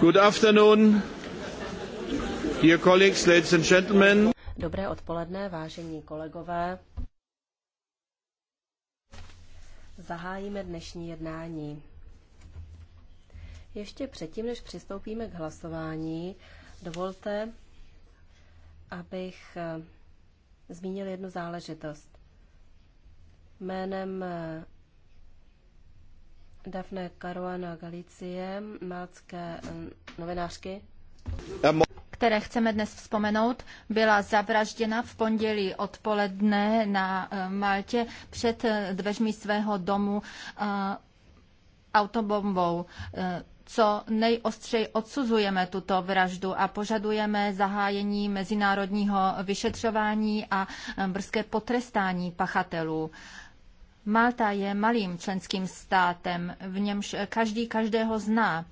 Good afternoon, dear colleagues, ladies and gentlemen. Dobré odpoledne, vážení kolegové. Zahájíme dnešní jednání. Ještě předtím, než přistoupíme k hlasování, dovolte, abych eh, zmínil jednu záležitost. Jménem eh, Dafne Caruana Galicie, malcké eh, novinářky, které chceme dnes vzpomenout, byla zavražděna v pondělí odpoledne na eh, Maltě před eh, dveřmi svého domu autobombou co nejostřeji odsuzujeme tuto vraždu a požadujeme zahájení mezinárodního vyšetřování a brzké potrestání pachatelů. Malta je malým členským státem, v němž každý každého zná,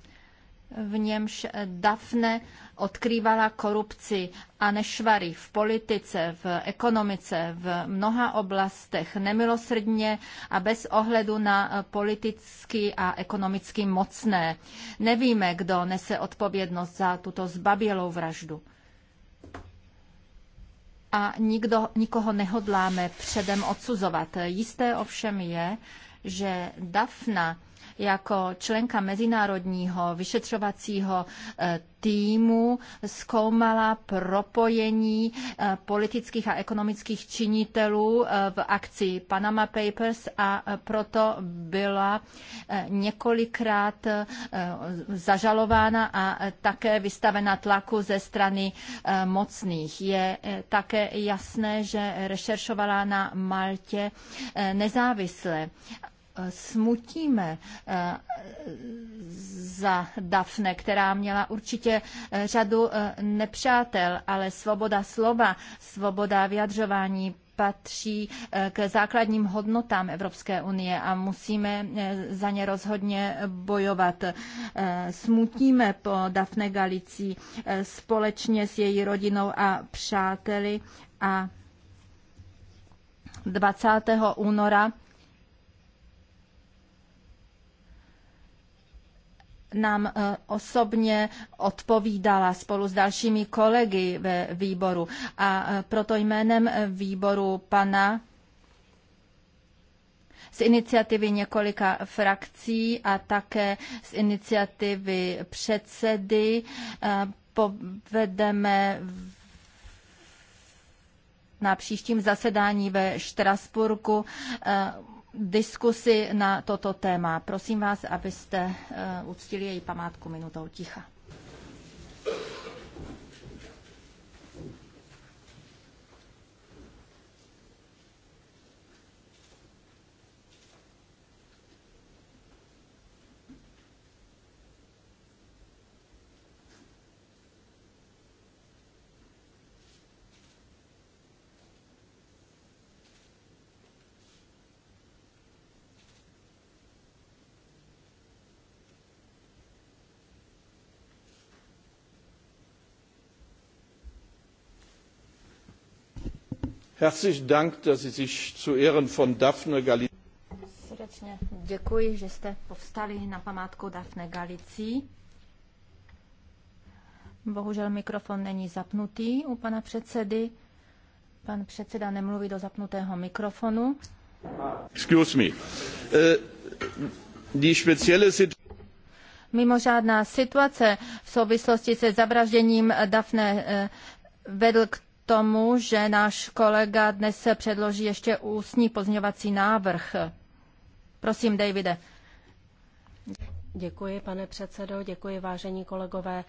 v němž Dafne odkrývala korupci a nešvary v politice, v ekonomice, v mnoha oblastech nemilosrdně a bez ohledu na politicky a ekonomicky mocné. Nevíme, kdo nese odpovědnost za tuto zbabělou vraždu a nikdo, nikoho nehodláme předem odsuzovat. Jisté ovšem je, že Dafna jako členka mezinárodního vyšetřovacího eh, týmu zkoumala propojení eh, politických a ekonomických činitelů eh, v akci Panama Papers a proto byla několikrát zažalována a také vystavena tlaku ze strany mocných. Je také jasné, že rešeršovala na Maltě nezávisle smutíme eh, za Dafne, která měla určitě eh, řadu eh, nepřátel, ale svoboda slova, svoboda vyjadřování patří k základním hodnotám Evropské unie a musíme za ně rozhodně bojovat. Smutíme po Dafne Galicí společně s její rodinou a přáteli a 20. února nám eh, osobně odpovídala spolu s dalšími kolegy ve výboru. A eh, proto jménem eh, výboru pana z iniciativy několika frakcí a také z iniciativy předsedy povedeme na příštím zasedání ve Štrasburku diskusi na toto téma. Prosím vás, abyste eh, uctili její památku minutou ticha. Thank you. Herzlichen Dank, dass Sie sich zu Ehren von Daphne Galizia. Srdečně děkuji, že jste povstali na památku Daphne Galicí. Bohužel mikrofon není zapnutý u pana předsedy. Pan předseda nemluví do zapnutého mikrofonu. Excuse me. Uh, die spezielle Mimořádná situace v souvislosti se zavražděním Daphne eh, vedl k tomu, že náš kolega dnes předloží ještě ústní pozměňovací návrh. Prosím, Davide. Děkuji, pane předsedo, děkuji, vážení kolegové,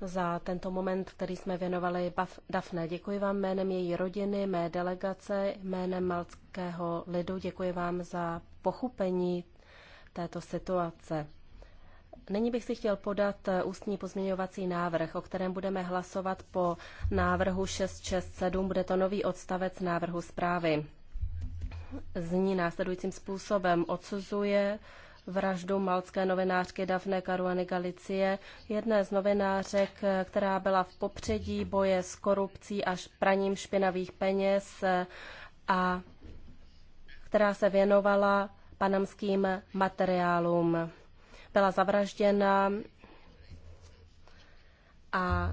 za tento moment, který jsme věnovali Dafne. Děkuji vám jménem její rodiny, mé delegace, jménem malckého lidu. Děkuji vám za pochopení této situace. Nyní bych si chtěl podat eh, ústní pozměňovací návrh, o kterém budeme hlasovat po návrhu 667. Bude to nový odstavec návrhu zprávy. Zní následujícím způsobem odsuzuje vraždu malcké novinářky Dafne Karuany Galicie, jedné z novinářek, eh, která byla v popředí boje s korupcí až praním špinavých peněz eh, a která se věnovala panamským materiálům byla zavražděna a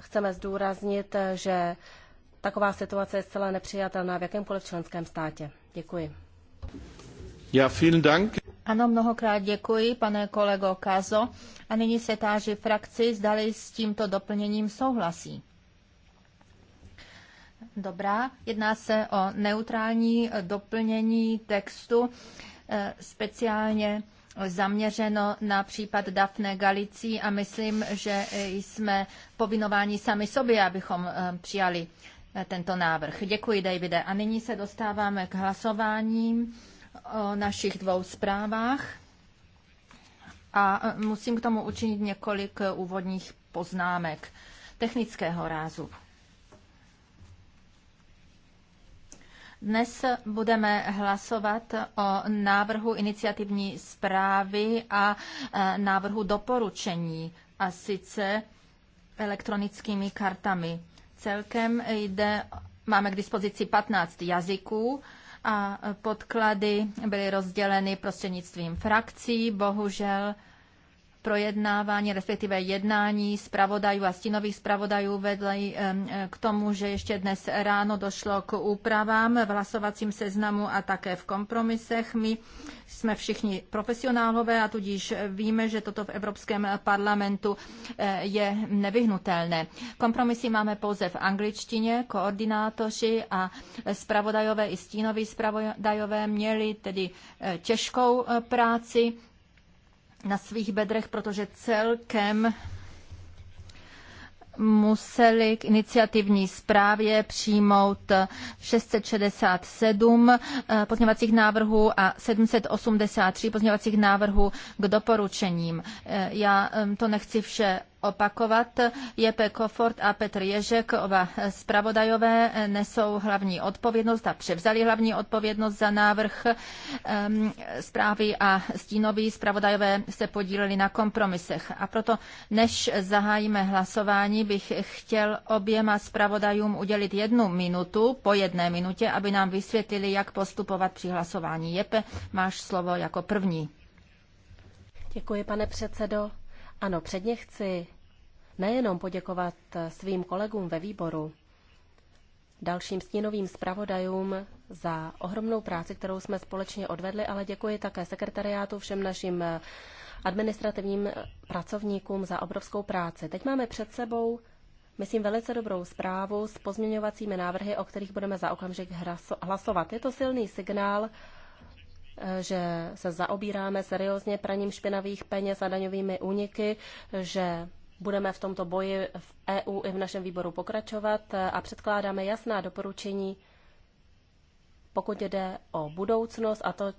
chceme zdůraznit, že taková situace je zcela nepřijatelná v jakémkoliv členském státě. Děkuji. Ja, vielen Dank. Ano, mnohokrát děkuji, pane kolego Kazo. A nyní se táži frakci, zdali s tímto doplněním souhlasí. Dobrá, jedná se o neutrální doplnění textu, eh, speciálně zaměřeno na případ Dafne Galicí a myslím, že jsme povinováni sami sobě, abychom eh, přijali eh, tento návrh. Děkuji, Davide. A nyní se dostáváme k hlasování o našich dvou zprávách. A eh, musím k tomu učinit několik úvodních poznámek technického rázu. Dnes budeme hlasovat o návrhu iniciativní zprávy a e, návrhu doporučení, a sice elektronickými kartami. Celkem jde, máme k dispozici 15 jazyků a podklady byly rozděleny prostřednictvím frakcí. Bohužel projednávání, respektive jednání zpravodajů a stinových zpravodajů vedli eh, eh, k tomu, že ještě dnes ráno došlo k úpravám v hlasovacím seznamu a také v kompromisech. My jsme všichni profesionálové a tudíž víme, že toto v Evropském parlamentu eh, je nevyhnutelné. Kompromisy máme pouze v angličtině, koordinátoři a zpravodajové i stínoví zpravodajové měli tedy těžkou práci, na svých bedrech, protože celkem museli k iniciativní zprávě přijmout 667 eh, pozněvacích návrhů a 783 pozněvacích návrhů k doporučením. Eh, já to nechci vše opakovat. Jepe Kofort a Petr Ježek, oba zpravodajové, nesou hlavní odpovědnost a převzali hlavní odpovědnost za návrh um, zprávy a stínoví zpravodajové se podíleli na kompromisech. A proto, než zahájíme hlasování, bych chtěl oběma zpravodajům udělit jednu minutu, po jedné minutě, aby nám vysvětlili, jak postupovat při hlasování. Jepe, máš slovo jako první. Děkuji, pane předsedo. Ano, předně chci nejenom poděkovat svým kolegům ve výboru, dalším stínovým zpravodajům za ohromnou práci, kterou jsme společně odvedli, ale děkuji také sekretariátu, všem našim administrativním pracovníkům za obrovskou práci. Teď máme před sebou, myslím, velice dobrou zprávu s pozměňovacími návrhy, o kterých budeme za okamžik hlasovat. Je to silný signál že se zaobíráme seriózně praním špinavých peněz a daňovými úniky, že budeme v tomto boji v EU i v našem výboru pokračovat a předkládáme jasná doporučení, pokud jde o budoucnost a to,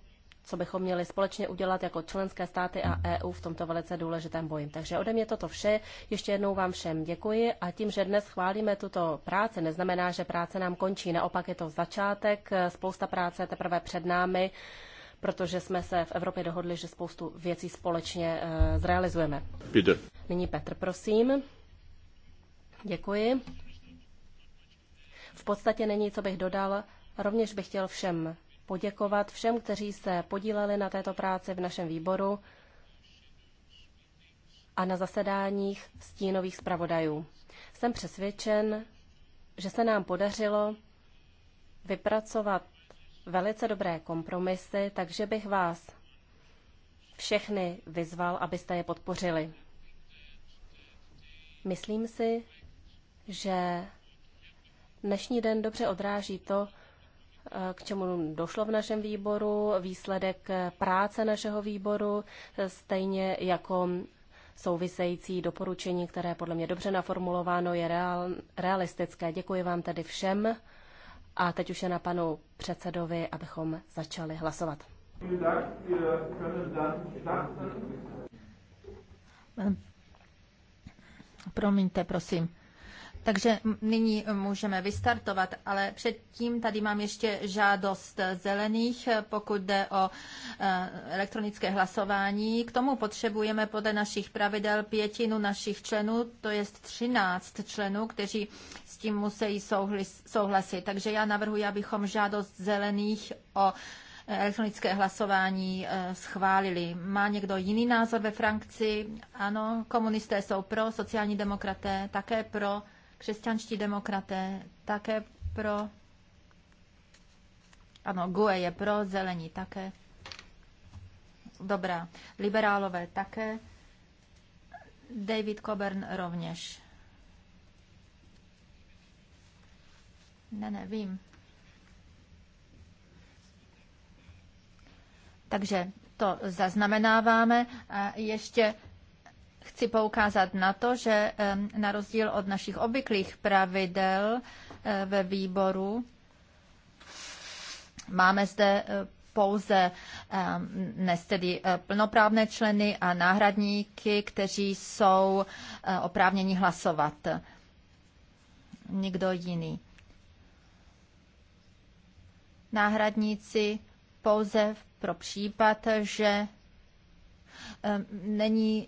co bychom měli společně udělat jako členské státy a EU v tomto velice důležitém boji. Takže ode mě toto vše. Ještě jednou vám všem děkuji a tím, že dnes chválíme tuto práci, neznamená, že práce nám končí. Naopak je to začátek, spousta práce teprve před námi protože jsme se v Evropě dohodli, že spoustu věcí společně eh, zrealizujeme. Jde. Nyní Petr, prosím. Děkuji. V podstatě není, co bych dodal. Rovněž bych chtěl všem poděkovat, všem, kteří se podíleli na této práci v našem výboru a na zasedáních stínových zpravodajů. Jsem přesvědčen, že se nám podařilo vypracovat velice dobré kompromisy, takže bych vás všechny vyzval, abyste je podpořili. Myslím si, že dnešní den dobře odráží to, k čemu došlo v našem výboru, výsledek práce našeho výboru, stejně jako související doporučení, které podle mě dobře naformulováno je real, realistické. Děkuji vám tedy všem. A teď už je na panu předsedovi, abychom začali hlasovat. Promiňte, prosím. Takže nyní můžeme vystartovat, ale předtím tady mám ještě žádost zelených, pokud jde o eh, elektronické hlasování. K tomu potřebujeme podle našich pravidel pětinu našich členů, to je 13 členů, kteří s tím musí souhlasit. Takže já navrhuji, abychom žádost zelených o eh, elektronické hlasování eh, schválili. Má někdo jiný názor ve frankci? Ano, komunisté jsou pro, sociální demokraté také pro křesťanští demokraté také pro. Ano, GUE je pro, zelení také. Dobrá. Liberálové také. David Coburn rovněž. Ne, nevím. Takže to zaznamenáváme. A ještě chci poukázat na to, že na rozdíl od našich obvyklých pravidel eh, ve výboru máme zde eh, pouze dnes tedy eh, plnoprávné členy a náhradníky, kteří jsou oprávněni hlasovat. Nikdo jiný. Náhradníci pouze pro případ, že není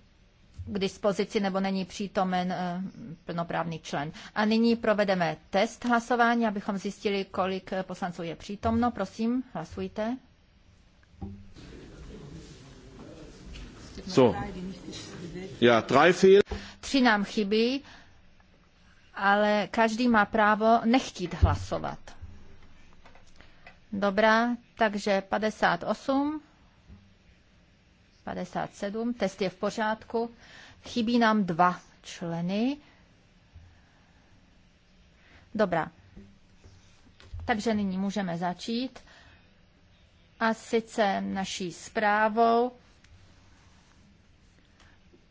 k dispozici nebo není přítomen eh, plnoprávný člen. A nyní provedeme test hlasování, abychom zjistili, kolik eh, poslanců je přítomno. Prosím, hlasujte. So. Ja, drei fehl. Tři nám chybí, ale každý má právo nechtít hlasovat. Dobrá, takže 58 57. Test je v pořádku. Chybí nám dva členy. Dobrá. Takže nyní můžeme začít. A sice naší zprávou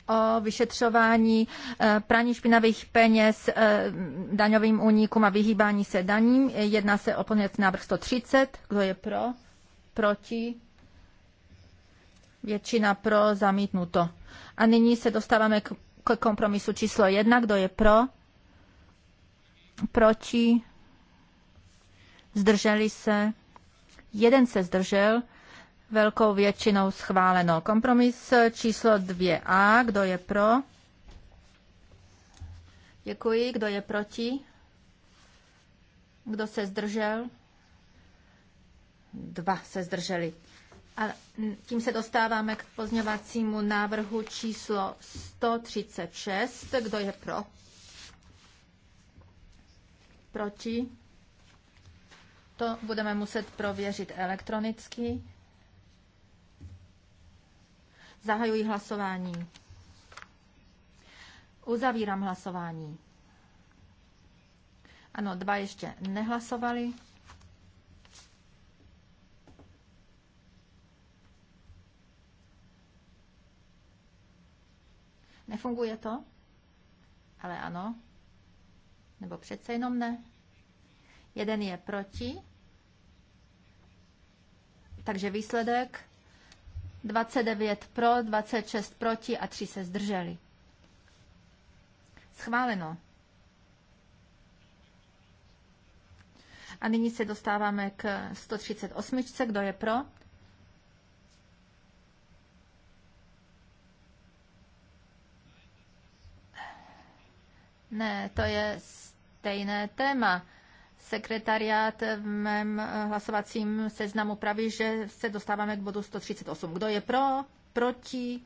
o vyšetřování eh, praní špinavých peněz, eh, daňovým únikům a vyhýbání se daním. Jedná se o poněc návrh 130. Kdo je pro? Proti? Většina pro, zamítnuto. A nyní se dostáváme k, k kompromisu číslo jedna. Kdo je pro? Proti? Zdrželi se? Jeden se zdržel. Velkou většinou schváleno. Kompromis číslo 2a. Kdo je pro? Děkuji. Kdo je proti? Kdo se zdržel? Dva se zdrželi. A tím se dostáváme k pozměňovacímu návrhu číslo 136. Kdo je pro? Proti? To budeme muset prověřit elektronicky. Zahajuji hlasování. Uzavírám hlasování. Ano, dva ještě nehlasovali. Nefunguje to? Ale ano. Nebo přece jenom ne. Jeden je proti. Takže výsledek 29 pro, 26 proti a 3 se zdrželi. Schváleno. A nyní se dostáváme k 138. Kdo je pro? Ne, to je stejné téma. Sekretariát v mém eh, hlasovacím seznamu praví, že se dostáváme k bodu 138. Kdo je pro, proti,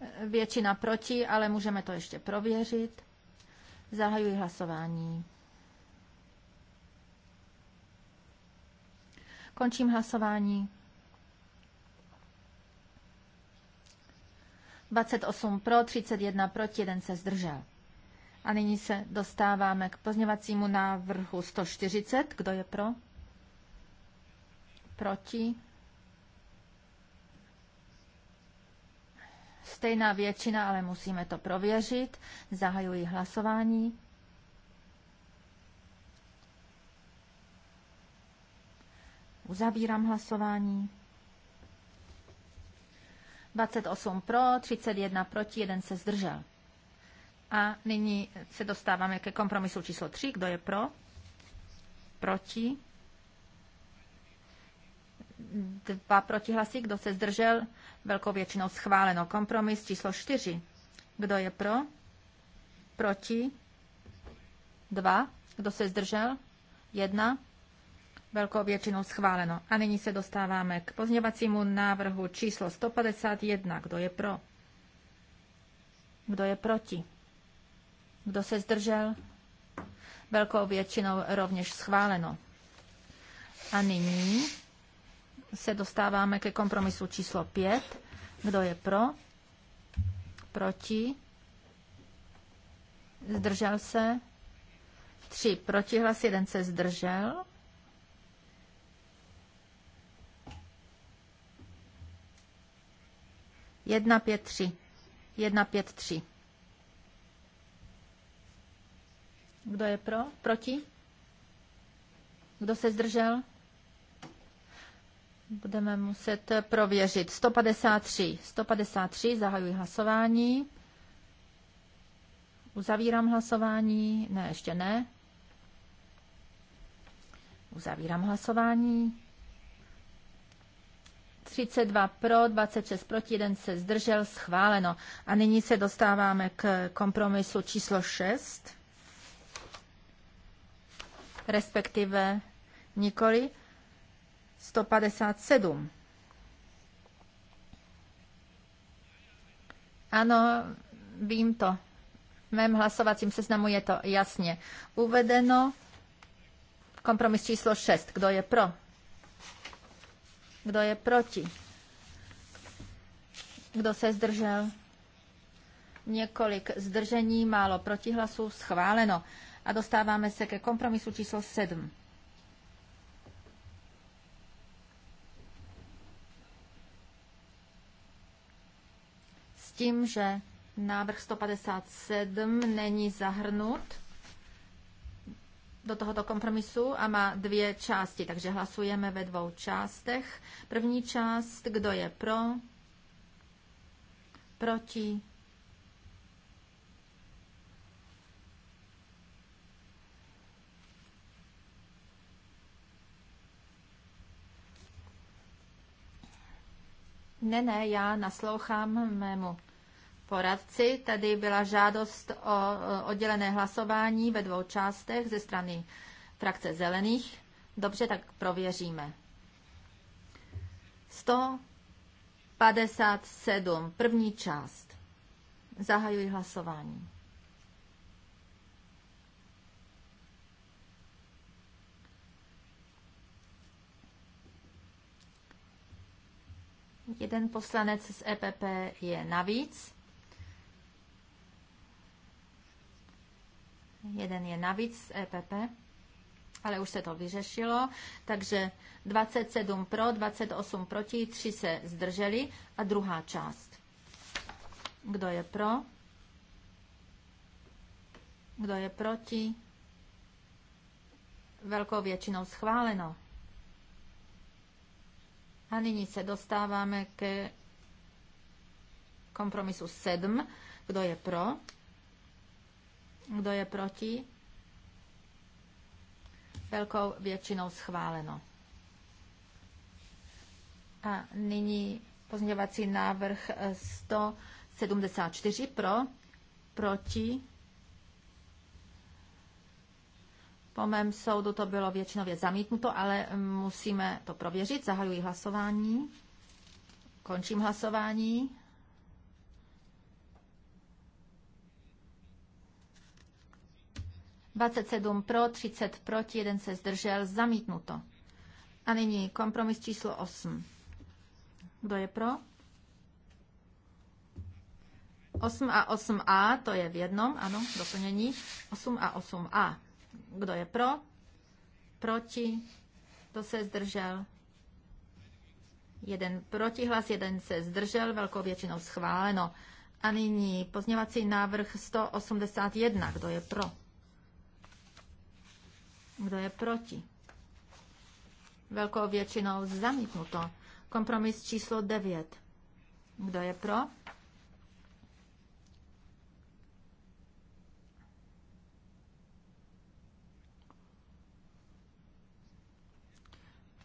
eh, většina proti, ale můžeme to ještě prověřit. Zahajuji hlasování. Končím hlasování. 28 pro, 31 proti, jeden se zdržel. A nyní se dostáváme k pozněvacímu návrhu 140. Kdo je pro? Proti? Stejná většina, ale musíme to prověřit. Zahajuji hlasování. Uzavírám hlasování. 28 pro, 31 proti, Jeden se zdržel. A nyní se dostáváme ke kompromisu číslo 3. Kdo je pro? Proti? Dva protihlasy. Kdo se zdržel? Velkou většinou schváleno. Kompromis číslo 4. Kdo je pro? Proti? Dva. Kdo se zdržel? Jedna. Velkou většinou schváleno. A nyní se dostáváme k pozněvacímu návrhu číslo 151. Kdo je pro? Kdo je proti? Kdo se zdržel? Velkou většinou rovněž schváleno. A nyní se dostáváme ke kompromisu číslo 5. Kdo je pro? Proti? Zdržel se? Tři protihlas, jeden se zdržel. Jedna, pět, tři. Jedna, pět, tři. Kdo je pro? Proti? Kdo se zdržel? Budeme muset prověřit. 153. 153. Zahajuji hlasování. Uzavírám hlasování. Ne, ještě ne. Uzavírám hlasování. 32 pro, 26 proti, 1 se zdržel, schváleno. A nyní se dostáváme k kompromisu číslo 6 respektive nikoli 157. Ano, vím to. V mém hlasovacím seznamu je to jasně uvedeno. Kompromis číslo 6. Kdo je pro? Kdo je proti? Kdo se zdržel? Několik zdržení, málo protihlasů, schváleno a dostáváme se ke kompromisu číslo 7. S tím, že návrh 157 není zahrnut do tohoto kompromisu a má dvě části, takže hlasujeme ve dvou částech. První část, kdo je pro, proti, Ne, ne, já naslouchám mému poradci. Tady byla žádost o oddělené hlasování ve dvou částech ze strany frakce zelených. Dobře, tak prověříme. 157. První část. Zahajuji hlasování. Jeden poslanec z EPP je navíc. Jeden je navíc z EPP, ale už se to vyřešilo. Takže 27 pro, 28 proti, 3 se zdrželi. A druhá část. Kdo je pro? Kdo je proti? Velkou většinou schváleno. A nyní se dostáváme ke kompromisu 7. Kdo je pro? Kdo je proti? Velkou většinou schváleno. A nyní pozměňovací návrh 174 pro, proti, Po mém soudu to bylo většinově zamítnuto, ale musíme to prověřit. Zahajuji hlasování. Končím hlasování. Dvacet sedm pro, třicet proti, jeden se zdržel, zamítnuto. A nyní kompromis číslo osm. Kdo je pro? 8 a 8a, to je v jednom, ano, doplnění. 8 a 8a. Kdo je pro? Proti? Kdo se zdržel? Jeden protihlas, jeden se zdržel, velkou většinou schváleno. A nyní pozněvací návrh 181. Kdo je pro? Kdo je proti? Velkou většinou zamítnuto. Kompromis číslo 9. Kdo je pro?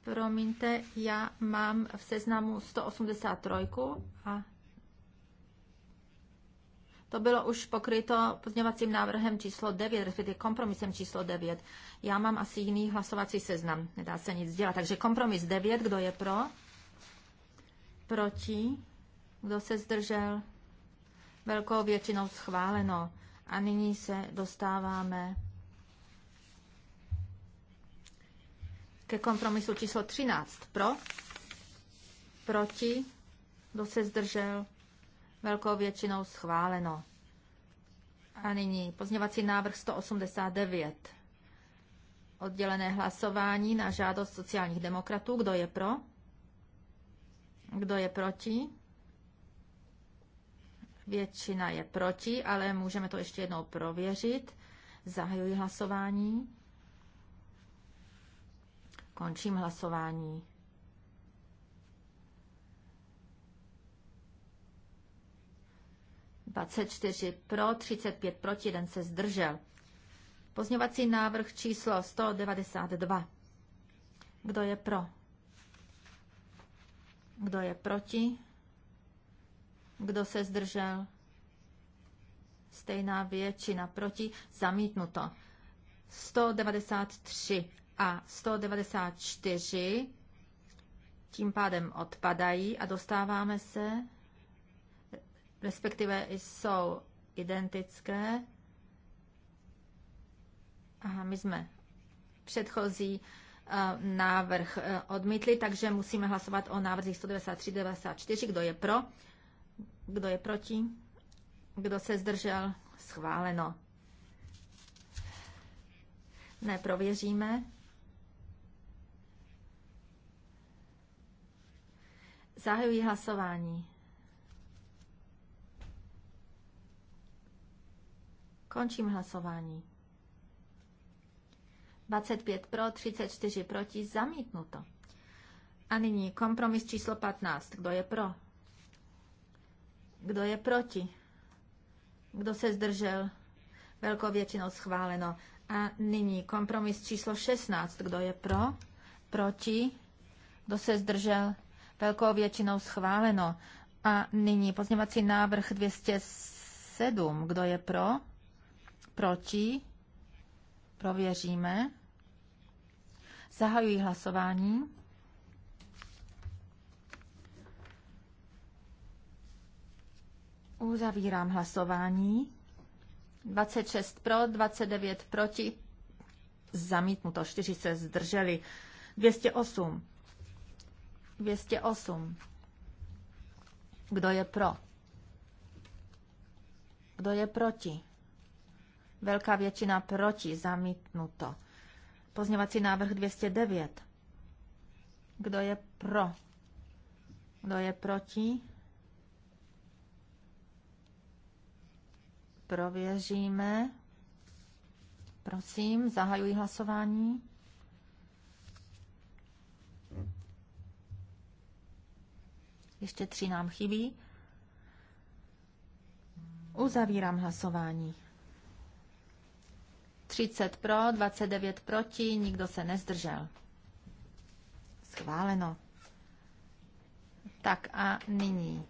Promiňte, já mám v seznamu 183 a to bylo už pokryto pozměňovacím návrhem číslo 9, respektive kompromisem číslo 9. Já mám asi jiný hlasovací seznam, nedá se nic dělat. Takže kompromis 9, kdo je pro? Proti? Kdo se zdržel? Velkou většinou schváleno. A nyní se dostáváme ke kompromisu číslo 13. Pro? Proti? Kdo se zdržel? Velkou většinou schváleno. A nyní pozněvací návrh 189. Oddělené hlasování na žádost sociálních demokratů. Kdo je pro? Kdo je proti? Většina je proti, ale můžeme to ještě jednou prověřit. Zahajuji hlasování. Končím hlasování. pro, 35 proti, jeden se zdržel. Pozňovací návrh číslo 192. Kdo je pro? Kdo je proti? Kdo se zdržel? Stejná většina proti. Zamítnuto. 193 a 194 tím pádem odpadají a dostáváme se, respektive jsou identické. Aha, my jsme předchozí eh, návrh eh, odmítli, takže musíme hlasovat o návrzích 193, 94. Kdo je pro? Kdo je proti? Kdo se zdržel? Schváleno. Neprověříme. Zahajuji hlasování. Končím hlasování. 25 pro, 34 proti, zamítnuto. A nyní kompromis číslo 15. Kdo je pro? Kdo je proti? Kdo se zdržel? Velkou většinou schváleno. A nyní kompromis číslo 16. Kdo je pro? Proti? Kdo se zdržel? velkou většinou schváleno. A nyní pozněvací návrh 207. Kdo je pro? Proti? Prověříme. Zahajuji hlasování. Uzavírám hlasování. 26 pro, 29 proti. Zamítnuto, 4 se zdrželi. 208 208. Kdo je pro? Kdo je proti? Velká většina proti, zamítnuto. Pozněvací návrh 209. Kdo je pro? Kdo je proti? Prověříme. Prosím, zahajuji hlasování. Ještě tři nám chybí. Uzavírám hlasování. 30 pro, 29 proti, nikdo se nezdržel. Schváleno. Tak a nyní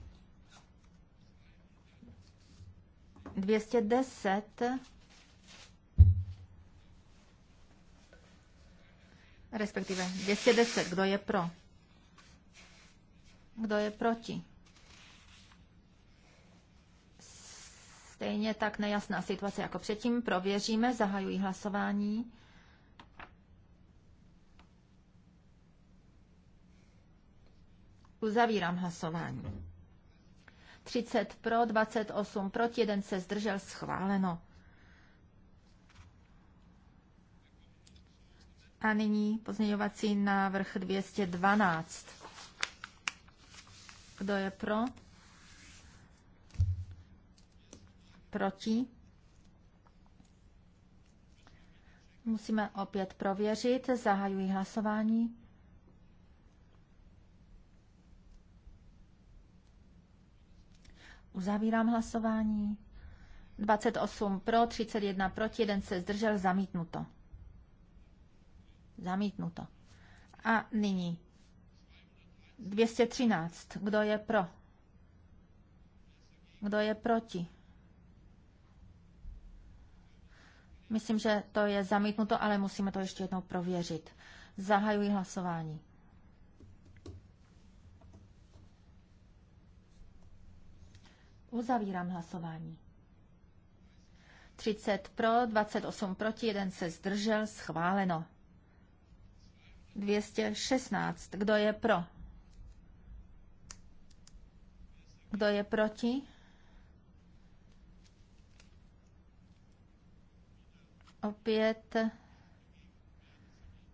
210 respektive 210, kdo je pro? Kdo je proti? Stejně tak nejasná situace jako předtím. Prověříme, zahajují hlasování. Uzavírám hlasování. 30 pro, 28 proti, jeden se zdržel, schváleno. A nyní pozměňovací návrh 212. Kdo je pro? Proti? Musíme opět prověřit. Zahajuji hlasování. Uzavírám hlasování. 28 pro, 31 proti, jeden se zdržel, zamítnuto. Zamítnuto. A nyní 213. Kdo je pro? Kdo je proti? Myslím, že to je zamítnuto, ale musíme to ještě jednou prověřit. Zahajuji hlasování. Uzavírám hlasování. 30 pro, 28 proti, jeden se zdržel, schváleno. 216. Kdo je pro? Kdo je proti? Opět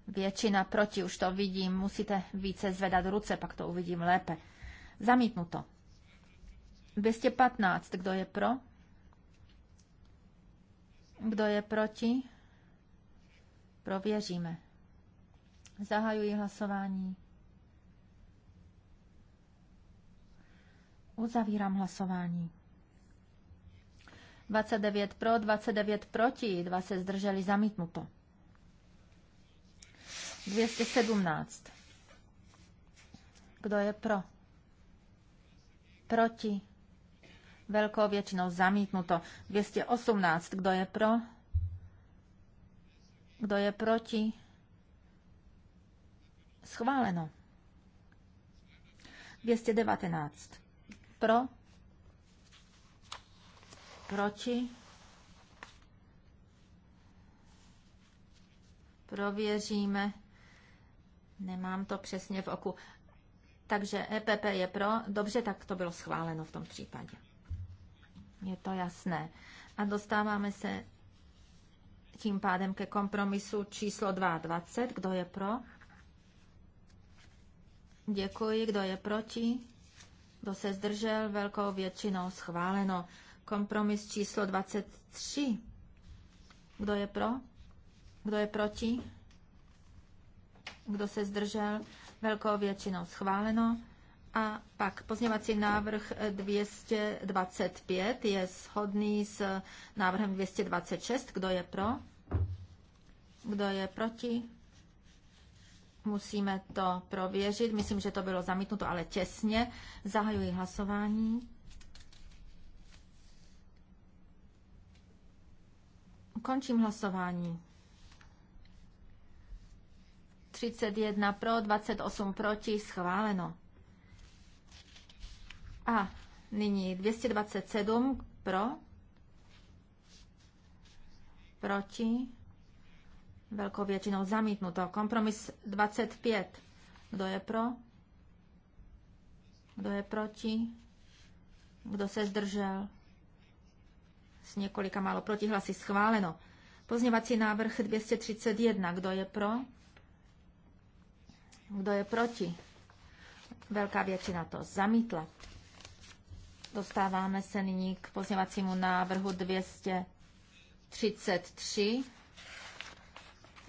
většina proti, už to vidím, musíte více zvedat ruce, pak to uvidím lépe. Zamítnu to. 215, kdo je pro? Kdo je proti? Prověříme. Zahajuji hlasování. Uzavírám hlasování. 29 pro, 29 proti, 2 se zdrželi zamítnuto. 217. Kdo je pro? Proti. Velkou většinou zamítnuto. 218. Kdo je pro? Kdo je proti? Schváleno. 219 pro, proti, prověříme, nemám to přesně v oku. Takže EPP je pro, dobře, tak to bylo schváleno v tom případě. Je to jasné. A dostáváme se tím pádem ke kompromisu číslo 22. Kdo je pro? Děkuji. Kdo je proti? Kdo se zdržel? Velkou většinou schváleno. Kompromis číslo 23. Kdo je pro? Kdo je proti? Kdo se zdržel? Velkou většinou schváleno. A pak pozněvací návrh 225 je shodný s návrhem 226. Kdo je pro? Kdo je proti? Musíme to prověřit. Myslím, že to bylo zamítnuto, ale těsně. Zahajuji hlasování. Končím hlasování. 31 pro, 28 proti, schváleno. A nyní 227 pro, proti, Velkou většinou zamítnuto. Kompromis 25. Kdo je pro? Kdo je proti? Kdo se zdržel? S několika málo protihlasy schváleno. Pozněvací návrh 231. Kdo je pro? Kdo je proti? Velká většina to zamítla. Dostáváme se nyní k pozněvacímu návrhu 233.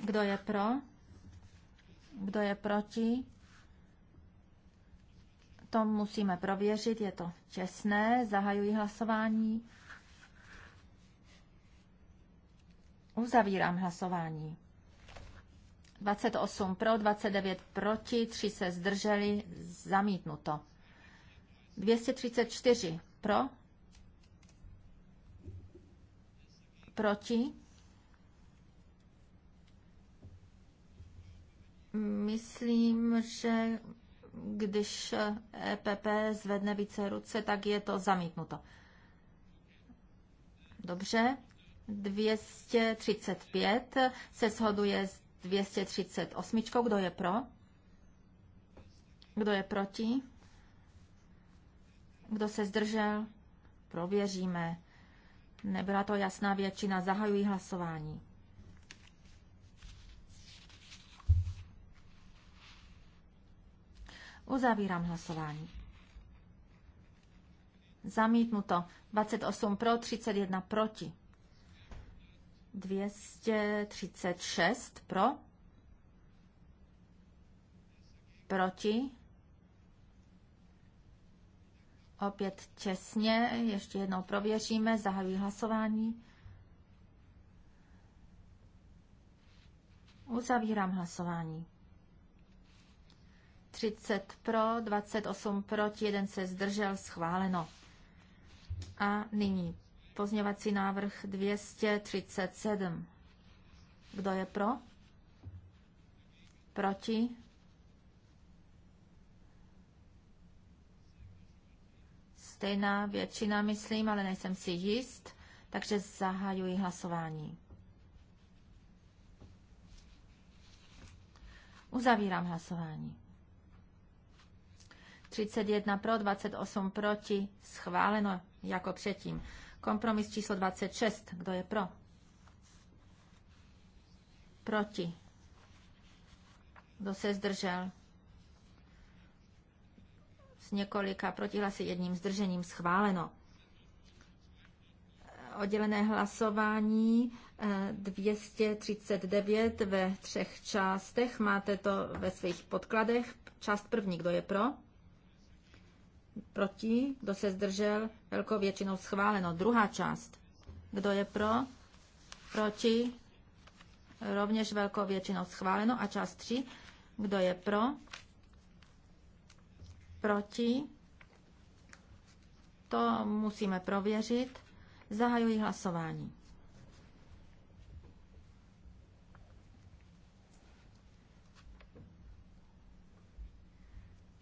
Kdo je pro? Kdo je proti? To musíme prověřit, je to těsné. Zahajuji hlasování. Uzavírám hlasování. 28 pro, 29 proti, 3 se zdrželi, zamítnuto. 234 pro, proti, Myslím, že když EPP zvedne více ruce, tak je to zamítnuto. Dobře. 235 se shoduje s 238. Kdo je pro? Kdo je proti? Kdo se zdržel? Prověříme. Nebyla to jasná většina. Zahajují hlasování. Uzavírám hlasování. Zamítnuto. 28 pro, 31 proti. 236 pro. Proti. Opět těsně, ještě jednou prověříme, zahajuji hlasování. Uzavírám hlasování. 30 pro, 28 proti, jeden se zdržel, schváleno. A nyní pozněvací návrh 237. Kdo je pro? Proti? Stejná většina, myslím, ale nejsem si jist, takže zahajuji hlasování. Uzavírám hlasování. 31 pro, 28 proti, schváleno jako předtím. Kompromis číslo 26, kdo je pro? Proti. Kdo se zdržel? S několika protihlasy jedním zdržením schváleno. Oddělené hlasování 239 eh, ve třech částech. Máte to ve svých podkladech. Část první, kdo je pro? proti, kdo se zdržel, velkou většinou schváleno. Druhá část, kdo je pro, proti, rovněž velkou většinou schváleno. A část tři, kdo je pro, proti, to musíme prověřit. Zahajuji hlasování.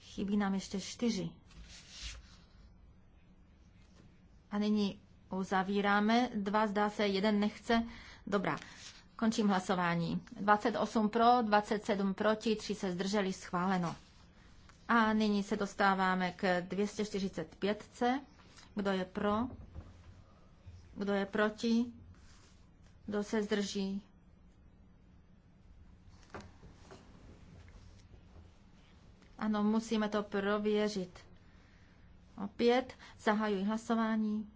Chybí nám ještě čtyři. A nyní uzavíráme. Dva zdá se, jeden nechce. Dobrá. Končím hlasování. 28 pro, 27 proti, 3 se zdrželi, schváleno. A nyní se dostáváme k 245. Kdo je pro? Kdo je proti? Kdo se zdrží? Ano, musíme to prověřit. Opět zahajuji hlasování.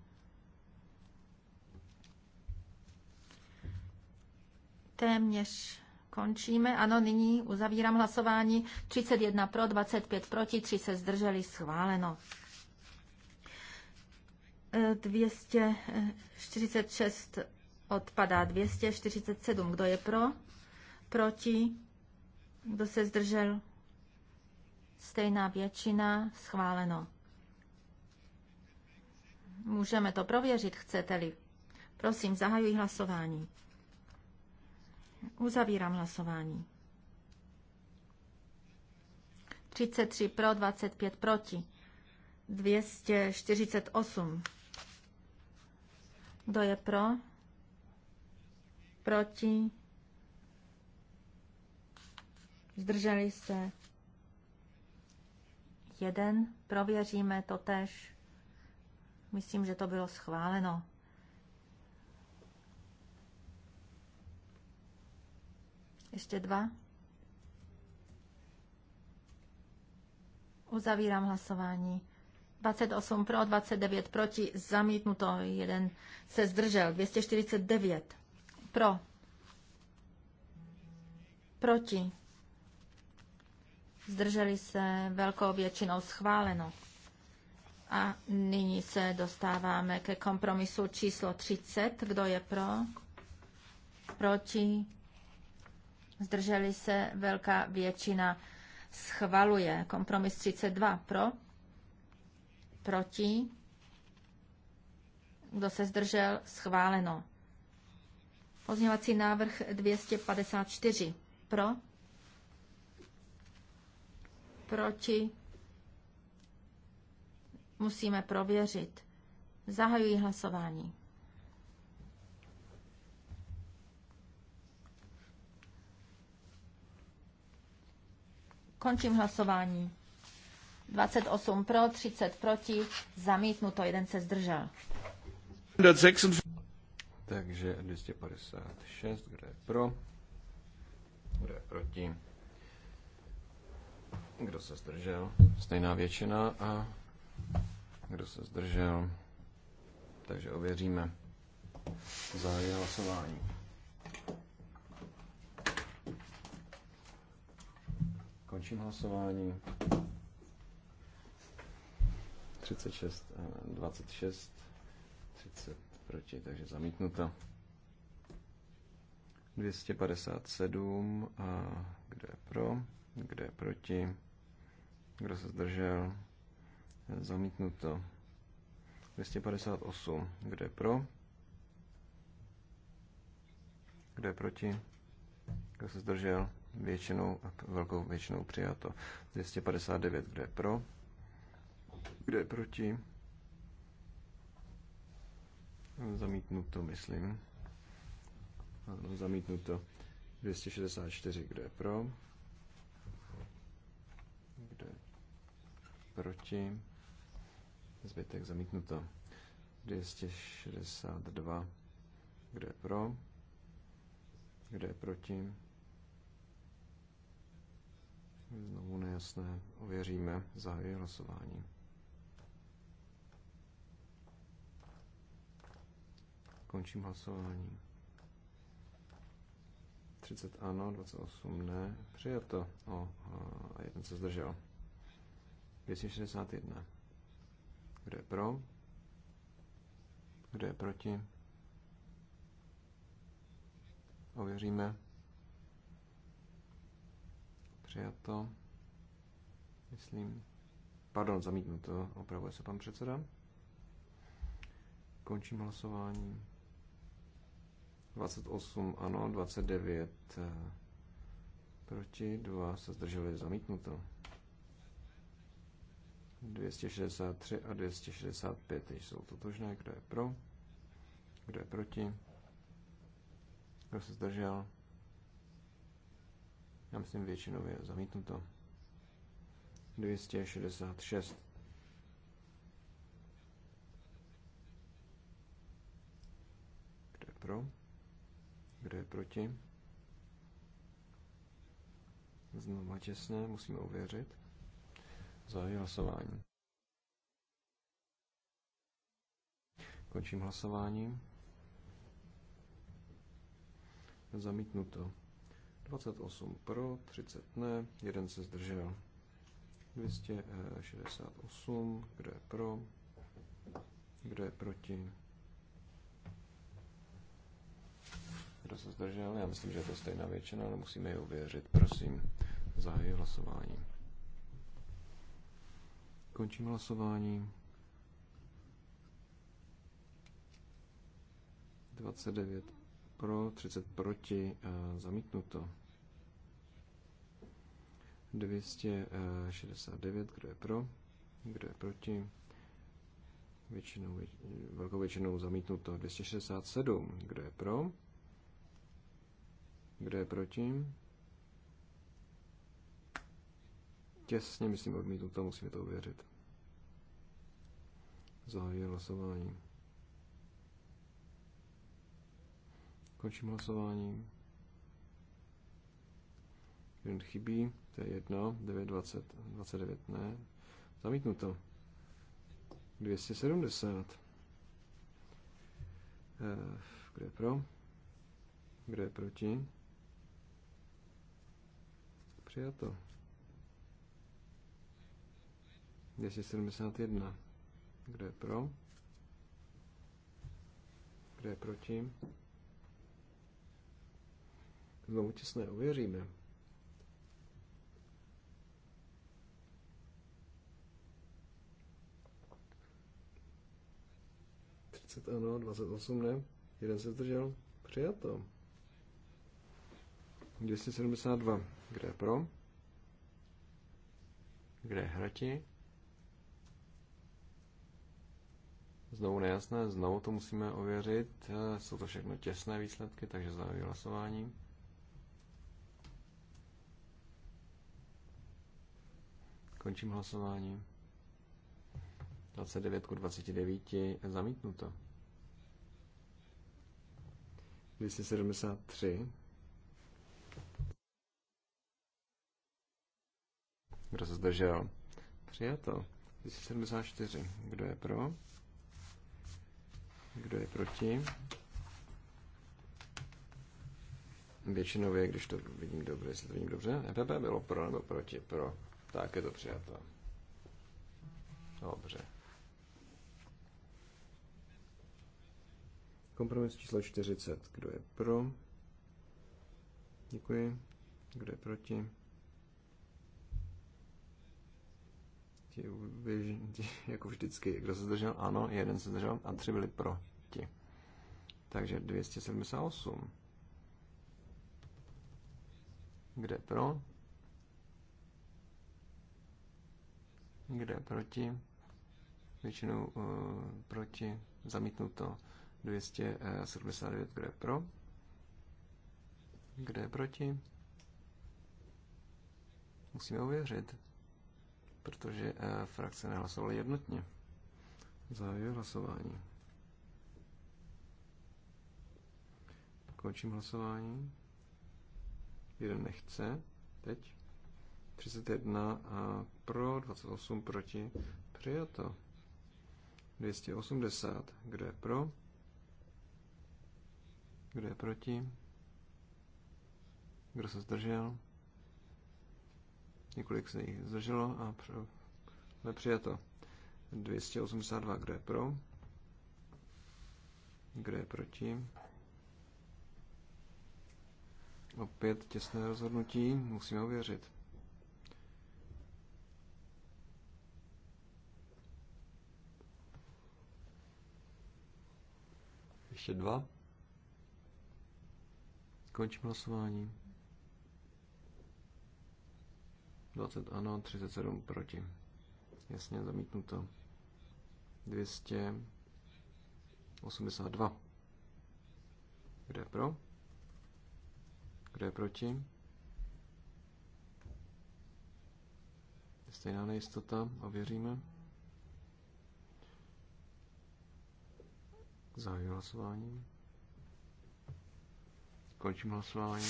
Téměř končíme. Ano, nyní uzavírám hlasování. 31 pro, 25 proti, 3 se zdrželi, schváleno. 246 e, e, odpadá 247. Kdo je pro? Proti? Kdo se zdržel? Stejná většina, schváleno. Můžeme to prověřit, chcete-li. Prosím, zahajuji hlasování. Uzavírám hlasování. 33 pro, 25 proti. 248. Kdo je pro? Proti? Zdrželi se? Jeden. Prověříme to tež. Myslím, že to bylo schváleno. Ještě dva. Uzavírám hlasování. 28 pro, 29 proti, zamítnuto, jeden se zdržel, 249 pro, proti, zdrželi se velkou většinou schváleno. A nyní se dostáváme ke kompromisu číslo 30. Kdo je pro? Proti? Zdrželi se velká většina. Schvaluje kompromis 32 pro, proti, kdo se zdržel, schváleno. Pozměňovací návrh 254 pro, proti, musíme prověřit. Zahajuji hlasování. Končím hlasování. 28 pro, 30 proti, zamítnuto, jeden se zdržel. Takže 256, kdo je pro, kdo je proti, kdo se zdržel, stejná většina a se zdržel? Takže ověříme. Zahájí hlasování. Končím hlasování. 36, 26, 30 proti, takže zamítnuto. 257, a kdo je pro, kdo je proti, kdo se zdržel, zamítnuto. 258. Kdo je pro? Kdo je proti? Kdo se zdržel? Většinou, velkou většinou přijato. 259. Kdo je pro? Kdo je proti? Zamítnuto, myslím. Ano, zamítnuto. 264. Kdo je pro? Kdo je proti? zbytek zamítnuto. 262, kdo je pro, kdo je proti, znovu nejasné, ověříme, zahajuji hlasování. Končím hlasování. 30 ano, 28 ne. Přijato. O, a jeden se zdržel. 261. Kdo je pro? Kdo je proti? Ověříme. Přijato. Myslím. Pardon, zamítnu to. Opravuje se pan předseda. Končím hlasování. 28 ano, 29 eh, proti, 2 se zdrželi zamítnuto. 263 a 265 jsou totožné. Kdo je pro? Kdo je proti? Kdo se zdržel? Já myslím je zamítnuto. 266. Kdo je pro? Kdo je proti? Znovu těsné, musíme uvěřit. Zahajuji hlasování. Končím hlasování. Zamítnuto. 28 pro, 30 ne, jeden se zdržel. 268, kdo je pro, kdo je proti. Kdo se zdržel? Já myslím, že je to stejná většina, ale musíme ji uvěřit. Prosím, zahajuji hlasování. Končím hlasování. 29 pro, 30 proti, eh, zamítnuto. 269, eh, kdo je pro, kdo je proti, většinou, velkou většinou zamítnuto. 267, kdo je pro, kdo je proti, těsně, myslím, odmítnuto, musíme to uvěřit. Zahajuji hlasování. Končím hlasování. Jeden chybí, to je 1, 9, 20, 29 ne. Zamítnuto. 270. Eh, kdo je pro? Kdo je proti? Přijato. 271. Kdo je pro? Kdo je proti? Znovu těsné uvěříme. ano, 28 ne, jeden se zdržel, přijato. 272, kde je pro? Kde je hrati? Znovu nejasné, znovu to musíme ověřit. Jsou to všechno těsné výsledky, takže zahajuji hlasování. Končím hlasování. 29 k 29 zamítnuto. 273. Kdo se zdržel? Přijato. 274. Kdo je pro? Kdo je proti? Většinově, když to vidím dobře, jestli to vidím dobře, EPP bylo pro nebo proti? Pro. Tak je to přijato. Dobře. Kompromis číslo 40. Kdo je pro? Děkuji. Kdo je proti? Ti, jako vždycky, kdo se zdržel? Ano, jeden se zdržel a tři byli pro. Takže 278. Kde pro? Kde proti? Většinou uh, proti. Zamítnuto 279. Kde pro? Kde proti? Musíme uvěřit, protože uh, frakce nehlasovaly jednotně. Zahajuje hlasování. Končím hlasování. Jeden nechce. Teď. 31 a pro, 28 proti. Přijato. 280. Kdo je pro? Kdo je proti? Kdo se zdržel? Několik se jich zdrželo a pro... přijato. 282. Kdo je pro? Kdo je proti? Opět těsné rozhodnutí, musíme uvěřit. Ještě dva. Končím hlasování. 20 ano, 37 proti. Jasně, zamítnuto. 282. Kde pro? Kdo je proti? Stejná nejistota, ověříme. Zahajuji hlasování. Končím hlasování.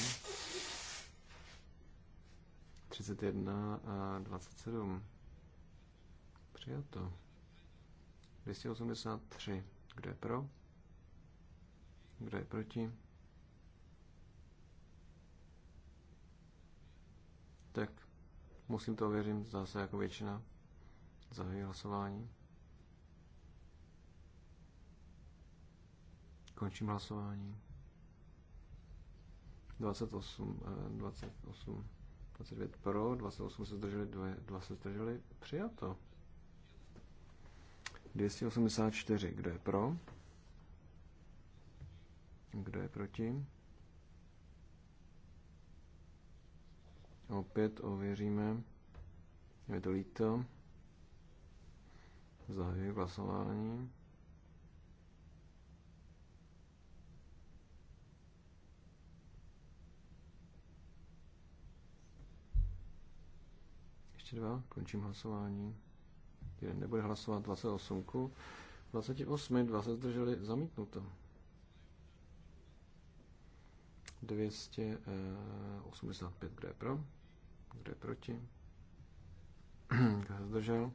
31 a 27. Přijato. 283. Kdo je pro? Kdo je proti? Tak musím to ověřit zase jako většina. Zahajuji hlasování. Končím hlasování. 28, 28, 29 pro, 28 se zdrželi, 2, 2 se zdrželi, přijato. 284, kdo je pro? Kdo je proti? Opět ověříme. Je to líto. Zahajuji hlasování. Ještě dva. Končím hlasování. Jeden nebude hlasovat 28. 28, dva se zdrželi zamítnuto. 285, eh, kdo je pro? Kdo je proti? Kdo se zdržel?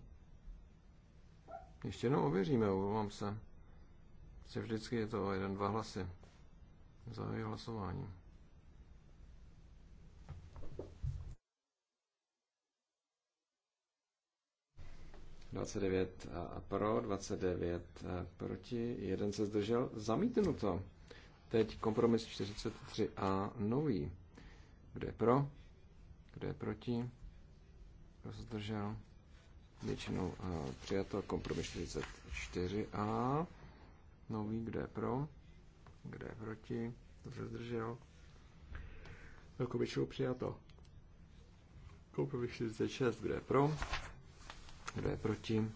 Ještě jednou ověříme, uvolám se. Se vždycky je to o jeden, dva hlasy. Zahajuji hlasování. devět pro, 29 proti, jeden se zdržel, zamítnuto. Teď kompromis 43a nový. je pro? Kdo je proti? Kdo se zdržel? Většinou eh, přijato kompromis 44a. Nový, kdo je pro? Kdo je proti? Kdo se zdržel? Velkou většinou přijato. Kompromis 46, kdo je pro? Kdo je proti?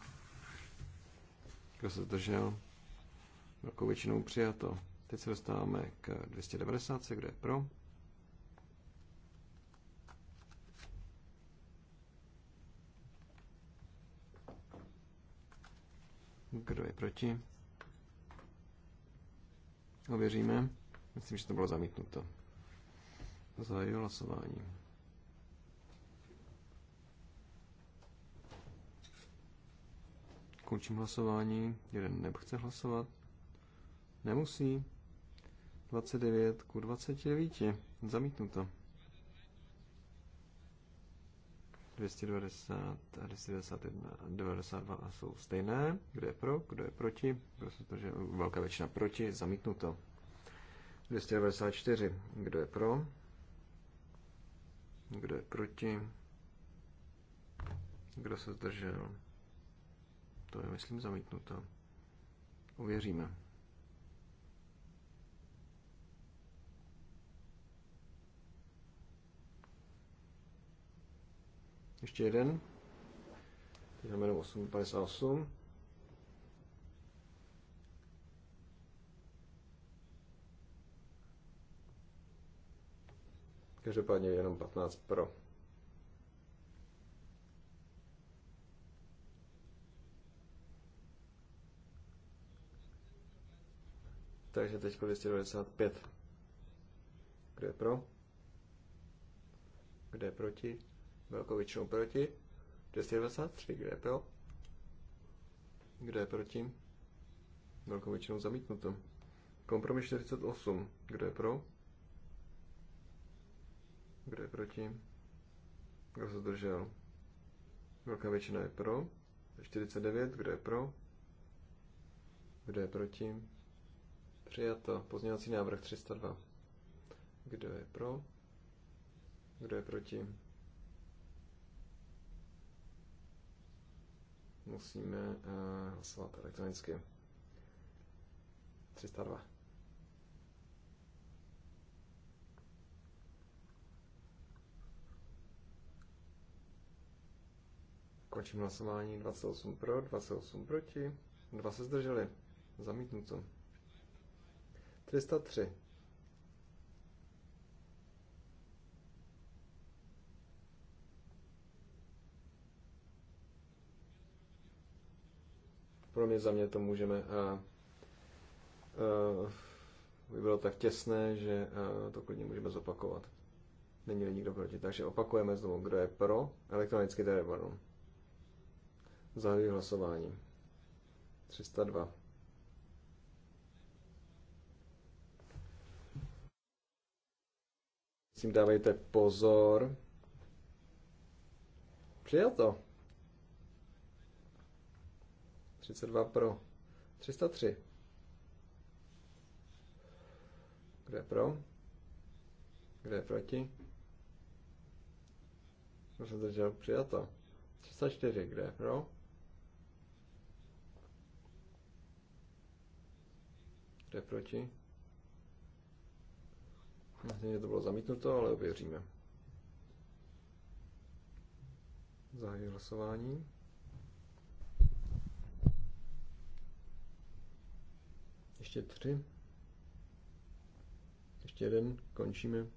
Kdo se zdržel? Velkou většinou přijato. Teď se dostáváme k 290, kdo je pro? Kdo je proti? Ověříme. Myslím, že to bylo zamítnuto. Zahajuji hlasování. Končím hlasování. Jeden nechce hlasovat. Nemusí. 29 ku 29. Zamítnuto. 290 291 92 a jsou stejné. Kdo je pro, kdo je proti, protože velká většina proti, zamítnuto. 294. Kdo je pro? Kdo je proti? Kdo se zdržel? To je, myslím, zamítnuto. Uvěříme. Ještě jeden. Teď máme 8,58. Každopádně jenom 15 pro. Takže teď 295. Kdo je pro? Kdo je proti? jako většinou proti. 293, kde je pro? Kde je proti? jako většinou zamítnuto. Kompromis 48, kde je pro? Kde je proti? Kdo se zdržel? Velká většina je pro. 49, kdo je pro? Kdo je proti? Přijato. Pozměňovací návrh 302. Kdo je pro? Kdo je proti? musíme uh, hlasovat elektronicky. 302. Končím hlasování 28 pro, 28 proti, 2 se zdrželi. Zamítnuto. 303. pro mě za mě to můžeme by bylo tak těsné, že to klidně můžeme zopakovat. Není nikdo proti. Takže opakujeme znovu, kdo je pro elektronický telefon. Zahajuji hlasování. 302. Tím dávejte pozor. Přijel to. 32 pro. 303. Kdo je pro? Kdo je proti? Kdo se držel? Přijato. 304. kde je pro? Kdo je proti? Myslím, že to bylo zamítnuto, ale ověříme. Zahajuji hlasování. Ještě tři. Ještě jeden. Končíme.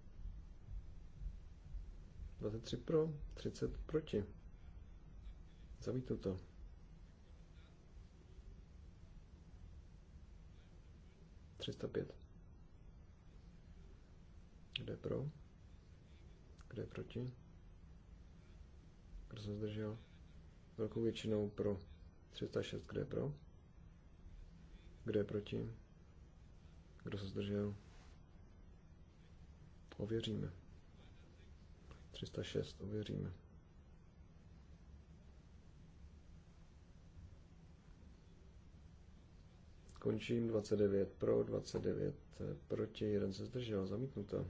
23 pro, 30 proti. Zavítu to. Třista pět. Kde pro? Kde proti? Kdo se zdržel? Velkou většinou pro. 306, kde pro? Kdo je proti? Kdo se zdržel? Ověříme. 306 ověříme. Končím 29 pro, 29 eh, proti, jeden se zdržel, zamítnuto.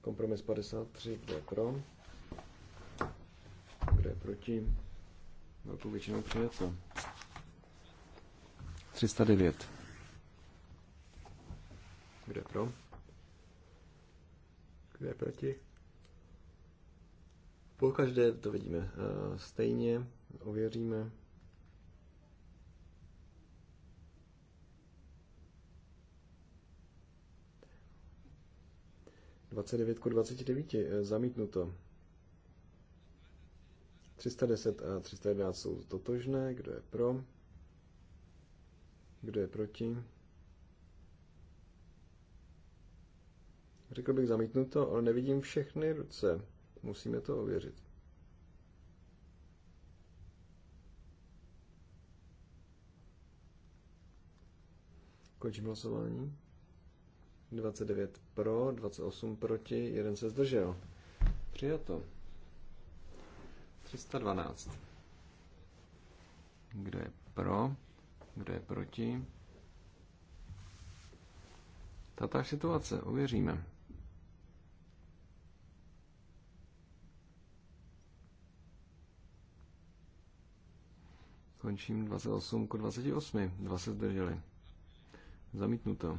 Kompromis 53, kdo je pro, kdo je proti, velkou většinou přijato. 309. Kdo je pro? Kdo je proti? Po každé to vidíme eh, stejně, ověříme. Dvacet devět ku dvaceti devíti, eh, zamítnuto. 310 a 311 jsou totožné, kdo je pro? Kdo je proti? Řekl bych zamítnuto, ale nevidím všechny ruce. Musíme to ověřit. Končím hlasování. 29 pro, 28 proti, jeden se zdržel. Přijato. 312. Kdo je pro? Kdo je proti? Tatáž situace, ověříme. Končím 28 k 28. Dva se zdrželi. Zamítnuto.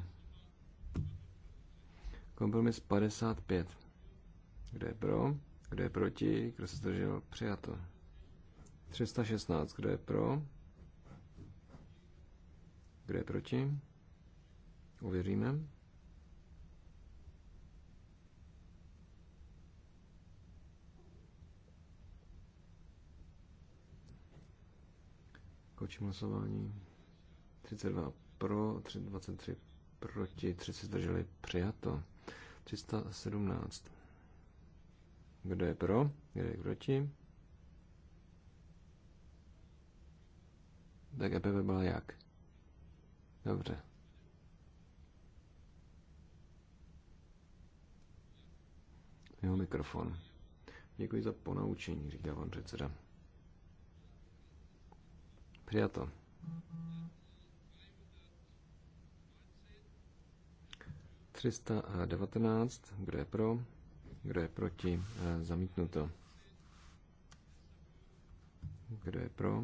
Kompromis 55. Kdo je pro? Kdo je proti? Kdo se zdržel? Přijato. 316. Kdo je pro? Kdo je proti? Uvěříme. Končím hlasování. 32 pro, 23 proti, 3 se zdrželi přijato. 317. Kdo je pro? Kdo je proti? Tak EPP byla jak? Dobře. Jeho mikrofon. Děkuji za ponaučení, říká pan předseda. Přijato. Třista devatenáct. Kdo je pro? Kdo je proti? Eh, zamítnuto. Kdo je pro?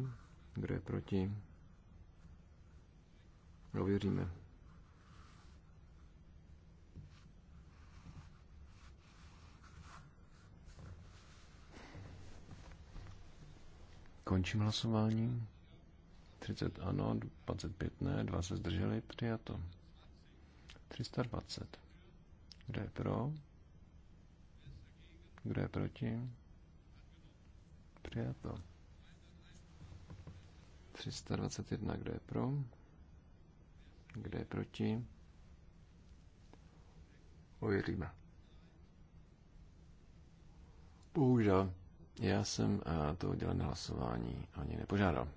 Kdo je proti? Ověříme. Končím hlasování. 30 ano, 25 ne, 2 se zdrželi, přijato. 320. Kdo je pro? Kdo je proti? Přijato. 321, kdo je pro? Kdo je proti? Ověříme. Bohužel, já jsem eh, to na hlasování ani nepožádal.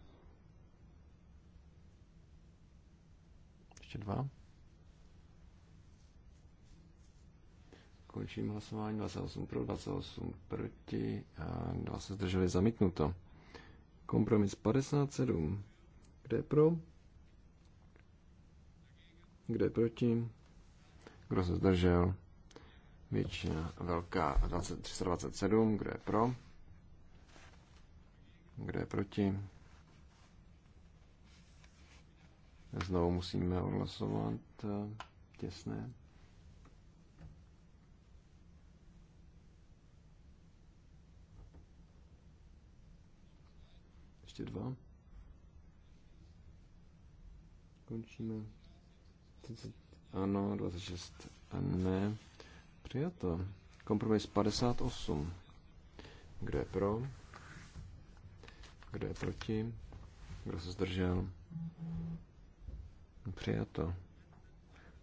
Ještě dva. Končím hlasování 28 pro, 28 proti a dva se zdrželi zamítnuto. Kompromis 57. Kde je pro? kde je proti? Kdo se zdržel? Většina velká 20, 327. Kdo je pro? Kdo je proti? Znovu musíme odhlasovat eh, těsné. Ještě dva. Končíme. 30, ano, 26 ne. Přijato. Kompromis 58. Kdo je pro? Kdo je proti? Kdo se zdržel? Přijato.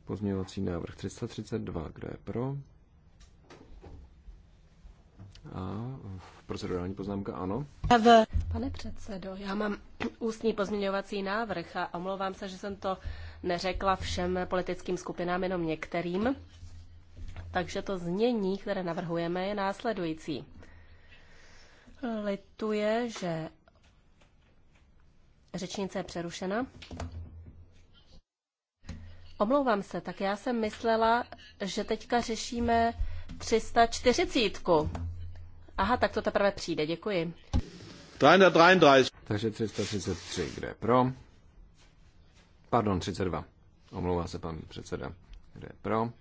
Pozměňovací návrh 332. Kdo je pro? A procedurální poznámka ano. Pane předsedo, já mám ústní pozměňovací návrh a omlouvám se, že jsem to neřekla všem politickým skupinám, jenom některým. Takže to znění, které navrhujeme, je následující. Lituje, že řečnice je přerušena. Omlouvám se, tak já jsem myslela, že teďka řešíme 340. Aha, tak to teprve přijde, děkuji. 333. Takže 333, kde pro? Pardon, 32. Omlouvá se pan předseda. Kdo je pro?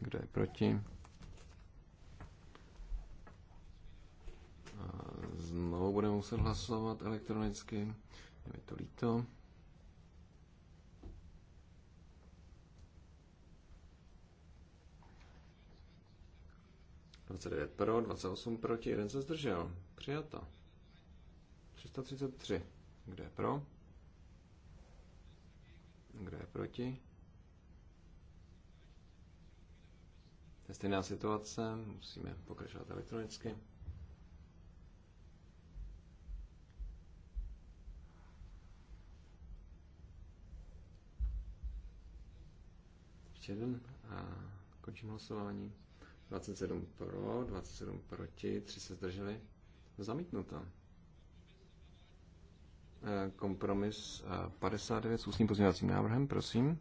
Kdo je proti? A znovu budeme muset hlasovat elektronicky. Je to líto. pro, 28 proti, jeden se zdržel. Přijato. 333. Kde je pro? Kdo je proti? To je stejná situace, musíme pokračovat elektronicky. Ještě jeden a končím hlasování. 27 pro, 27 proti, 3 se zdrželi. Zamítnuto. Eh, kompromis 59 eh, s ústním pozměňovacím návrhem, prosím.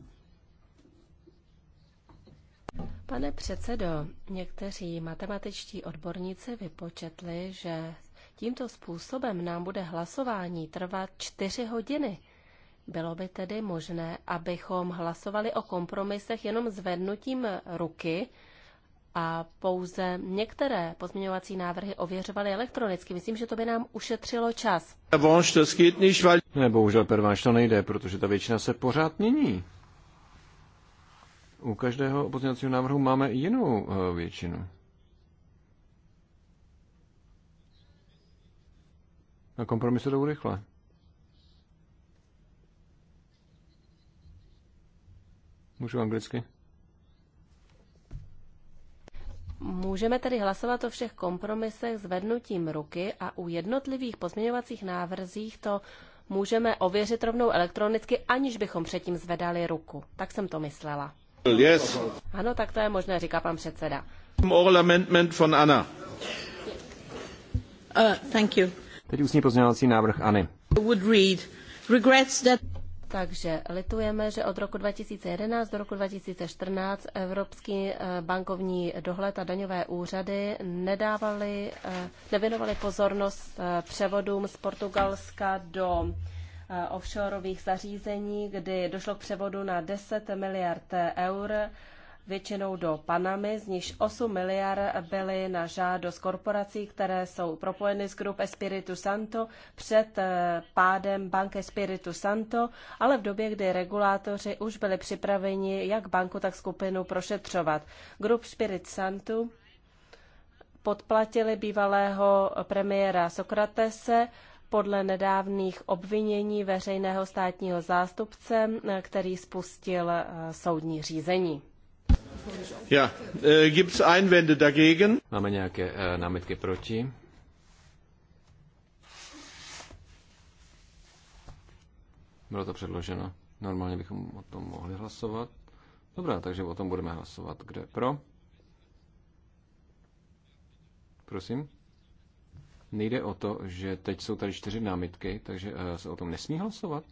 Pane předsedo, někteří matematičtí odborníci vypočetli, že tímto způsobem nám bude hlasování trvat čtyři hodiny. Bylo by tedy možné, abychom hlasovali o kompromisech jenom zvednutím ruky, a pouze některé pozměňovací návrhy ověřovali elektronicky. Myslím, že to by nám ušetřilo čas. Ne, bohužel, Perváš, to nejde, protože ta většina se pořád mění. U každého pozměňovacího návrhu máme jinou eh, většinu. Na kompromisu jdou rychle. Můžu anglicky? Můžeme tedy hlasovat o všech kompromisech zvednutím ruky a u jednotlivých pozměňovacích návrzích to můžeme ověřit rovnou elektronicky, aniž bychom předtím zvedali ruku. Tak jsem to myslela. Yes. Ano, tak to je možné, říká pan předseda. Oral amendment von Anna. Uh, thank you. Teď ústní pozměňovací návrh Anny. Would read, regrets that... Takže litujeme, že od roku 2011 do roku 2014 Evropský eh, bankovní dohled a daňové úřady nedávali, eh, nevěnovali pozornost eh, převodům z Portugalska do offshoreových zařízení, kdy došlo k převodu na 10 miliard eur většinou do Panamy, z níž 8 miliard byly na žádost korporací, které jsou propojeny s grup Espiritu Santo před eh, pádem banky Espiritu Santo, ale v době, kdy regulátoři už byli připraveni jak banku, tak skupinu prošetřovat. Grup Spirit Santo podplatili bývalého premiéra Sokratese, podle nedávných obvinění veřejného státního zástupce, eh, který spustil eh, soudní řízení. Ja, äh, gibt's Einwände dagegen? Máme nějaké uh, námitky proti? Bylo to předloženo. Normálně bychom o tom mohli hlasovat. Dobrá, takže o tom budeme hlasovat. Kde pro? Prosím? Nejde o to, že teď jsou tady čtyři námitky, takže äh, se o tom nesmí hlasovat?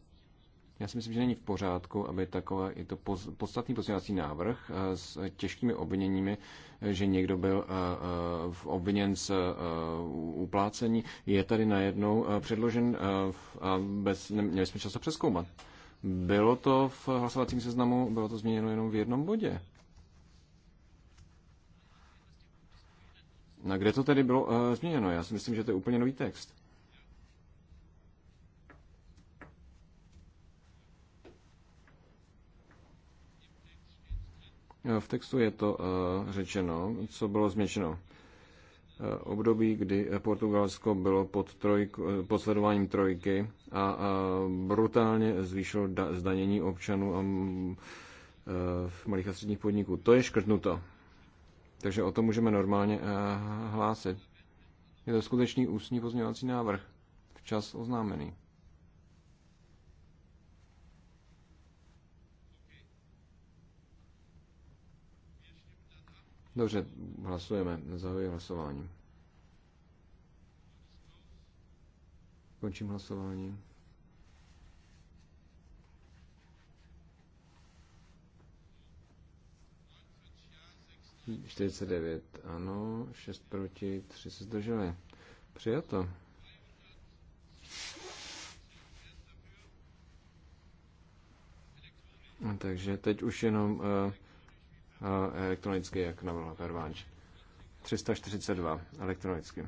Já si myslím, že není v pořádku, aby takové je to poz, podstatný pozměňovací návrh eh, s těžkými obviněními, eh, že někdo byl eh, v obviněn z uplácení, je tady najednou předložen a bez, měli jsme čas to přeskoumat. Bylo to v hlasovacím seznamu, bylo to změněno jenom v jednom bodě. Na kde to tedy bylo uh, změněno? Já si myslím, že to je úplně nový text. V textu je to eh, řečeno, co bylo změčeno. Eh, období, kdy Portugalsko bylo pod, trojk, eh, pod sledováním trojky a brutálně zvýšilo zdanění občanů a mm, malých a středních podniků. To je škrtnuto. Takže o tom můžeme normálně hlásit. Je to skutečný ústní pozměňovací návrh, včas oznámený. Dobře, hlasujeme. Zahajuji hlasování. Končím hlasování. Čtyřicet devět, ano, šest proti, tři se zdrželi. Přijato. Takže teď už jenom uh, elektronicky, jak navrhl Pervánč. 342 elektronicky.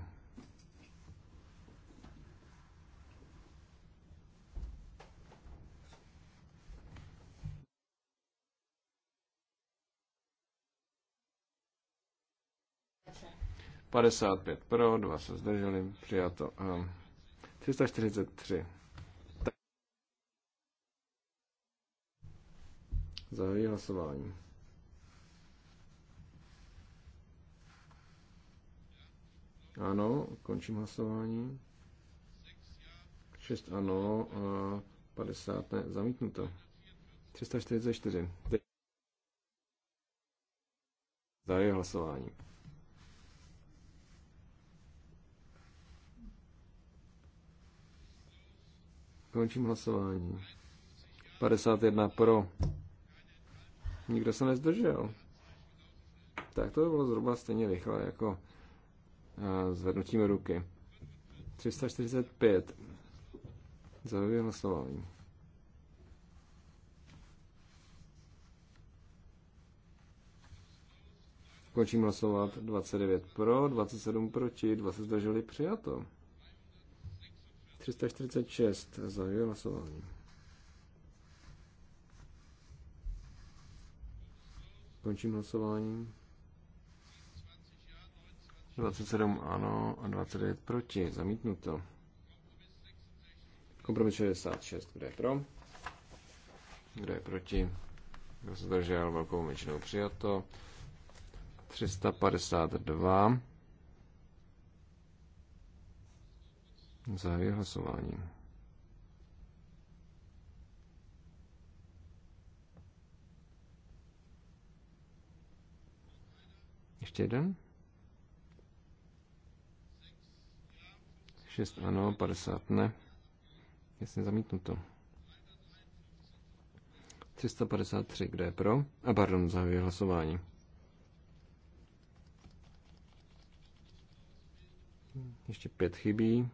Padesát pět pro, dva se zdrželi, přijato. 343. Zahají hlasování. Ano, končím hlasování. 6 ano, a 50 ne, zamítnuto. 344. Zahajuji hlasování. Končím hlasování. 51 pro. Nikdo se nezdržel. Tak to bylo zhruba stejně rychle jako zvednutím ruky. 345. Zahajuji hlasování. Končím hlasovat 29 pro, 27 proti, 20 zdrželi přijato. 346. Zahajuji hlasování. Končím hlasování. 27 ano a 29 proti. Zamítnuto. Kompromis 66. Kdo je pro? Kdo je proti? Kdo se zdržel? Velkou většinou přijato. 352. Zahajuji hlasování. Ještě jeden? 6 ano, 50 ne. Jasně zamítnuto. 353, kde je pro? A pardon, zahajuji hlasování. Ještě pět chybí.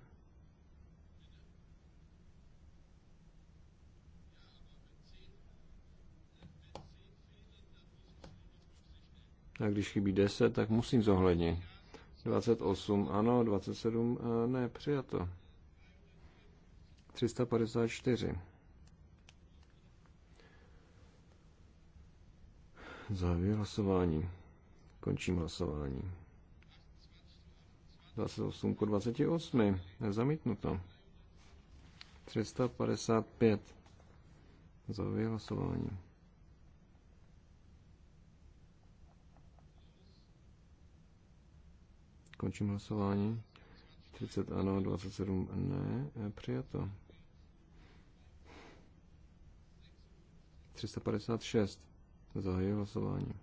A když chybí 10, tak musím zohlednit. 28 ano, 27 eh, ne, přijato. 354. Závěr hlasování. Končím hlasování. 28 k 28. nezamítnuto. 355. Závěr hlasování. Končím hlasování. 30 ano, 27 ne, e, přijato. 356. Zahajuji hlasování.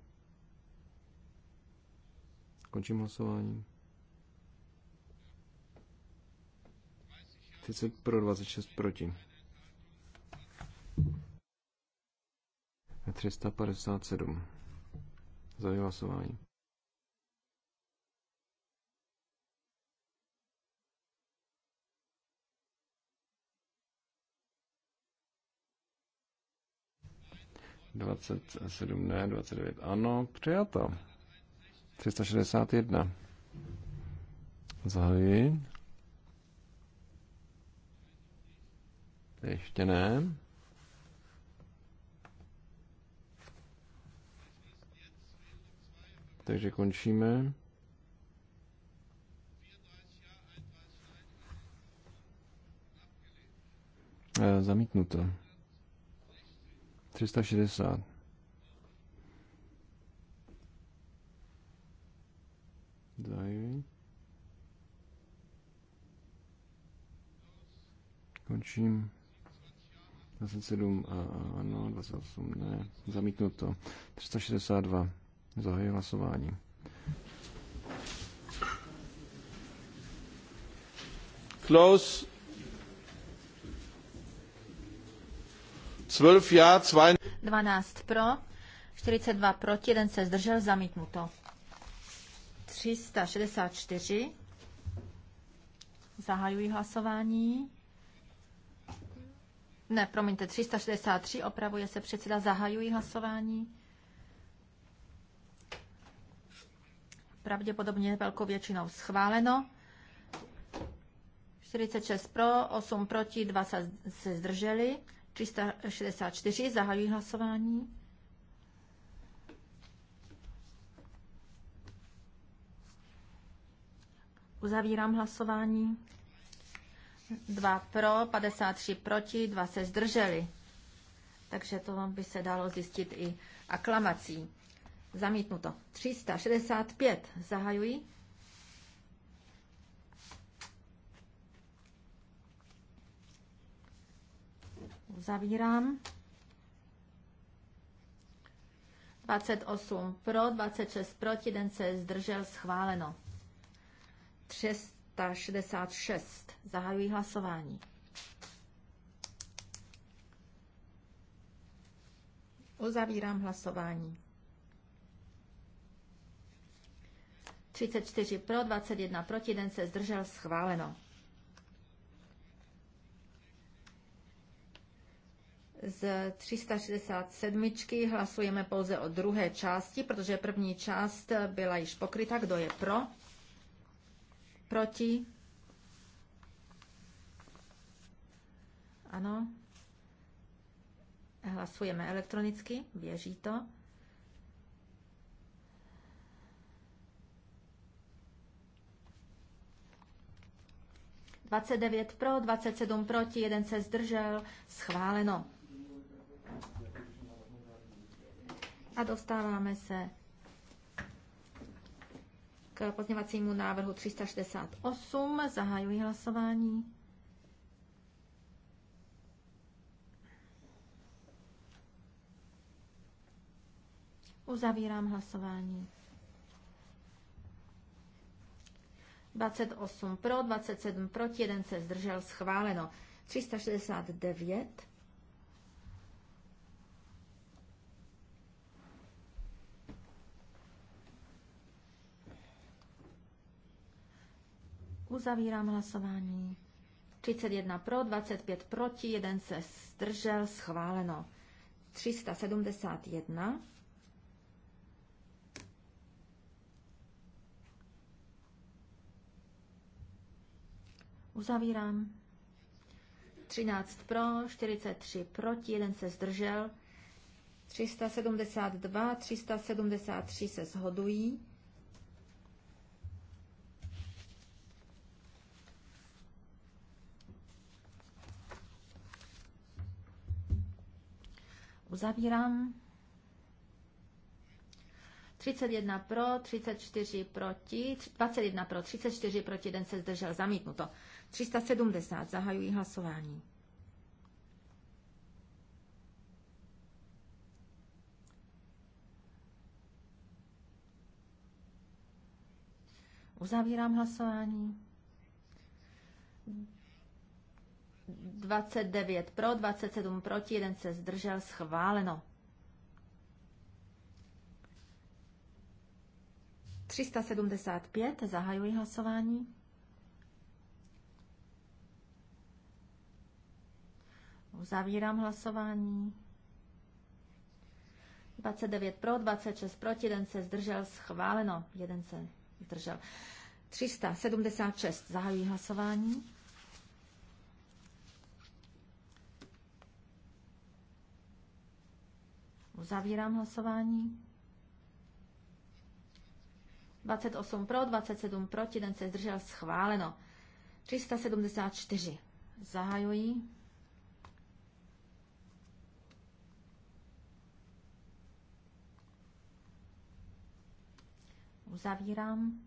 Končím hlasování. 30 pro, 26 proti. 357. E, Zahajuji hlasování. 27 ne, 29 ano, přijato. 361. Zahajuji. Ještě ne. Takže končíme. E, zamítnuto. 360. Zahajuji. Končím. 27 a ano, 28 ne. Zamítnuto. 362. Zahajuji hlasování. Close. 12 já, 12 pro, 42 proti, jeden se zdržel, zamítnuto. 364. Zahajuji hlasování. Ne, promiňte, 363, opravuje se předseda, zahajuji hlasování. Pravděpodobně velkou většinou schváleno. 46 pro, 8 proti, 2 se zdrželi. 364, zahajuji hlasování. Uzavírám hlasování. 2 pro, 53 proti, 2 se zdrželi. Takže to by se dalo zjistit i aklamací. Zamítnuto. 365. Zahajuji. Uzavírám. 28 pro, 26 proti, den se zdržel, schváleno. 366. Zahajuji hlasování. Uzavírám hlasování. 34 pro, 21 proti, den se zdržel, schváleno. Z 367 hlasujeme pouze o druhé části, protože první část byla již pokryta. Kdo je pro? Proti? Ano. Hlasujeme elektronicky, běží to. Dvacet devět pro, dvacet sedm proti, jeden se zdržel, schváleno. A dostáváme se k pozněvacímu návrhu 368. Zahajuji hlasování. Uzavírám hlasování. 28 pro, 27 proti, 1 se zdržel, schváleno. 369 Uzavírám hlasování. 31 pro, 25 proti, jeden se zdržel, schváleno. 371. Uzavírám. 13 pro, 43 proti, jeden se zdržel. 372, 373 se shodují. uzavírám. 31 pro, 34 proti, 21 pro, 34 proti, Den se zdržel, zamítnuto. 370, zahajují hlasování. Uzavírám hlasování. 29 pro, 27 proti, jeden se zdržel, schváleno. 375, zahajuji hlasování. Uzavírám hlasování. 29 pro, 26 proti, jeden se zdržel, schváleno, jeden se zdržel. 376, zahajuji hlasování. Uzavírám hlasování. 28 pro, 27 proti, Den se zdržel, schváleno. 374. Zahajuji. Uzavírám.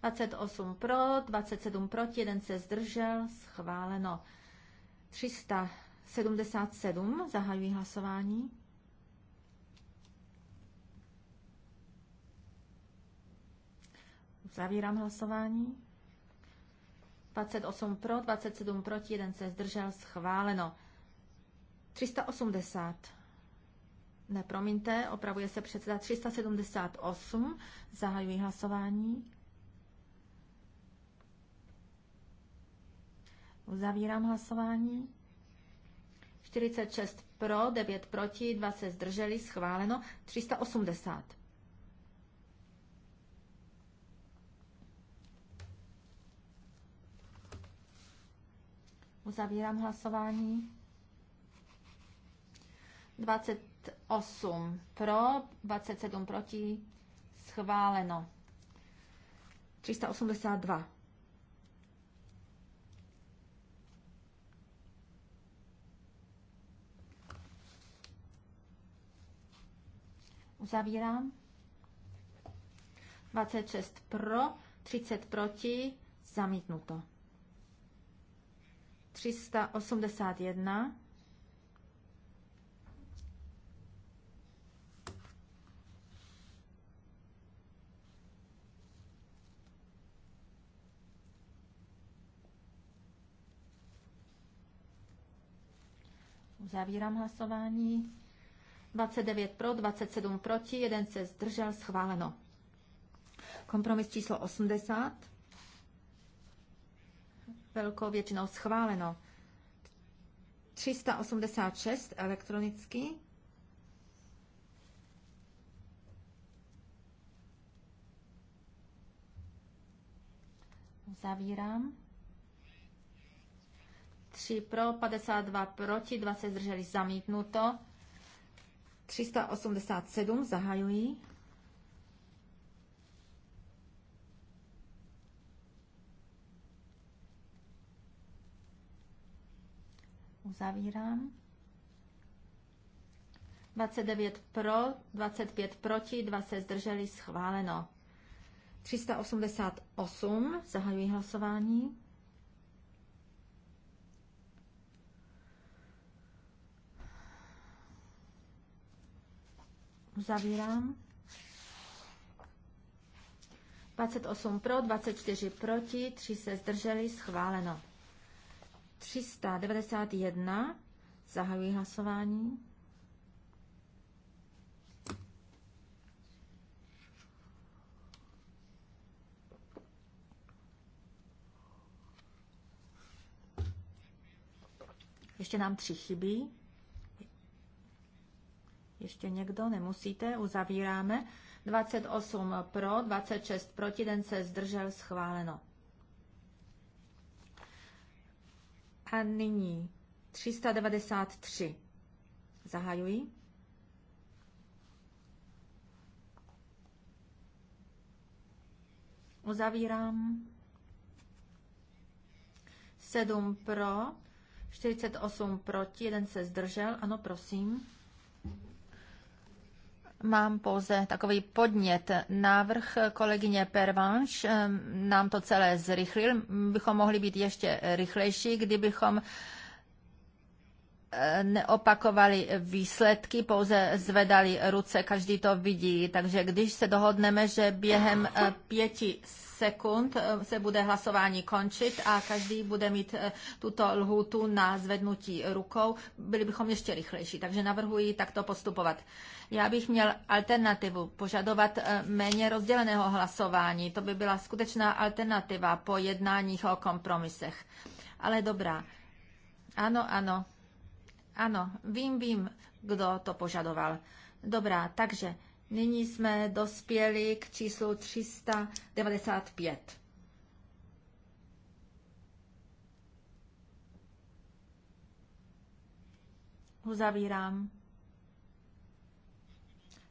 28 pro, 27 proti, jeden se zdržel, schváleno. 377. Zahajuji hlasování. Zavírám hlasování. 28 pro, 27 proti, 1 se zdržel, schváleno. 380. Ne, promiňte, opravuje se předseda 378. Zahajuji hlasování. Uzavírám hlasování. 46 pro, 9 proti, 2 se zdrželi, schváleno. 380. Uzavírám hlasování. 28 pro, 27 proti, schváleno. 382. Uzavírám. 26 pro, 30 proti, zamítnuto. 381. Zavírám hlasování. 29 pro, 27 proti, jeden se zdržel, schváleno. Kompromis číslo 80 velkou většinou schváleno. 386 elektronicky. Zavírám. 3 pro, 52 proti, 20 zdrželi zamítnuto. 387 zahajují. uzavírám. 29 pro, 25 proti, 2 se zdrželi, schváleno. 388, zahajuji hlasování. Uzavírám. 28 pro, 24 proti, 3 se zdrželi, schváleno. 391. Zahajuji hlasování. Ještě nám tři chybí. Ještě někdo? Nemusíte, uzavíráme. 28 pro, 26 proti, den se zdržel schváleno. A nyní 393. Zahajuji. Uzavírám. 7 pro, 48 proti, jeden se zdržel. Ano, prosím. Mám pouze takový podnět. Návrh kolegyně Pervanš eh, nám to celé zrychlil. Bychom mohli být ještě rychlejší, kdybychom neopakovali výsledky, pouze zvedali ruce, každý to vidí. Takže když se dohodneme, že během eh, pěti sekund eh, se bude hlasování končit a každý bude mít eh, tuto lhůtu na zvednutí rukou, byli bychom ještě rychlejší. Takže navrhuji takto postupovat. Já bych měl alternativu, požadovat méně rozděleného hlasování. To by byla skutečná alternativa po jednáních o kompromisech. Ale dobrá. Ano, ano. Ano, vím, vím, kdo to požadoval. Dobrá, takže nyní jsme dospěli k číslu 395. Uzavírám.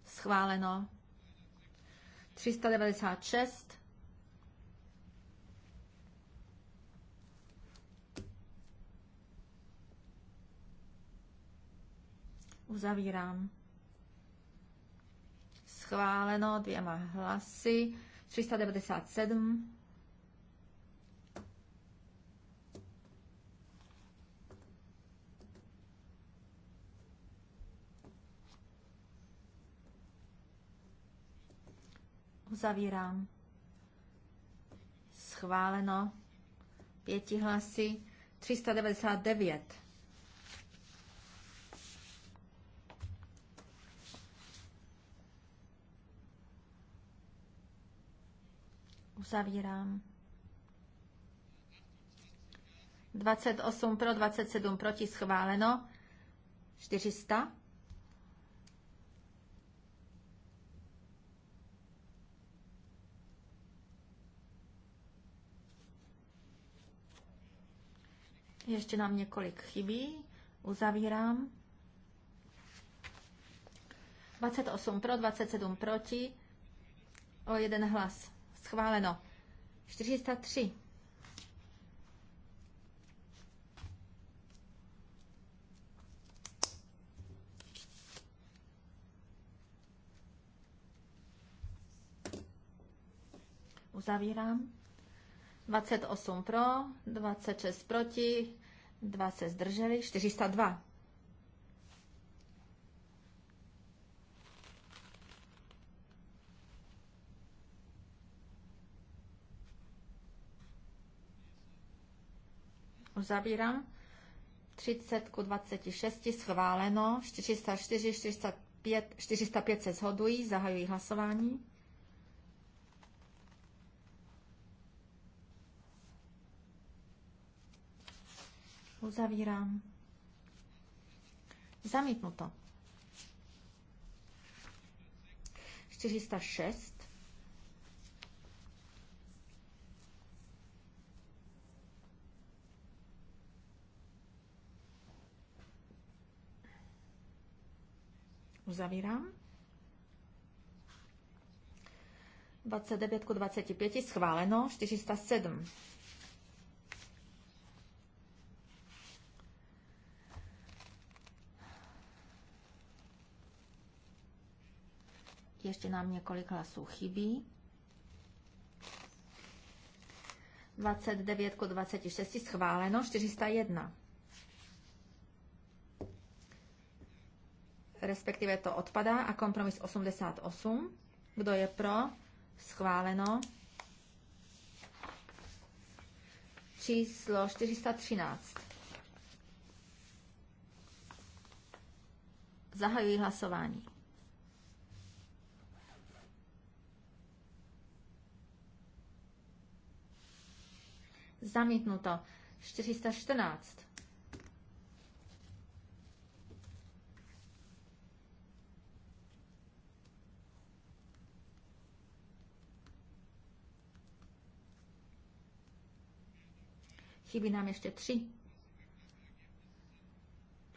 Schváleno. 396. Uzavírám. Schváleno dvěma hlasy. 397. Uzavírám. Schváleno pěti hlasy. 399. Uzavírám. 28 pro, 27 proti, schváleno. 400. Ještě nám několik chybí. Uzavírám. 28 pro, 27 proti. O jeden hlas schváleno. 403. Uzavírám. 28 pro, 26 proti, 2 se zdrželi, 402. Uzavírám. 30 ku 26 schváleno, 404, 405, 405 se shodují, zahajují hlasování. Uzavírám. Zamítnuto. 406 Uzavírám. 29 ku 25 schváleno, 407. Ještě nám několik hlasů chybí. 29 ku 26 schváleno, 401. respektive to odpadá a kompromis 88. Kdo je pro? Schváleno. Číslo 413. Zahajuji hlasování. Zamítnuto. 414. Chybí nám ještě tři,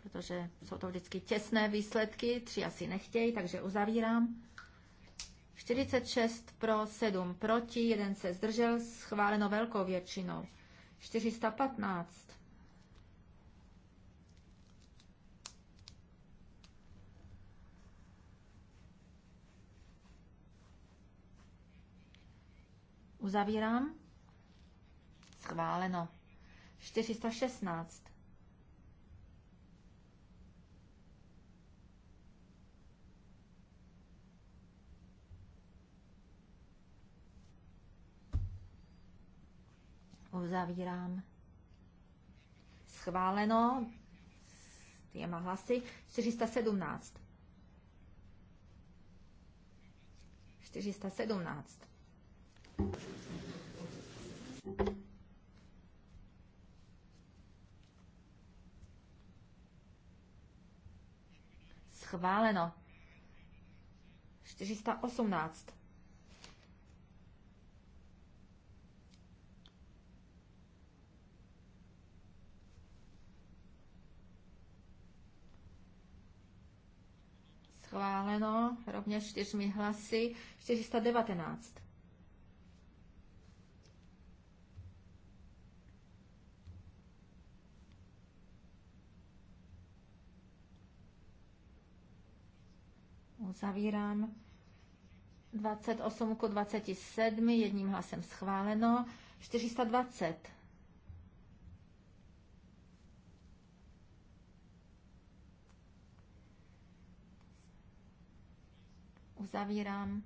protože jsou to vždycky těsné výsledky, tři asi nechtějí, takže uzavírám. 46 pro, 7 proti, jeden se zdržel, schváleno velkou většinou. 415. Uzavírám. Schváleno. 416. Uzavírám. Schváleno dvěma hlasy 417. 417. schváleno. 418. Schváleno rovněž čtyřmi hlasy 419. Zavírám. 28 ku 27, jedním hlasem schváleno. 420. Uzavírám.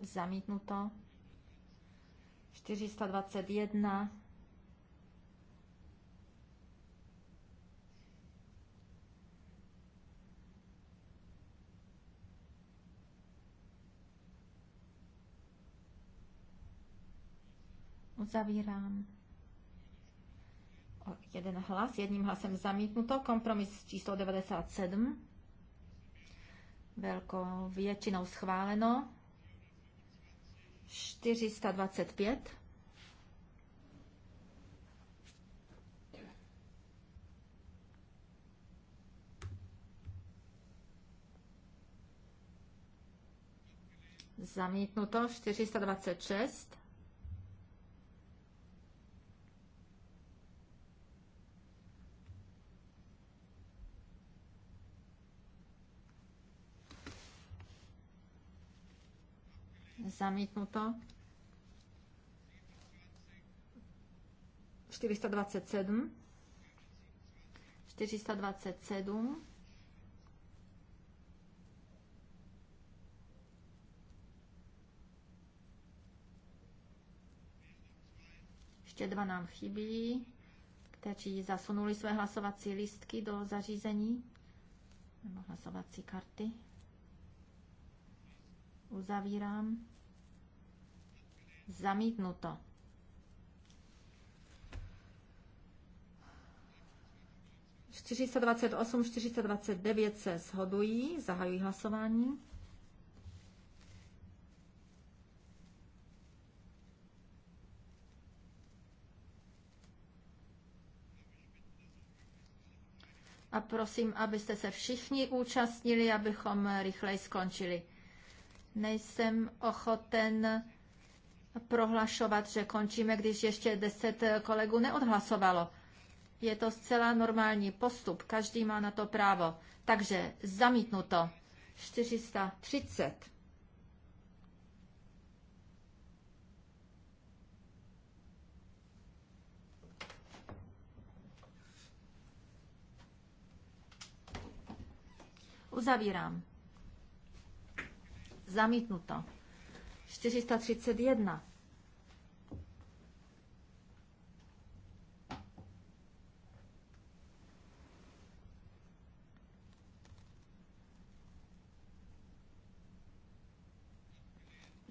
Zamítnuto. 421. Uzavírám. O jeden hlas, jedním hlasem zamítnuto. Kompromis číslo 97. Velkou většinou schváleno. 425. Zamítnuto 426. zamítnuto. 427. 427. Ještě dva nám chybí, kteří zasunuli své hlasovací listky do zařízení nebo hlasovací karty. Uzavírám. Zamítnuto. Čtyřista dvacet osm, čtyřista dvacet devět se shodují. Zahajují hlasování. a prosím, abyste se všichni účastnili, abychom rychleji skončili. Nejsem ochoten prohlašovat, že končíme, když ještě deset kolegů neodhlasovalo. Je to zcela normální postup, každý má na to právo. Takže zamítnuto 430. Uzavírám. Zamítnuto. 431.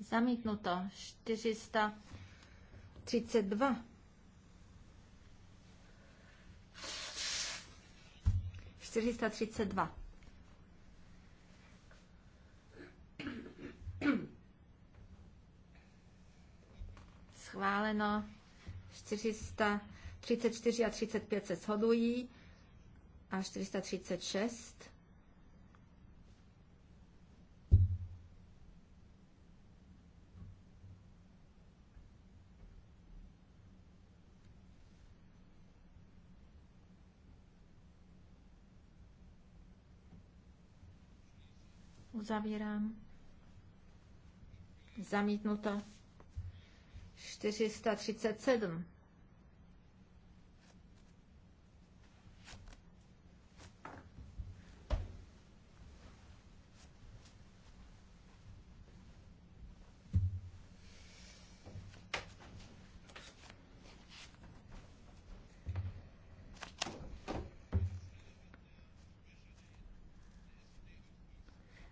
Zamítnuto 432. Čtyřista třicet dva. schváleno, 434 a 35 se shodují a 436. Uzavírám. Zamítnuto. 437.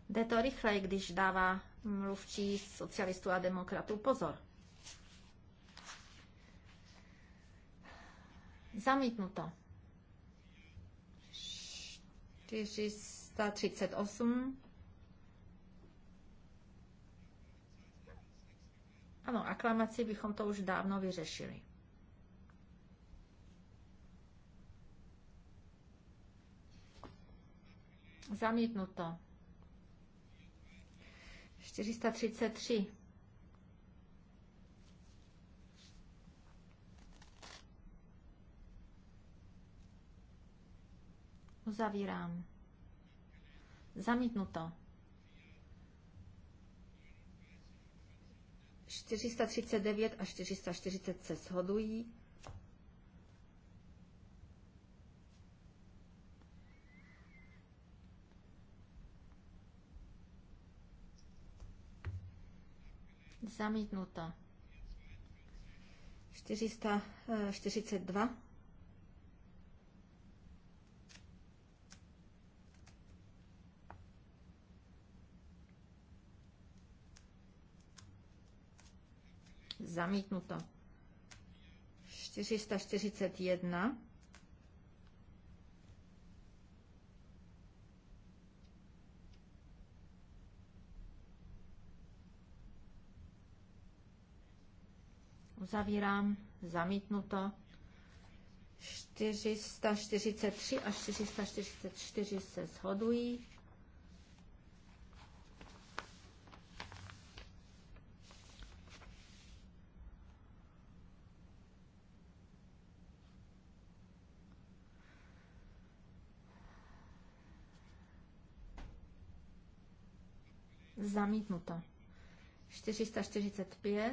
Jde to rychle, když dává mluvčí socialistů a demokratů pozor. Zamítnuto. 438. Ano, aklamací bychom to už dávno vyřešili. Zamítnuto. 433. Uzavírám. Zamítnuto. 439 a 440 se shodují. Zamítnuto. 442 zamítnuto. 441 uzavírám, zamítnuto. 443 a 444 se shodují. zamítnuto. 445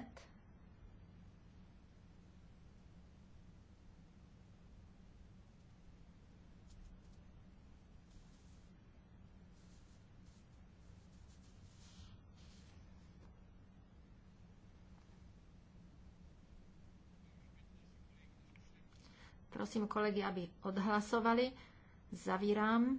Prosím kolegy, aby odhlasovali. Zavírám.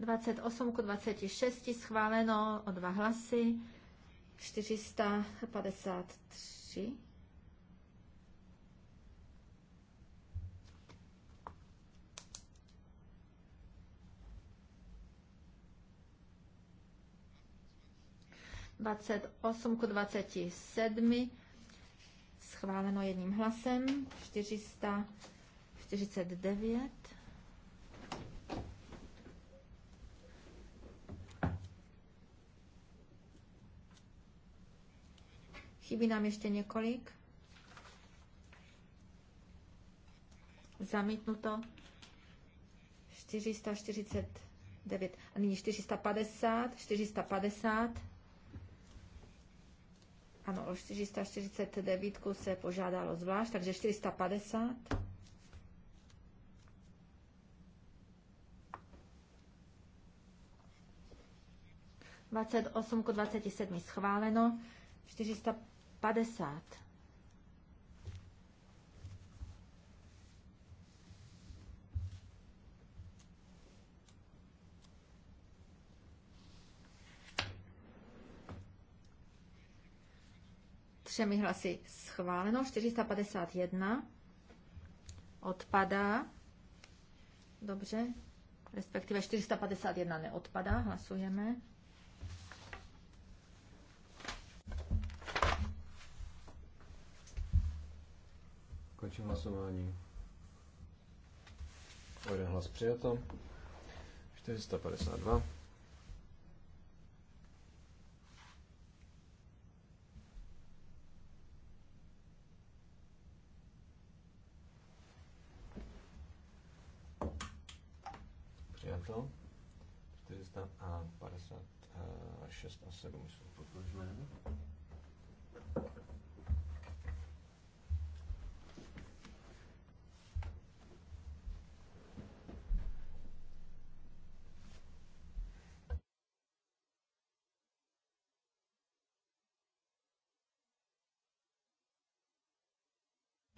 28 k 26 schváleno o dva hlasy. 453. Dvacet osm ku dvaceti sedmi schváleno jedním hlasem, devět. Chybí nám ještě několik. Zamítnuto 449. A nyní 450, 450. Ano, o 449 se požádalo zvlášť, takže 450. Dvacet osm ku dvaceti sedmi schváleno, 450 50. Třemi hlasy schváleno. 451 odpadá. Dobře. Respektive 451 neodpadá. Hlasujeme. Končím hlasování. O jeden hlas přijato. 452. Přijato. 456 a 7 eh, jsou podložené.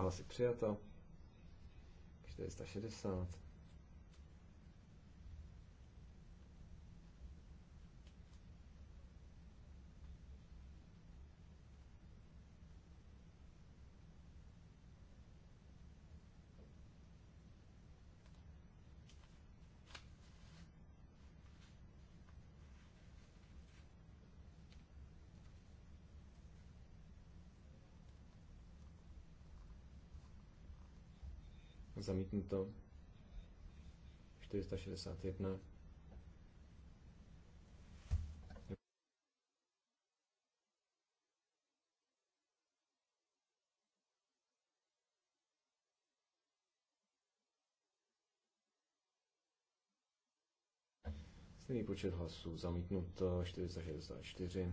zdržel asi přijato. 460. zamítnuto. 461. Stejný počet hlasů zamítnuto 464.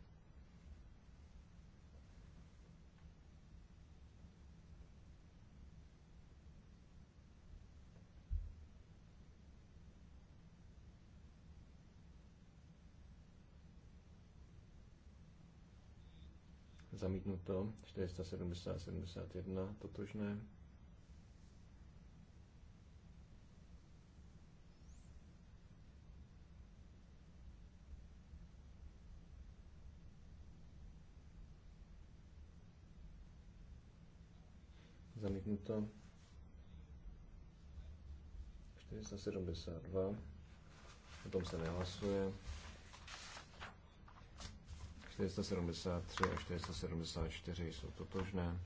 zamítnuto, 470, 71, totožné. Zamítnuto 472, o tom se nehlasuje. 473 a 474 jsou totožné.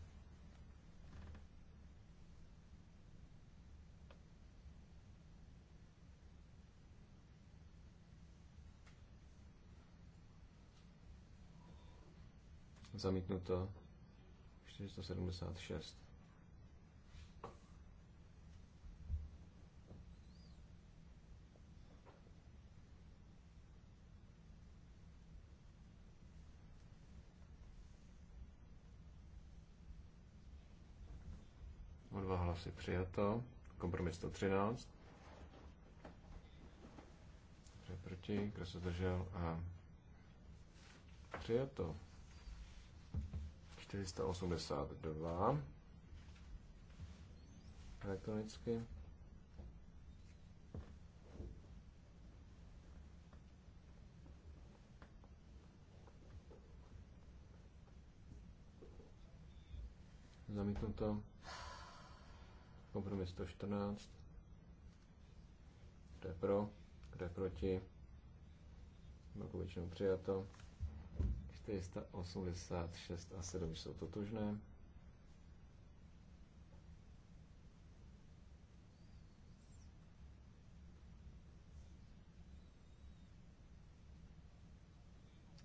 Zamítnuto 476. 3 přijato. Kompromis 113. Kdo je proti? Kdo se zdržel? A přijato. 482 elektronicky. Zamítnuto. to. Kompromis 114. Kdo je pro? Kdo je proti? Velkou většinou přijato. 486 a 7 jsou totožné.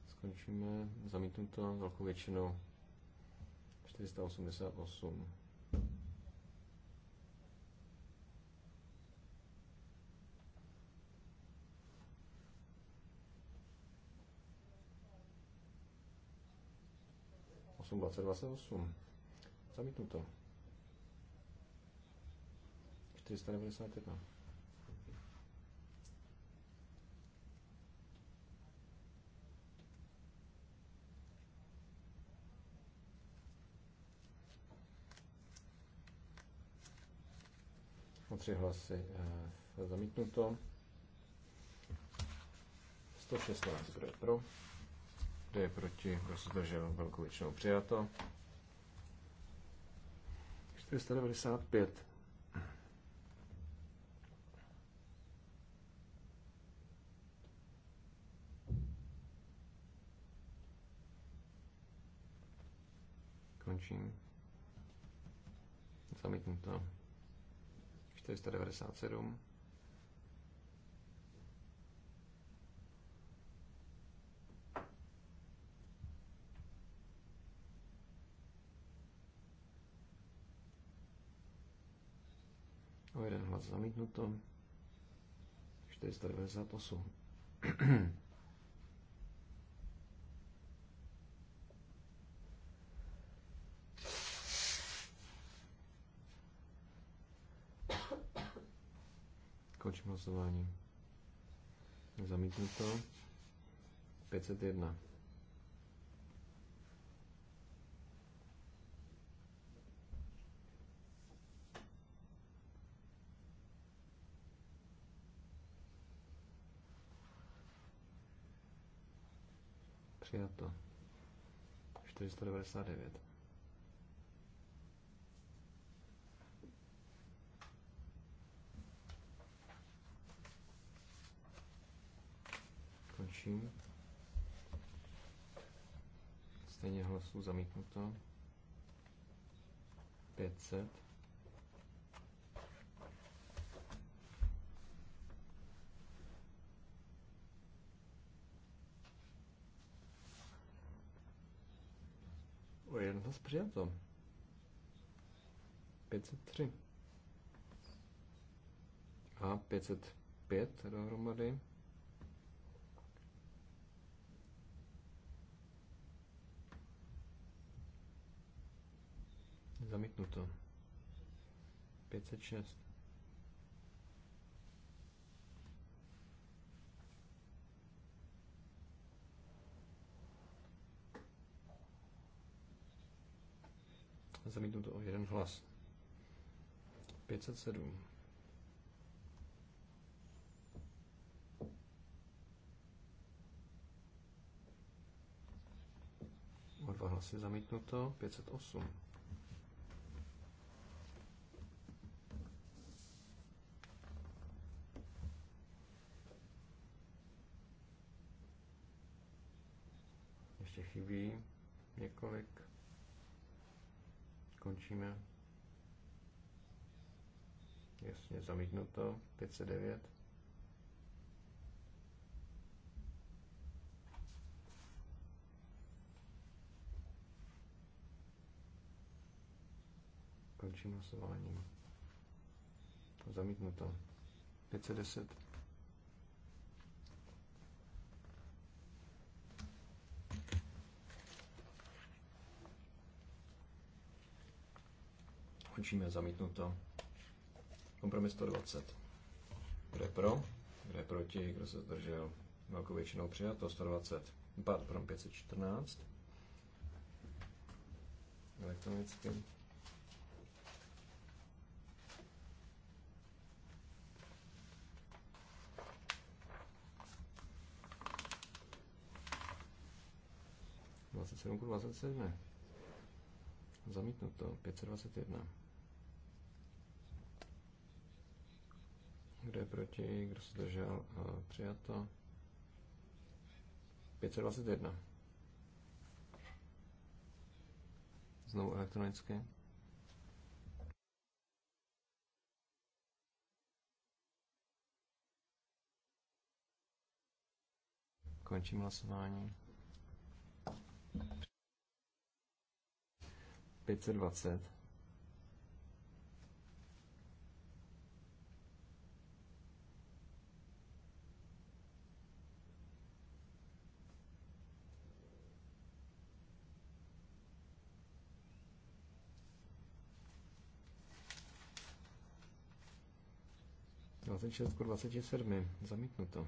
Skončíme zamítnuto velkou většinou 488. 28, Zamítnu to. Zamítnuto. 491. O tři hlasy eh, zamítnuto. 116, kdo je pro? Kdo je proti? Kdo se zdržel? Velkou většinou přijato. 495. Končím. Zamítnu to. 497. 14 zamítnuto, 498. Končím hlasování. Zamítnuto. 501. Přijato. 499. Končím. Stejně hlasů zamítnuto. 500. Zas přijato. 503. A 505 dohromady. Zamítnuto. 506. zamítnuto o jeden hlas. 507. O dva hlasy zamítnuto, 508. Ještě chybí několik končíme. Jasně, zamítnuto. 509. Končím hlasováním. Zamítnuto. 510. Končíme zamítnuto. Kompromis 120. Kdo je pro? Kdo je proti? Kdo se zdržel? Velkou většinou přijato. 120. Pád pro 514. Elektronicky. Dvacet sedm Zamítnuto. 521. Kdo je proti? Kdo se zdržel? Eh, přijato. 521. Znovu elektronicky. Končím hlasování. 520. 26 ku 27. Zamítnuto.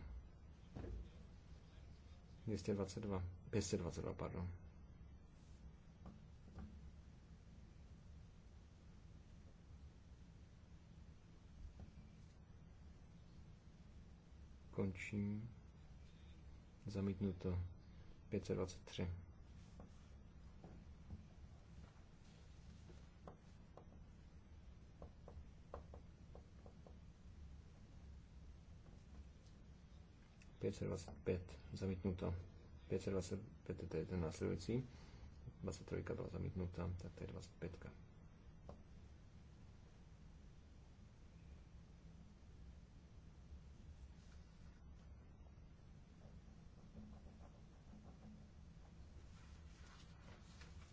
222. 522, pardon. Končím. Zamítnuto. 523. 525 zamítnuto. 525 to je ten následující. 23 byla zamítnuta, tak to je 25.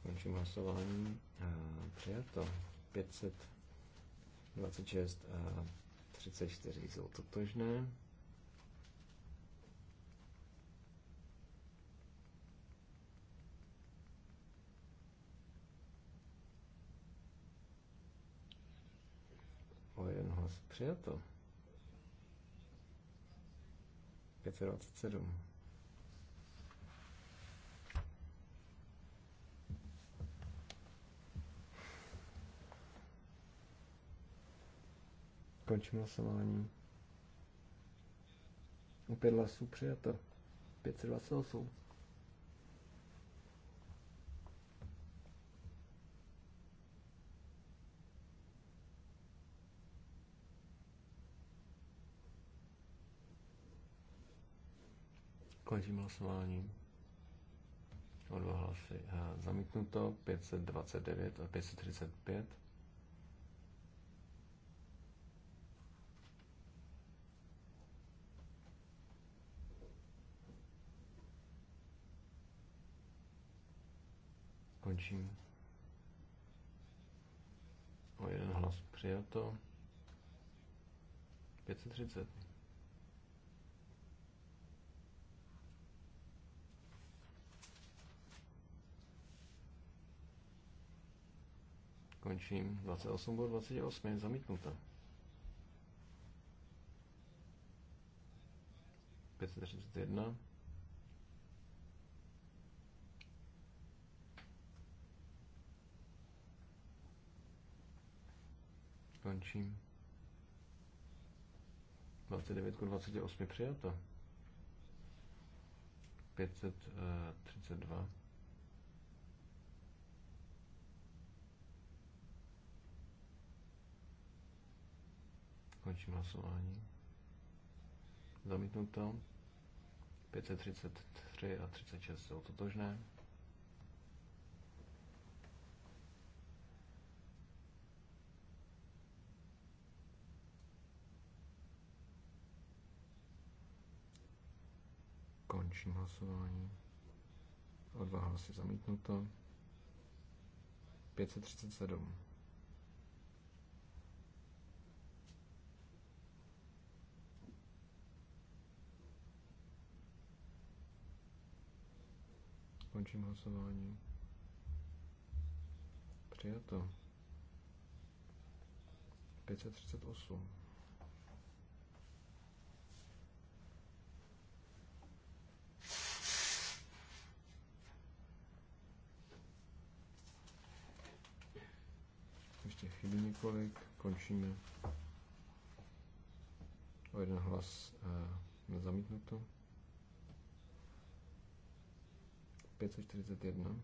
Končím hlasování. Přijato 526 a 34 jsou totožné. 15, Přijato. 527. Končím hlasování. Opět hlasů přijato. 528. Končím hlasování. O dva hlasy e, zamítnuto. 529 a 535. Končím. O jeden hlas přijato. 530. Končím. 28 bod 28, zamítnuta. 531. Končím. 29 k 28 přijato. 532. Končím hlasování. Zamítnuto. 533 a 36 jsou totožné. Končím hlasování. Odvaha se zamítnuto. 537. skončím hlasování. Přijato. 538. Ještě chybí několik, končíme. O jeden hlas e, eh, zamítnuto. 541.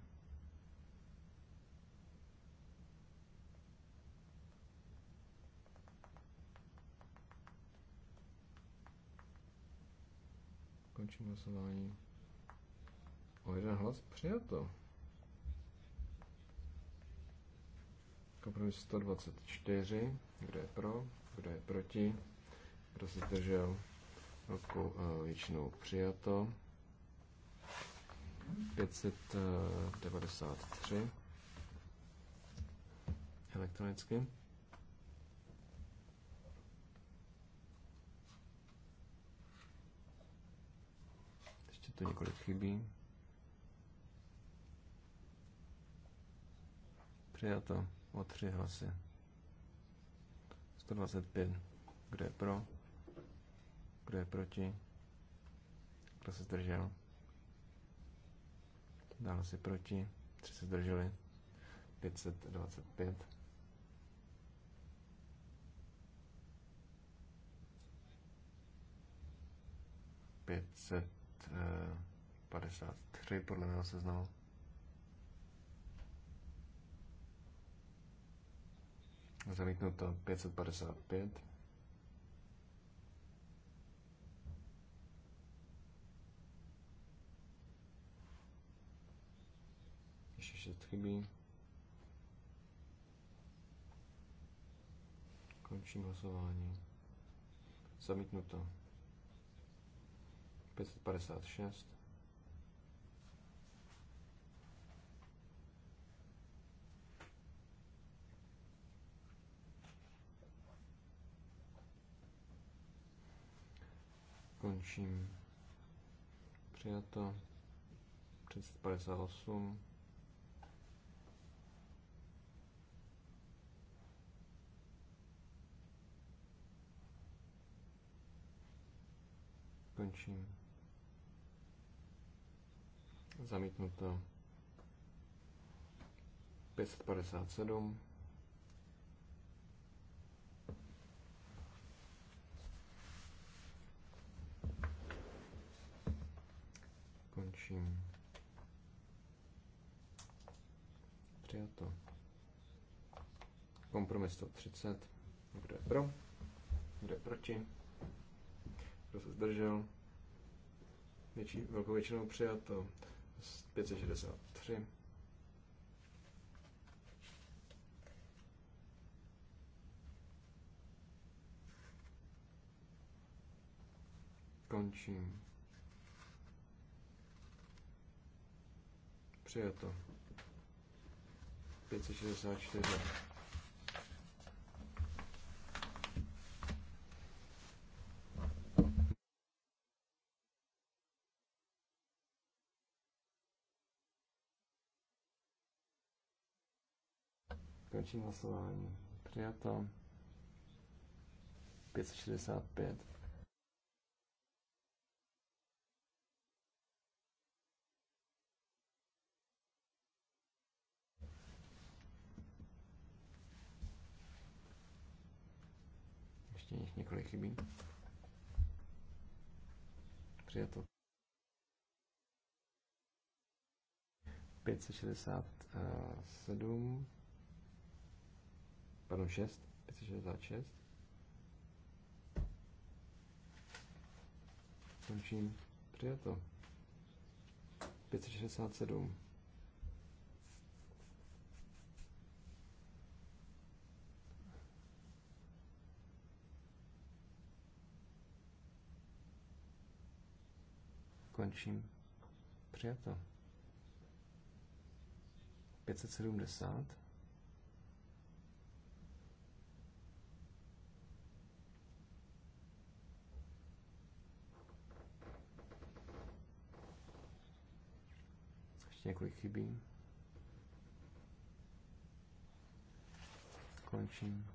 Končím hlasování. O jeden hlas přijato. Kompromis 124. Kdo je pro? Kdo je proti? Kdo se zdržel? Velkou eh, většinou přijato. 593 eh, elektronicky. Ještě to několik chybí. Přijato o tři hlasy. 125. Kdo je pro? Kdo je proti? Kdo se zdržel? dál si proti. tři se zdrželi. 525. Pětset eh, padesát tři podle mého seznamu. Zamítnuto pět. 6 chybí. Končím hlasování. Zamítnuto. 556. Končím. Přijato. 358. Končím. Zamítnuto. 557. Končím. Přijato. Kompromis 130. Kdo je pro? Kdo je proti? kdo se zdržel, větší, velkou většinou přijato 563. Končím. Přijato. 564. Končím hlasování. Přijato. 565. Ještě jich několik chybí. Přijato. 567 pardon, 6, 566. Končím. Přijato. 567. Končím. Přijato. 570. Ještě několik chybí. Končím.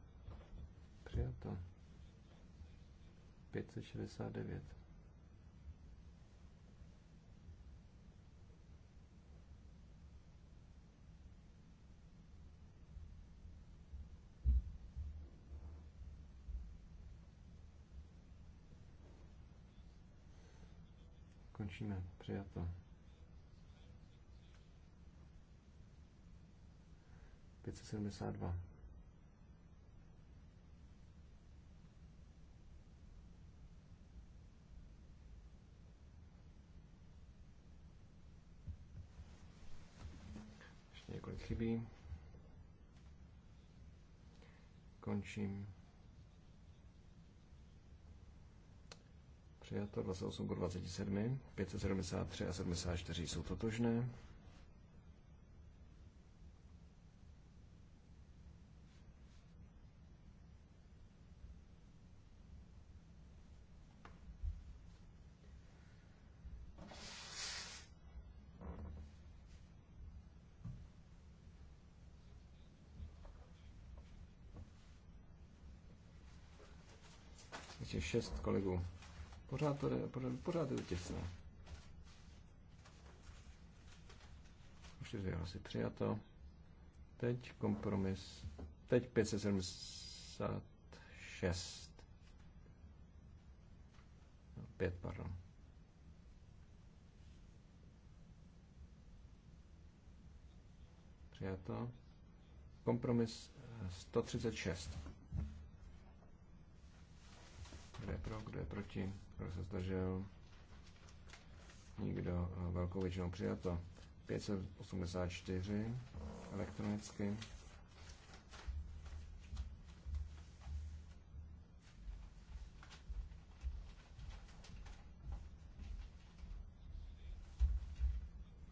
Přijel to. 569. Končíme. Přijato. 572. Ještě několik chybí. Končím. Přijato 28 27, 573 a 74 jsou totožné. šest kolegů. Pořád to, jde, pořád, pořád je to těsné. Už dvě asi přijato. Teď kompromis. Teď 576. No, pět, pardon. Přijato. Kompromis 136. Eh, kdo je pro, kdo je proti, kdo se zdržel? Nikdo. Velkou většinou přijato. 584 elektronicky.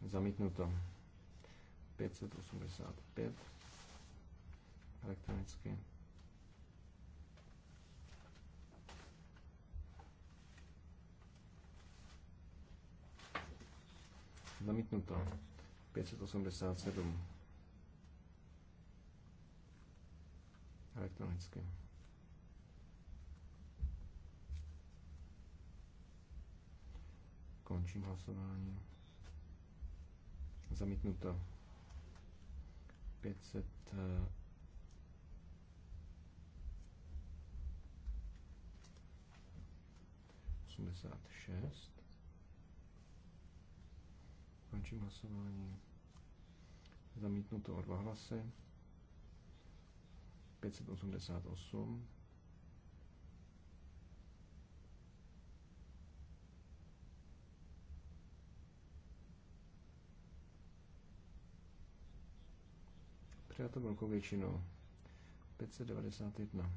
Zamítnuto. 585 elektronicky. Zamítnuto. 587. Elektronicky. Končím hlasování. Zamítnuto. 500. 86. Končím hlasování. Zamítnuto o dva hlasy. 588. Přijato velkou většinou. 591.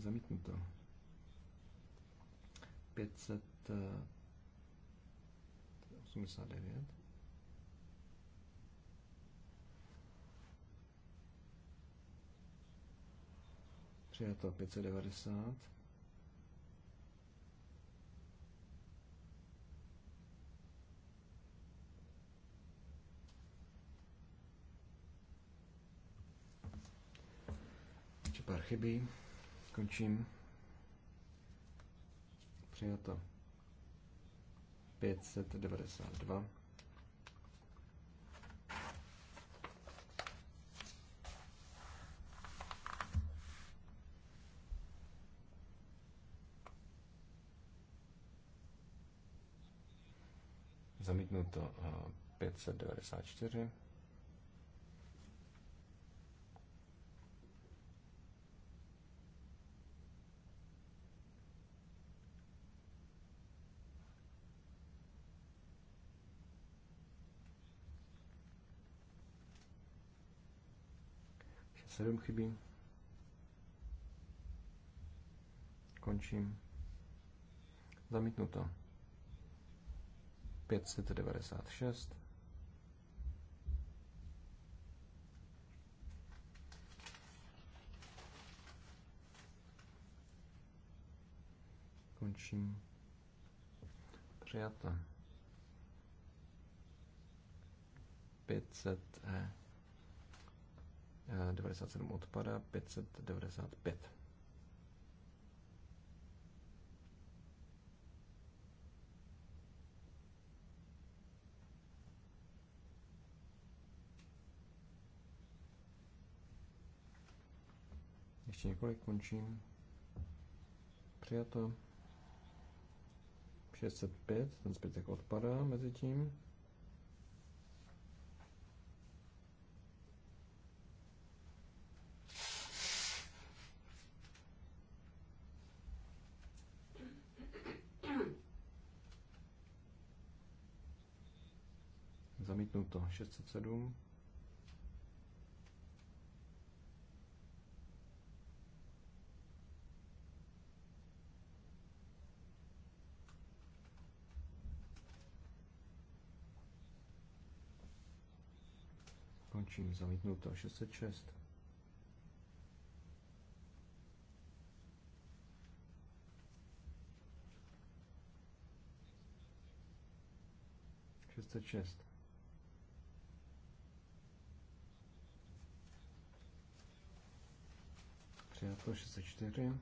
zamítnuto. 589. Eh, Přijato 590. pár chybí skončím. Přijato. 592. Zamítnuto 594. Eh, 7 chybí. Končím. Zamítnuto. 596. Končím. Přijata. 500 E. Eh. 97 odpada, 595. Ještě několik končím. Přijato. 605, ten zbytek odpadá mezi tím. 607. Končím zamítnuto 606. Šestset šest. přijato jako 64.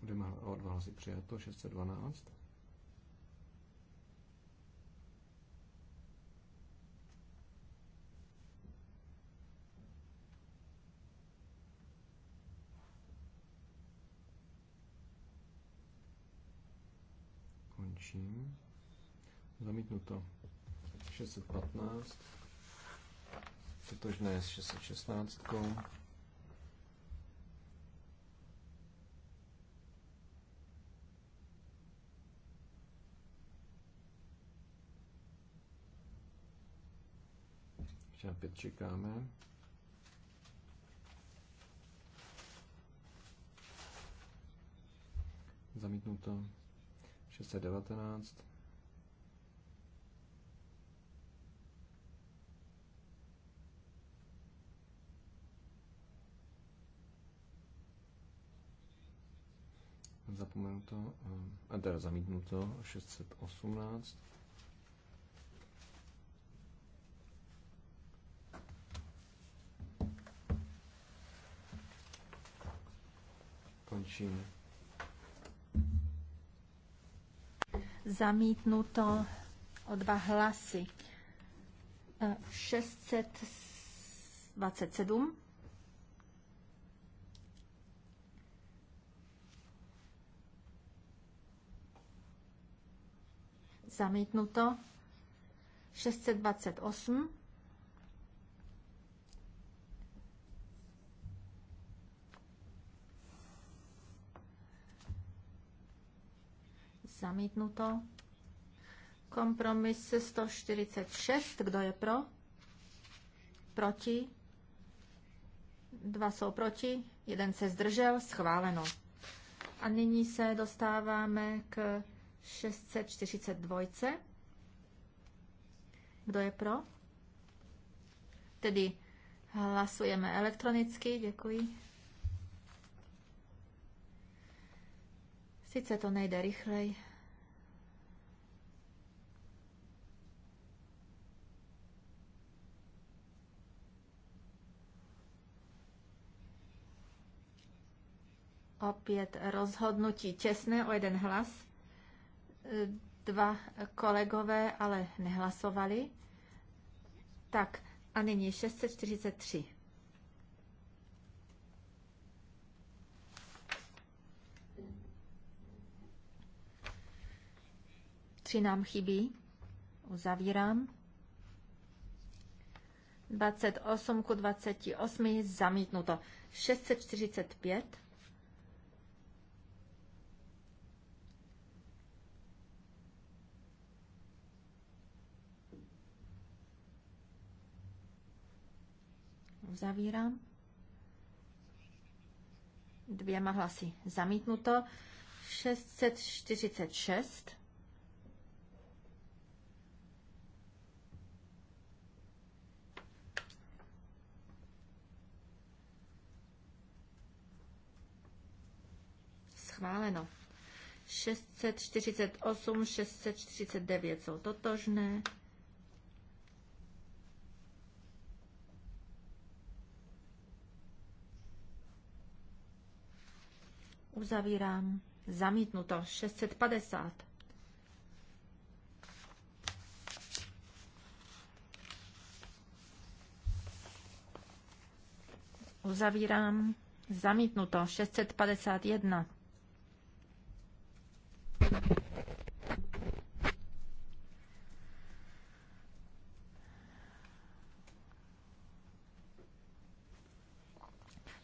Budeme o dva hlasy přijato 612. Končím. Zamítnuto. 615. Totožné s 616. Ještě na opět čekáme. Zamítnuto. 619. Zapomenuto, eh, a teda zamítnuto, 618. Končím zamítnuto o dva hlasy. 627 e, zamítnuto 628 Zamítnuto. Kompromis 146. Kdo je pro? Proti? Dva jsou proti, jeden se zdržel, schváleno. A nyní se dostáváme k 642. Kdo je pro? Tedy hlasujeme elektronicky, děkuji. Sice to nejde rychleji, opět rozhodnutí těsné o jeden hlas. E, dva kolegové ale nehlasovali. Tak a nyní 643. Tři nám chybí. Uzavírám. 28 ku 28 zamítnuto. 645. uzavírám. Dvěma hlasy zamítnuto. 646. Schváleno. 648, 649 jsou totožné. Uzavírám. Zamítnuto. 650. Uzavírám. Zamítnuto. 651.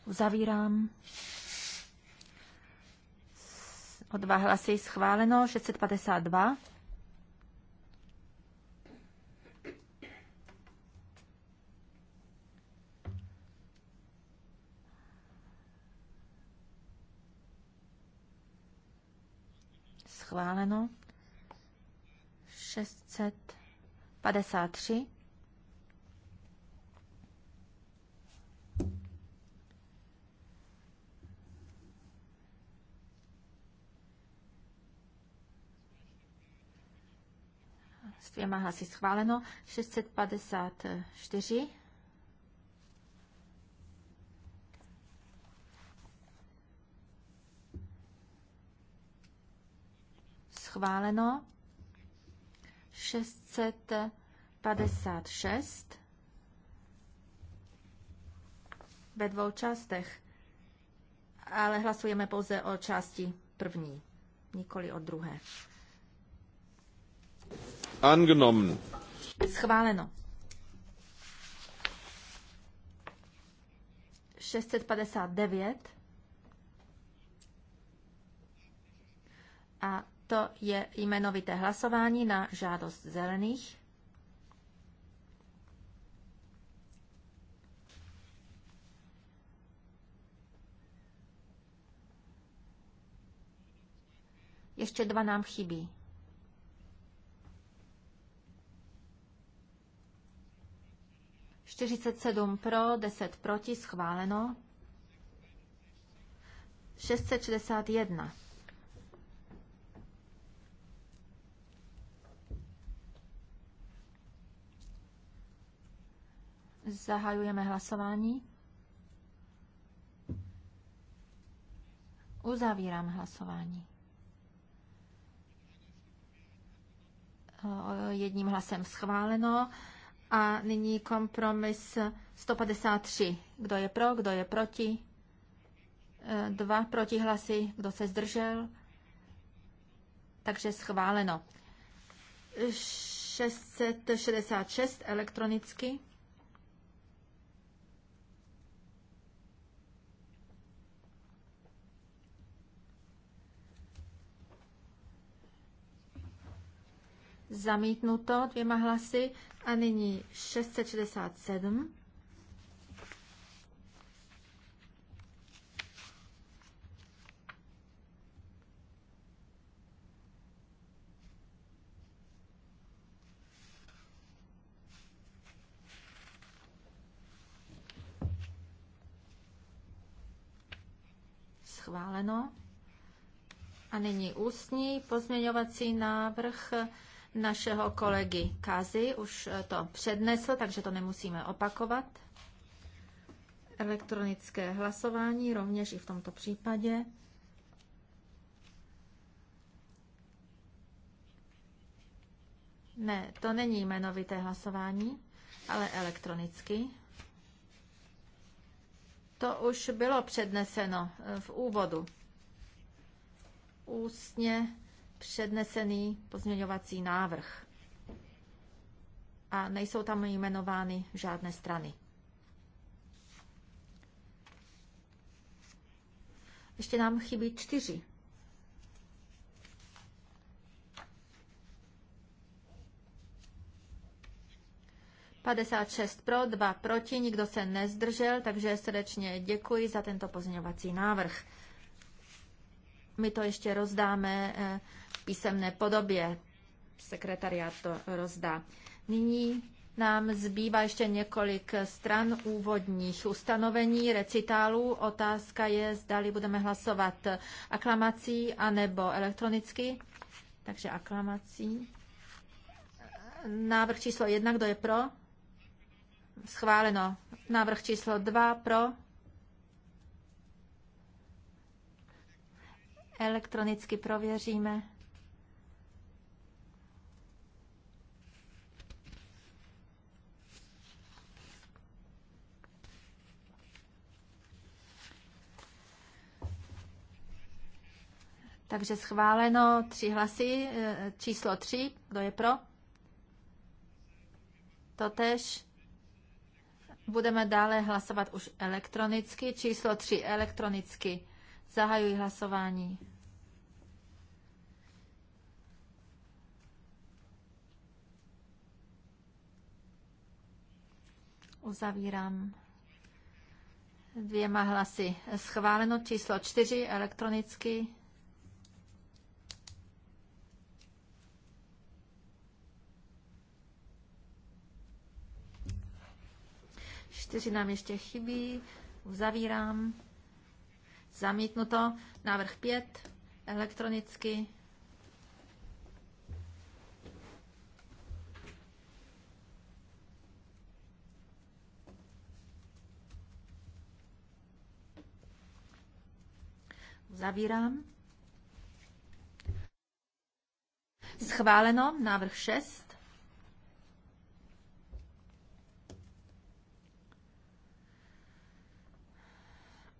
Uzavírám. O dva hlasy schváleno 652. Schváleno 653. s dvěma hlasy schváleno. 654. Schváleno. 656. Ve dvou částech. Ale hlasujeme pouze o části první, nikoli o druhé. Angenommen. Schváleno. 659 a to je jmenovité hlasování na žádost zelených. Ještě dva nám chybí. 47 pro, 10 proti, schváleno. 661. Zahajujeme hlasování. Uzavírám hlasování. Jedním hlasem schváleno. A nyní kompromis 153. Kdo je pro, kdo je proti? E, dva protihlasy, kdo se zdržel? Takže schváleno. 666 elektronicky. zamítnuto dvěma hlasy a nyní 667. Schváleno. A nyní ústní pozměňovací návrh našeho kolegy Kazy už eh, to přednesl, takže to nemusíme opakovat. Elektronické hlasování rovněž i v tomto případě. Ne, to není jmenovité hlasování, ale elektronicky. To už bylo předneseno eh, v úvodu. Ústně přednesený pozměňovací návrh. A nejsou tam jmenovány žádné strany. Ještě nám chybí čtyři. šest pro, dva proti, nikdo se nezdržel, takže srdečně děkuji za tento pozměňovací návrh. My to ještě rozdáme eh, písemné podobě sekretariát to rozdá. Nyní nám zbývá ještě několik stran úvodních ustanovení, recitálů. Otázka je, zdali budeme hlasovat aklamací anebo elektronicky. Takže aklamací. Návrh číslo jedna, kdo je pro? Schváleno. Návrh číslo dva, pro? Elektronicky prověříme. Takže schváleno tři hlasy, eh, číslo tři, kdo je pro? Totež budeme dále hlasovat už elektronicky. Číslo tři elektronicky. Zahajuji hlasování. Uzavírám dvěma hlasy. Schváleno číslo čtyři elektronicky. Čtyři nám ještě chybí. Uzavírám. Zamítnuto. Návrh pět Elektronicky. Zavírám. Schváleno, návrh 6.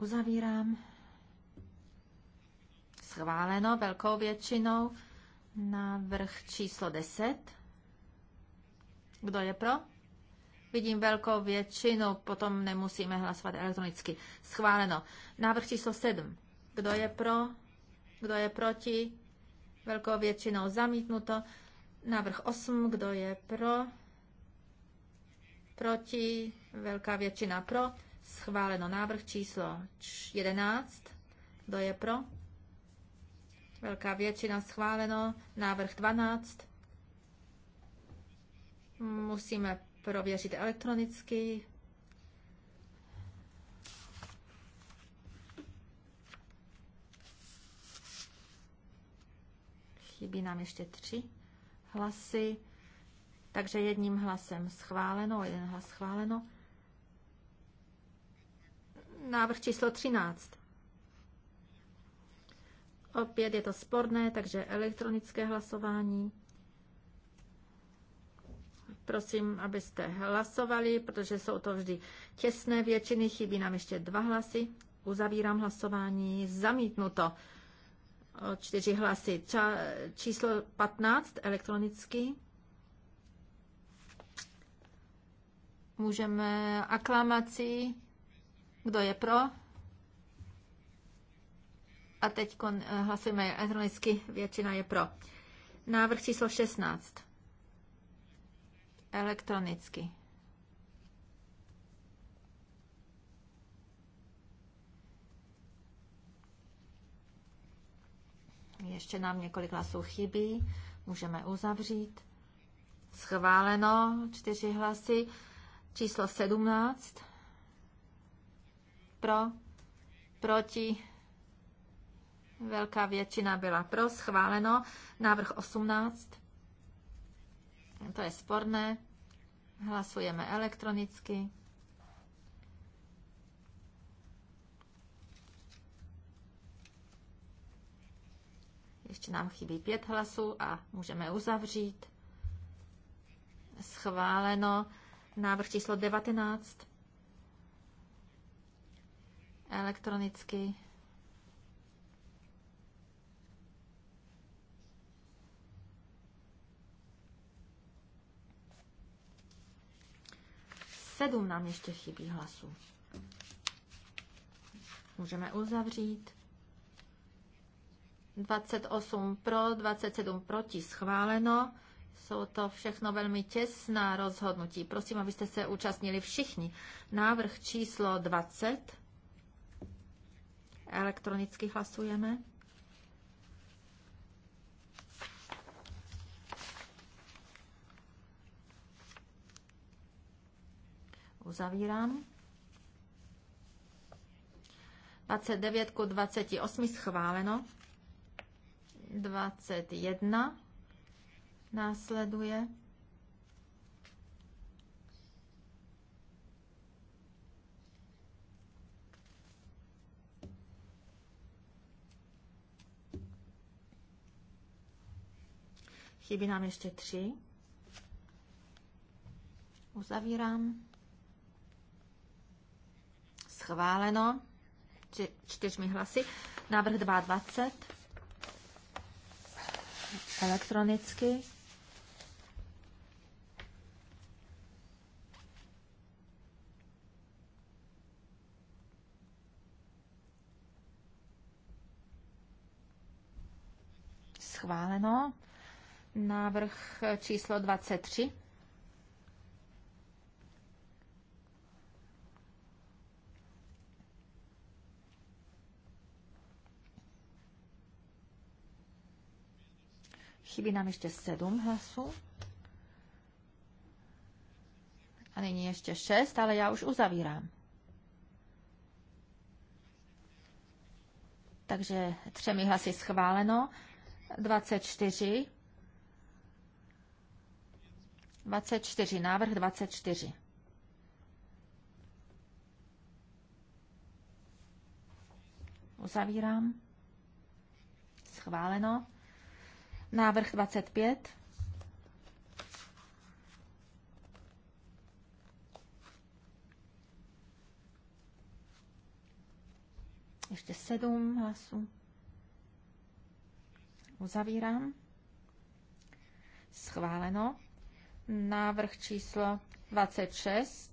Uzavírám. Schváleno velkou většinou. Návrh číslo 10. Kdo je pro? Vidím velkou většinu, potom nemusíme hlasovat elektronicky. Schváleno. Návrh číslo 7. Kdo je pro? Kdo je proti? Velkou většinou zamítnuto. Návrh 8. Kdo je pro? Proti? Velká většina pro. Schváleno. Návrh číslo 11. Kdo je pro? Velká většina schváleno. Návrh 12. Musíme prověřit elektronicky. Chybí nám ještě tři hlasy. Takže jedním hlasem schváleno, jeden hlas schváleno návrh číslo 13. Opět je to sporné, takže elektronické hlasování. Prosím, abyste hlasovali, protože jsou to vždy těsné většiny. Chybí nám ještě dva hlasy. Uzavírám hlasování. Zamítnuto. O čtyři hlasy. Ča, číslo 15 elektronicky. Můžeme aklamací kdo je pro? A teď eh, hlasujeme elektronicky, většina je pro. Návrh číslo 16. Elektronicky. Ještě nám několik hlasů chybí. Můžeme uzavřít. Schváleno čtyři hlasy. Číslo 17 pro, proti, velká většina byla pro, schváleno. Návrh 18, to je sporné, hlasujeme elektronicky. Ještě nám chybí pět hlasů a můžeme uzavřít. Schváleno. Návrh číslo 19 elektronicky. Sedm nám ještě chybí hlasů. Můžeme uzavřít. 28 pro, 27 proti schváleno. Jsou to všechno velmi těsná rozhodnutí. Prosím, abyste se účastnili všichni. Návrh číslo 20. Elektronicky hlasujeme. Uzavírám. 29 ku 28 schváleno. 21 následuje. Chybí nám ještě tři. Uzavírám. Schváleno. Či, čtyřmi hlasy. Návrh 22. Elektronicky. schváleno. Návrh číslo 23. Chybí nám ještě sedm hlasů. A nyní ještě šest, ale já už uzavírám. Takže třemi hlasy schváleno. 24 24, návrh 24. Uzavírám. Schváleno. Návrh 25. Ještě sedm hlasů. Uzavírám. Schváleno návrh číslo 26.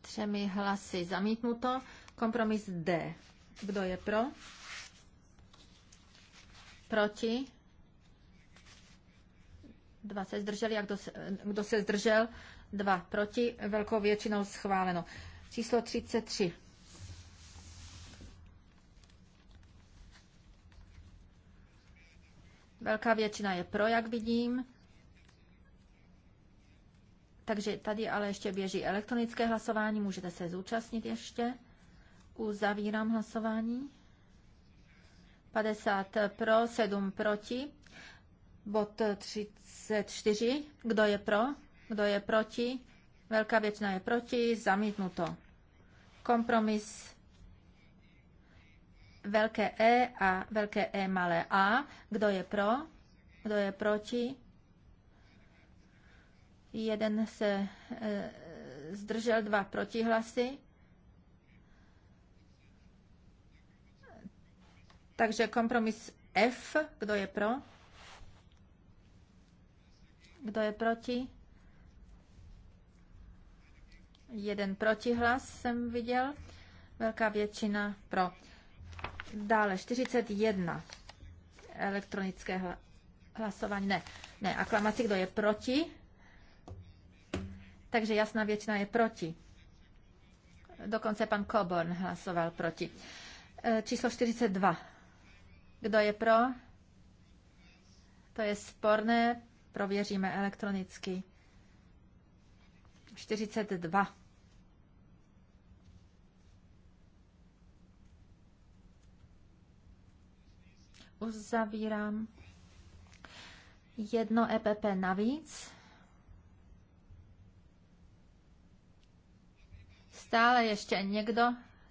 Třemi hlasy zamítnuto. Kompromis D. Kdo je pro? Proti? Dva se zdrželi. A kdo se, kdo se zdržel? 2 proti, velkou většinou schváleno. Číslo 33. Velká většina je pro, jak vidím. Takže tady ale ještě běží elektronické hlasování, můžete se zúčastnit ještě. Uzavírám hlasování. 50 pro, 7 proti. Bod 34. Kdo je pro? Kdo je proti? Velká většina je proti, zamítnuto. Kompromis velké E a velké E malé a. Kdo je pro? Kdo je proti? Jeden se e, zdržel, dva protihlasy. Takže kompromis F. Kdo je pro? Kdo je proti? Jeden protihlas jsem viděl, velká většina pro. Dále 41 elektronické hlasování. Ne, ne, aklamaci, kdo je proti. Takže jasná většina je proti. Dokonce pan Coburn hlasoval proti. E, číslo 42. Kdo je pro? To je sporné. Prověříme elektronicky. 42. uzavírám. Jedno EPP navíc. Stále ještě někdo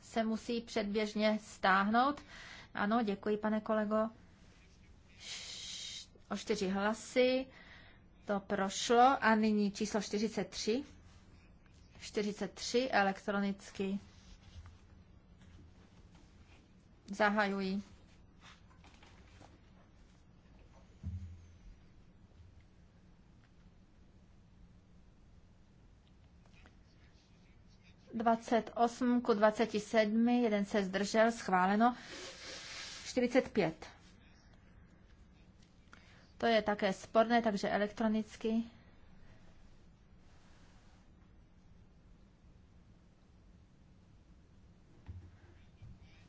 se musí předběžně stáhnout. Ano, děkuji, pane kolego. O čtyři hlasy to prošlo a nyní číslo 43. 43 elektronicky. Zahajují. 28 ku 27, jeden se zdržel, schváleno. 45. To je také sporné, takže elektronicky.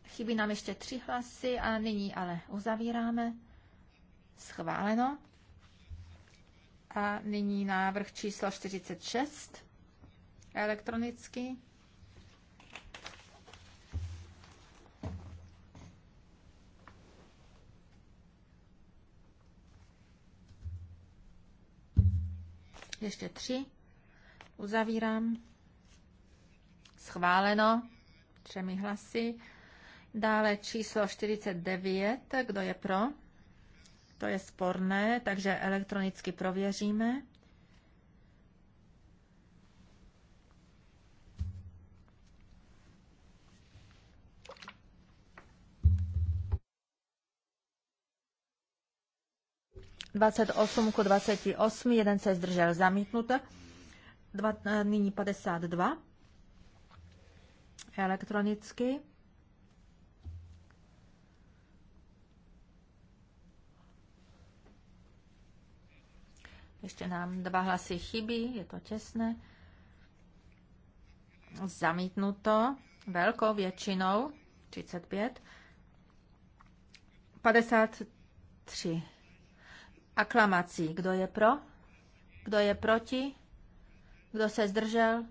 Chybí nám ještě tři hlasy a nyní ale uzavíráme. Schváleno. A nyní návrh číslo 46 elektronicky. Ještě tři. Uzavírám. Schváleno třemi hlasy. Dále číslo 49. Kdo je pro? To je sporné, takže elektronicky prověříme. 28 ku 28, jeden se zdržel zamítnuto. Eh, nyní 52 elektronicky. Ještě nám dva hlasy chybí, je to těsné. Zamítnuto velkou většinou, 35. 53 aklamací. Kdo je pro? Kdo je proti? Kdo se zdržel?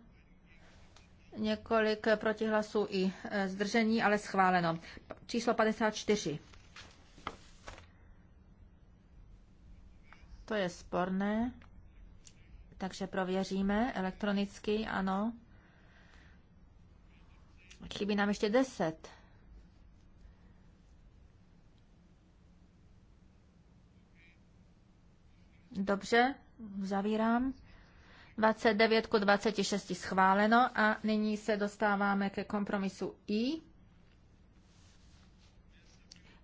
Několik protihlasů i e, zdržení, ale schváleno. Číslo 54. To je sporné, takže prověříme elektronicky, ano. Chybí nám ještě 10. Dobře, zavírám. 29 ku 26 schváleno a nyní se dostáváme ke kompromisu I.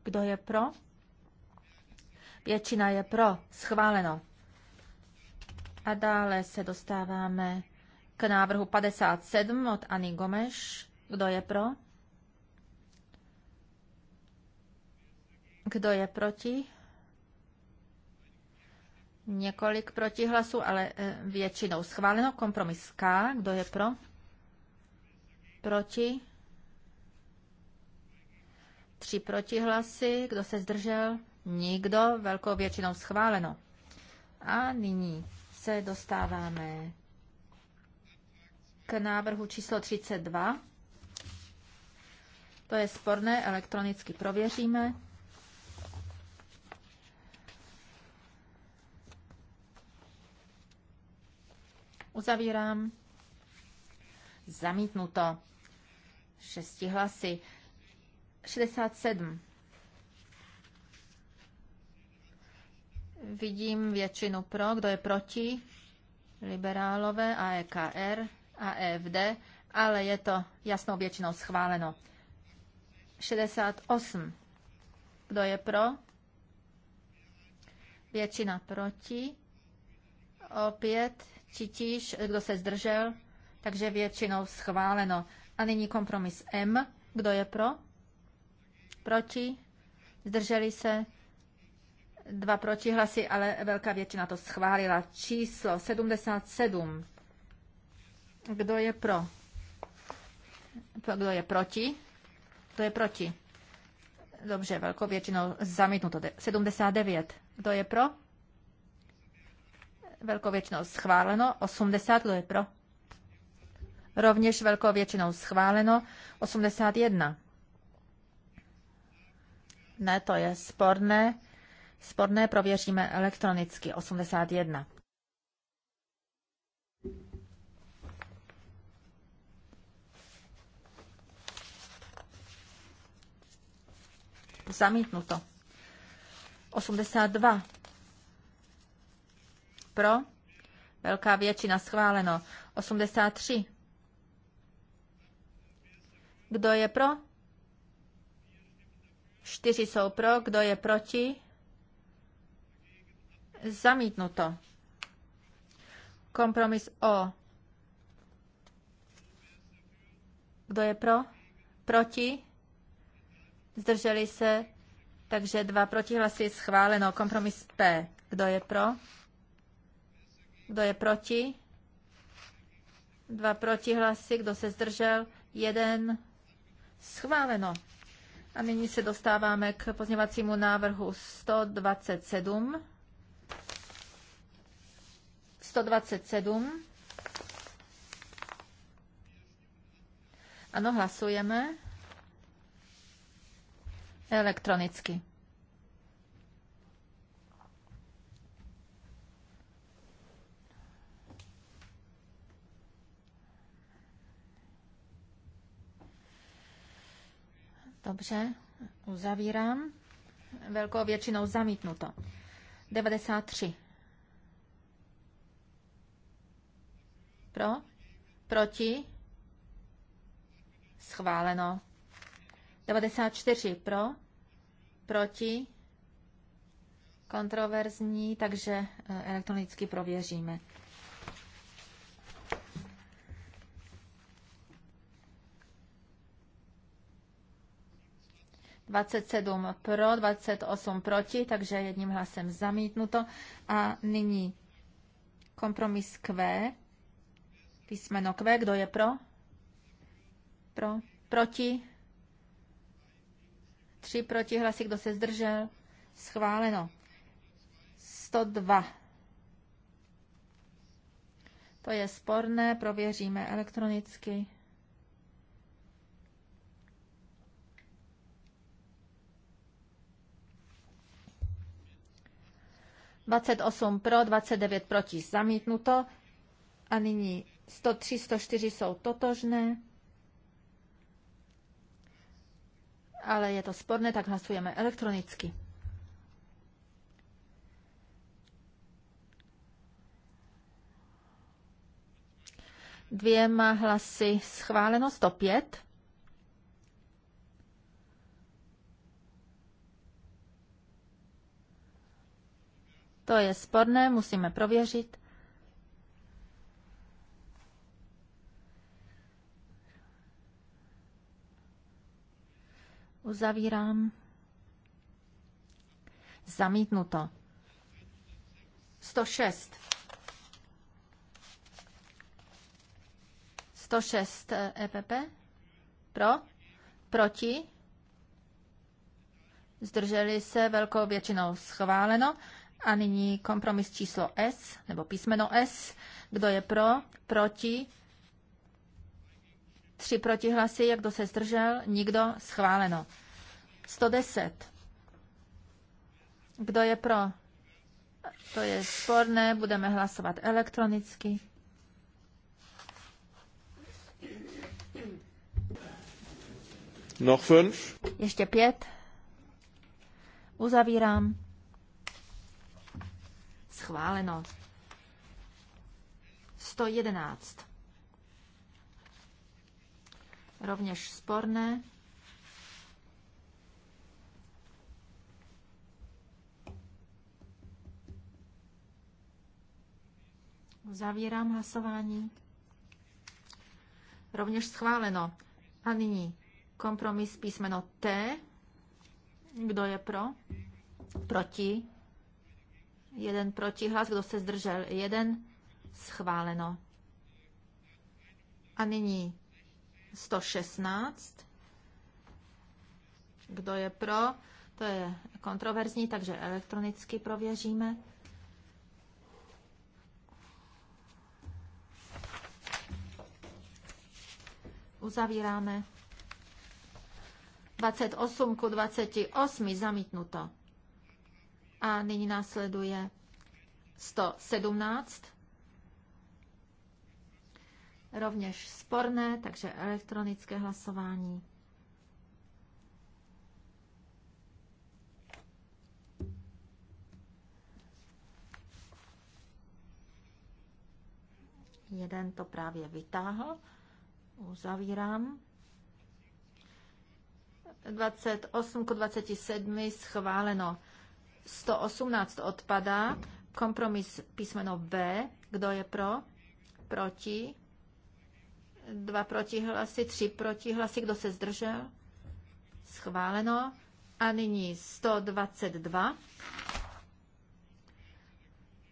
Kdo je pro? Většina je pro. Schváleno. A dále se dostáváme k návrhu 57 od Ani Gomeš. Kdo je pro? Kdo je proti? Několik protihlasů, ale eh, většinou schváleno. Kompromis K. Kdo je pro? Proti? Tři protihlasy. Kdo se zdržel? Nikdo. Velkou většinou schváleno. A nyní se dostáváme k návrhu číslo 32. To je sporné, elektronicky prověříme. Uzavírám. Zamítnuto. Šesti hlasy. 67. Vidím většinu pro, kdo je proti. Liberálové, AEKR, AFD. E ale je to jasnou většinou schváleno. 68. Kdo je pro? Většina proti. Opět titíž, kdo se zdržel, takže většinou schváleno. A nyní kompromis M, kdo je pro, proti, zdrželi se, dva protihlasy, ale velká většina to schválila. Číslo 77. Kdo je pro? Kdo je proti? Kdo je proti? Dobře, velkou většinou zamítnuto. 79. Kdo je pro? velkou většinou schváleno, 80, kdo je pro, rovněž velkou většinou schváleno, 81. Ne, to je sporné. Sporné prověříme elektronicky, 81. Zamítnuto. 82 pro, velká většina schváleno. 83. Kdo je pro? Čtyři jsou pro, kdo je proti? Zamítnuto. Kompromis O. Kdo je pro? Proti? Zdrželi se? Takže dva protihlasy schváleno. Kompromis P. Kdo je pro? Kdo je proti? Dva protihlasy. Kdo se zdržel? Jeden. Schváleno. A nyní se dostáváme k pozněvacímu návrhu 127. 127. Ano, hlasujeme elektronicky. Dobře, uzavírám. Velkou většinou zamítnuto. 93. Pro? Proti? Schváleno. 94 pro, proti, kontroverzní, takže eh, elektronicky prověříme. 27 pro, 28 proti, takže jedním hlasem zamítnuto. A nyní kompromis Q, písmeno Q, kdo je pro? Pro, proti? Tři proti hlasy, kdo se zdržel? Schváleno. 102. To je sporné, prověříme elektronicky. 28 pro, 29 proti zamítnuto. A nyní 103, 104 jsou totožné. Ale je to sporné, tak hlasujeme elektronicky. Dvěma hlasy schváleno 105. To je sporné, musíme prověřit. Uzavírám. Zamítnuto. 106. 106 EPP. Pro? Proti? Zdrželi se velkou většinou schváleno. A nyní kompromis číslo S, nebo písmeno S. Kdo je pro? Proti? Tři protihlasy, jak kdo se zdržel? Nikdo? Schváleno. 110. Kdo je pro? To je sporné, budeme hlasovat elektronicky. Noch fünf. Ještě pět. Uzavírám. Schváleno. 111. Rovněž sporné. Zavírám hlasování. Rovněž schváleno. A nyní kompromis písmeno T. Kdo je pro? Proti? Jeden protihlas, kdo se zdržel? Jeden schváleno. A nyní 116. Kdo je pro? To je kontroverzní, takže elektronicky prověříme. Uzavíráme. 28 ku 28 zamítnuto. A nyní následuje 117. Rovněž sporné, takže elektronické hlasování. Jeden to právě vytáhl. Uzavírám. 28 k 27 schváleno. 118 odpadá. Kompromis písmeno B. Kdo je pro? Proti? Dva protihlasy, tři protihlasy. Kdo se zdržel? Schváleno. A nyní 122.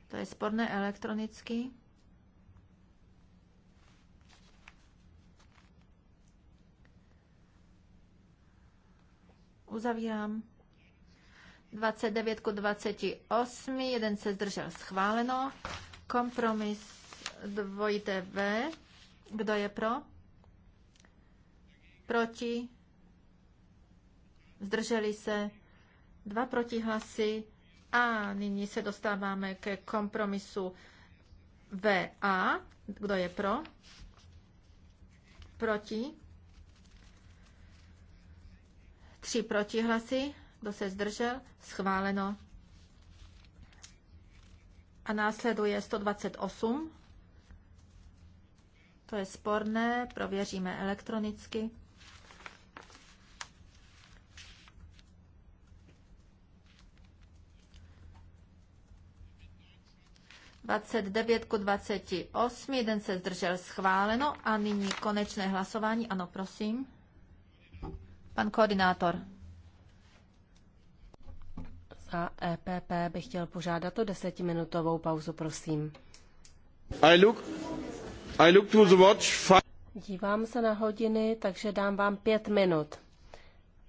To je sporné elektronicky. Uzavírám. 29 ku 28, jeden se zdržel schváleno. Kompromis dvojité V. Kdo je pro? Proti? Zdrželi se dva protihlasy a nyní se dostáváme ke kompromisu VA. Kdo je pro? Proti? Tři protihlasy kdo se zdržel? Schváleno. A následuje 128. To je sporné, prověříme elektronicky. Dvacet ku dvaceti osmi, jeden se zdržel schváleno a nyní konečné hlasování. Ano, prosím. Pan koordinátor a EPP bych chtěl požádat o desetiminutovou pauzu, prosím. I look, I look to the watch. Dívám se na hodiny, takže dám vám pět minut.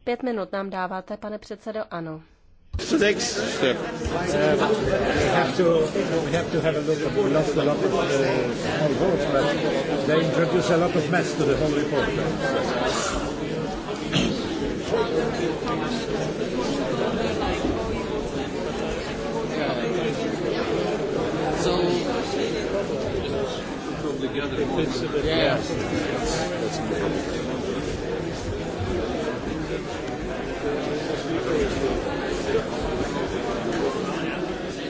Pět minut nám dáváte, pane předsedo, ano. Next step. together. Yes. That's amazing.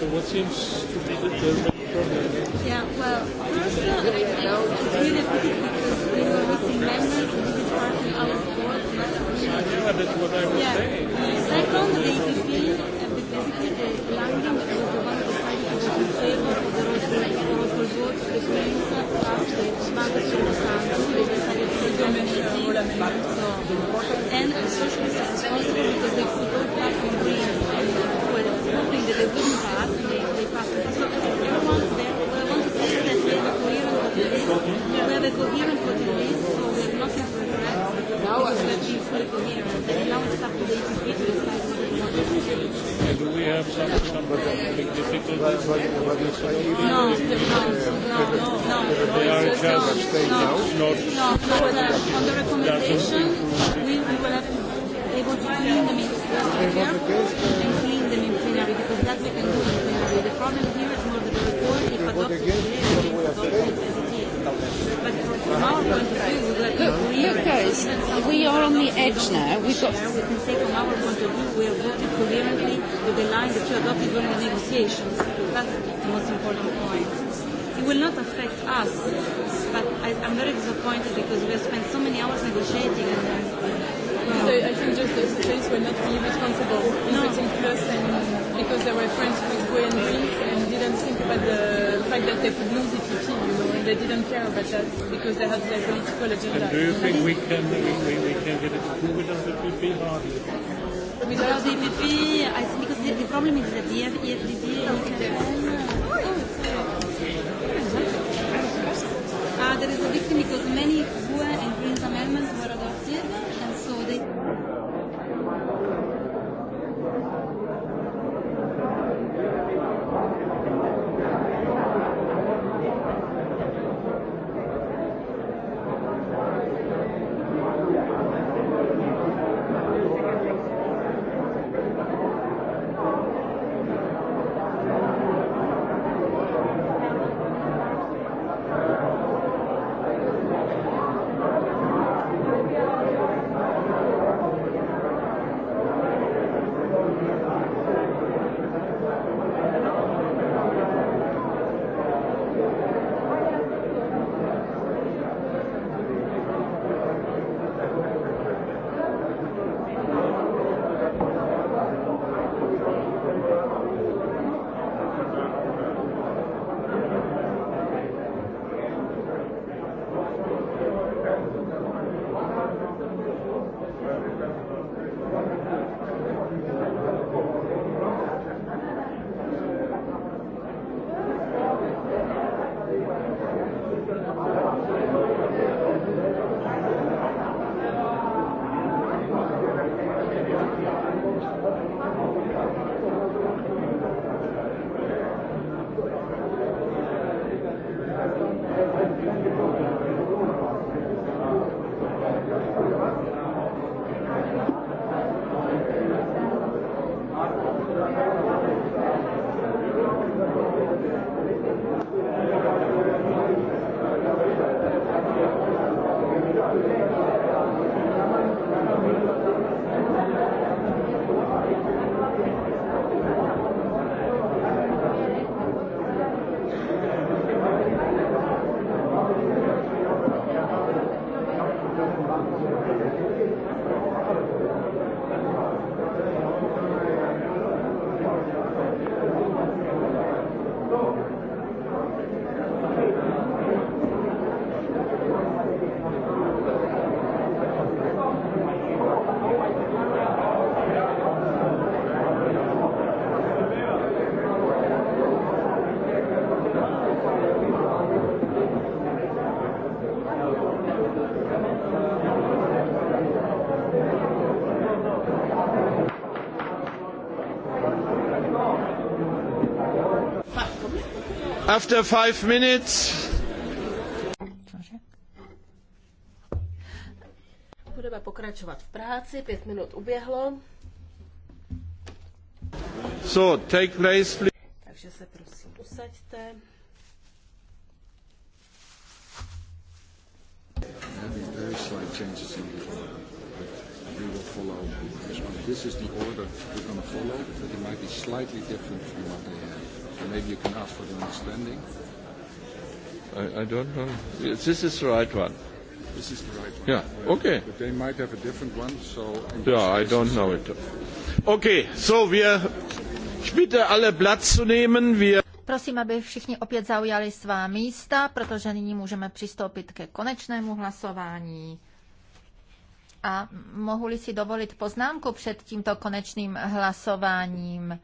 So what seems to be the, the problem? Yeah, well, first uh, I think it's really because we were missing members in this part of our board. Yeah, that's what I was yeah. saying. Second, the APP, uh, basically the Langen was the one And the socialists are responsible because they could go back on green and were hoping that they wouldn't pass and they, they passed it. So everyone there, what I want to say is that we have a coherent what it is. We have a coherent what it is, so we have nothing to regret because we have been fully coherent. And now it's up to the ACP to decide what they want to do have some, big difficulties? No, no, no, no. They are just no, on the recommendation, we, will have able to clean them in here and clean them in plenary because that we can do in plenary. The problem here is more that the report, if adopted today, we will adopt it as it is. But from our point of view, we will agree. Look, we are on the edge now. We've got. We can say from our point of view, we are voting coherently with the line that you adopted during the negotiations. That's the most important point. It will not affect us, but I, I'm very disappointed because we have spent so many hours negotiating. And, well, so I think just the states were not really responsible no. in no. voting plus and because they were friends with Gwen and Reef and didn't think about the fact that they could lose EPP, you know, and they didn't care about that because they had their political agenda. And do you think we can, we, we, we can get it through without the be hard? Because the EPP, I think because the, the problem is that the EFDD uh, there is a victim because many GUE and Greens amendments were adopted. And After five minutes. Budeme pokračovat v práci, pět minut uběhlo. So, take place, please. Takže se prosím usaďte. Very slight changes in the we will follow this is the order we're going to follow, it might be slightly different from what they have. Maybe you can ask for the understanding. I, I don't know. Yes, this is the right one. This is the right one. Yeah, right. okay. But they might have a different one, so... Yeah, I don't know it. Okay, so wir... Ich bitte alle Platz zu nehmen. Wir... Prosím, aby všichni opět zaujali svá místa, protože nyní můžeme přistoupit ke konečnému hlasování. A mohu-li si dovolit poznámku před tímto konečným hlasováním?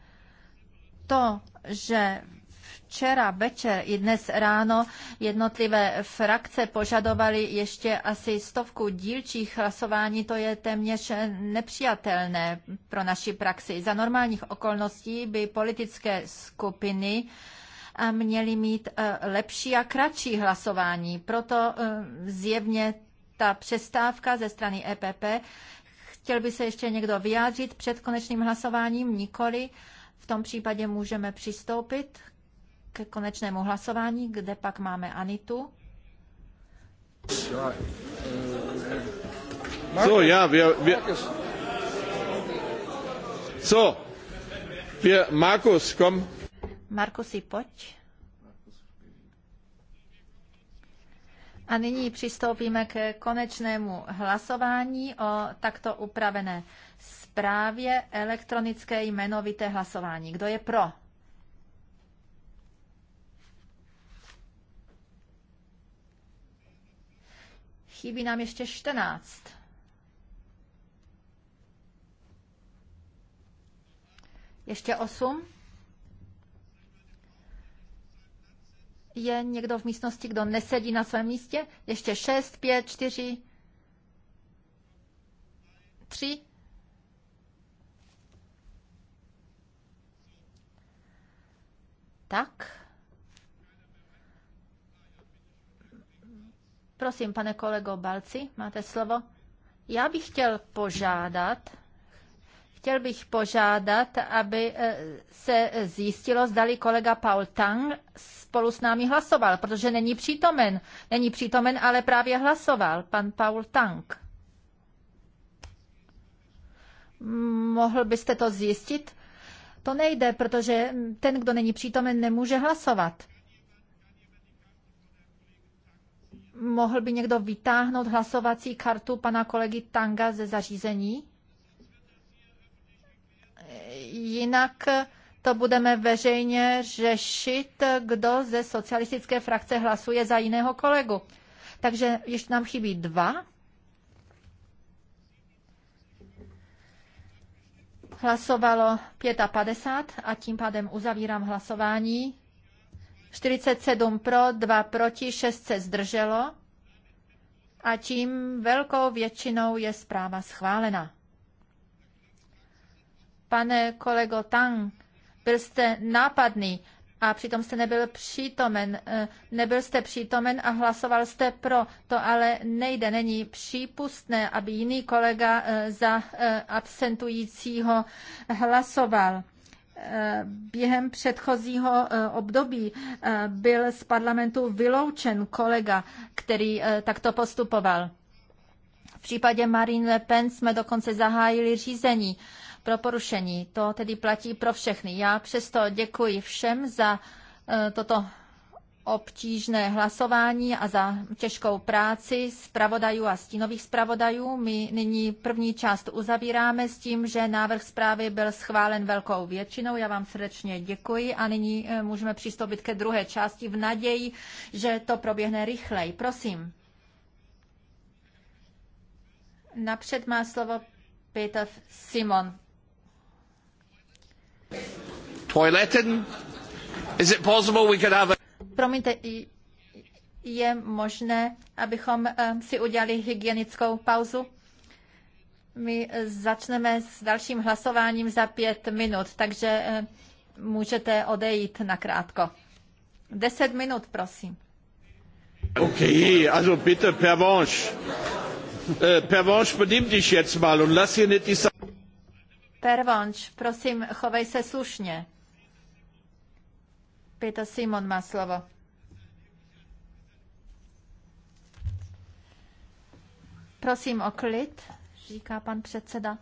to, že včera večer i dnes ráno jednotlivé frakce požadovaly ještě asi stovku dílčích hlasování, to je téměř nepřijatelné pro naši praxi. Za normálních okolností by politické skupiny měly mít e, lepší a kratší hlasování. Proto e, zjevně ta přestávka ze strany EPP. Chtěl by se ještě někdo vyjádřit před konečným hlasováním? Nikoli. V tom případě můžeme přistoupit k konečnému hlasování, kde pak máme Anitu. So, ja, wir, wir, so, wir, Markus, kom? Markusi, pojď. A nyní přistoupíme k konečnému hlasování o takto upravené právě elektronické jmenovité hlasování. Kdo je pro? Chybí nám ještě 14. Ještě 8. Je někdo v místnosti, kdo nesedí na svém místě? Ještě 6, 5, 4, 3, tak. Prosím, pane kolego Balci, máte slovo. Já bych chtěl požádat, chtěl bych požádat, aby eh, se zjistilo, zdali kolega Paul Tang spolu s námi hlasoval, protože není přítomen. Není přítomen, ale právě hlasoval pan Paul Tang. Mohl byste to zjistit? to nejde, protože ten, kdo není přítomen, nemůže hlasovat. Mohl by někdo vytáhnout hlasovací kartu pana kolegy Tanga ze zařízení? Jinak to budeme veřejně řešit, kdo ze socialistické frakce hlasuje za jiného kolegu. Takže ještě nám chybí dva Hlasovalo 55 a tím pádem uzavírám hlasování. 47 pro, 2 proti, 6 se zdrželo a tím velkou většinou je zpráva schválena. Pane kolego Tang, byl jste nápadný a přitom jste nebyl přítomen. Eh, nebyl jste přítomen a hlasoval jste pro. To ale nejde, není přípustné, aby jiný kolega eh, za eh, absentujícího hlasoval. Během předchozího období byl z parlamentu vyloučen kolega, který takto postupoval. V případě Marine Le Pen jsme dokonce zahájili řízení pro porušení. To tedy platí pro všechny. Já přesto děkuji všem za e, toto obtížné hlasování a za těžkou práci zpravodajů a stínových zpravodajů. My nyní první část uzavíráme s tím, že návrh zprávy byl schválen velkou většinou. Já vám srdečně děkuji a nyní e, můžeme přistoupit ke druhé části v naději, že to proběhne rychleji. Prosím. Napřed má slovo Peter Simon. Toiletten? Is it possible we could have a... Promiňte, je možné, abychom eh, si udělali hygienickou pauzu? My začneme s dalším hlasováním za pět minut, takže eh, můžete odejít na krátko. Deset minut, prosím. OK, also bitte, Pervenche. Äh, Pervenche, benimm dich jetzt mal und lass hier nicht die... Pervonč, prosím, chovej se slušně. Pýta Simon má slovo. Prosím o klid, říká pan předseda.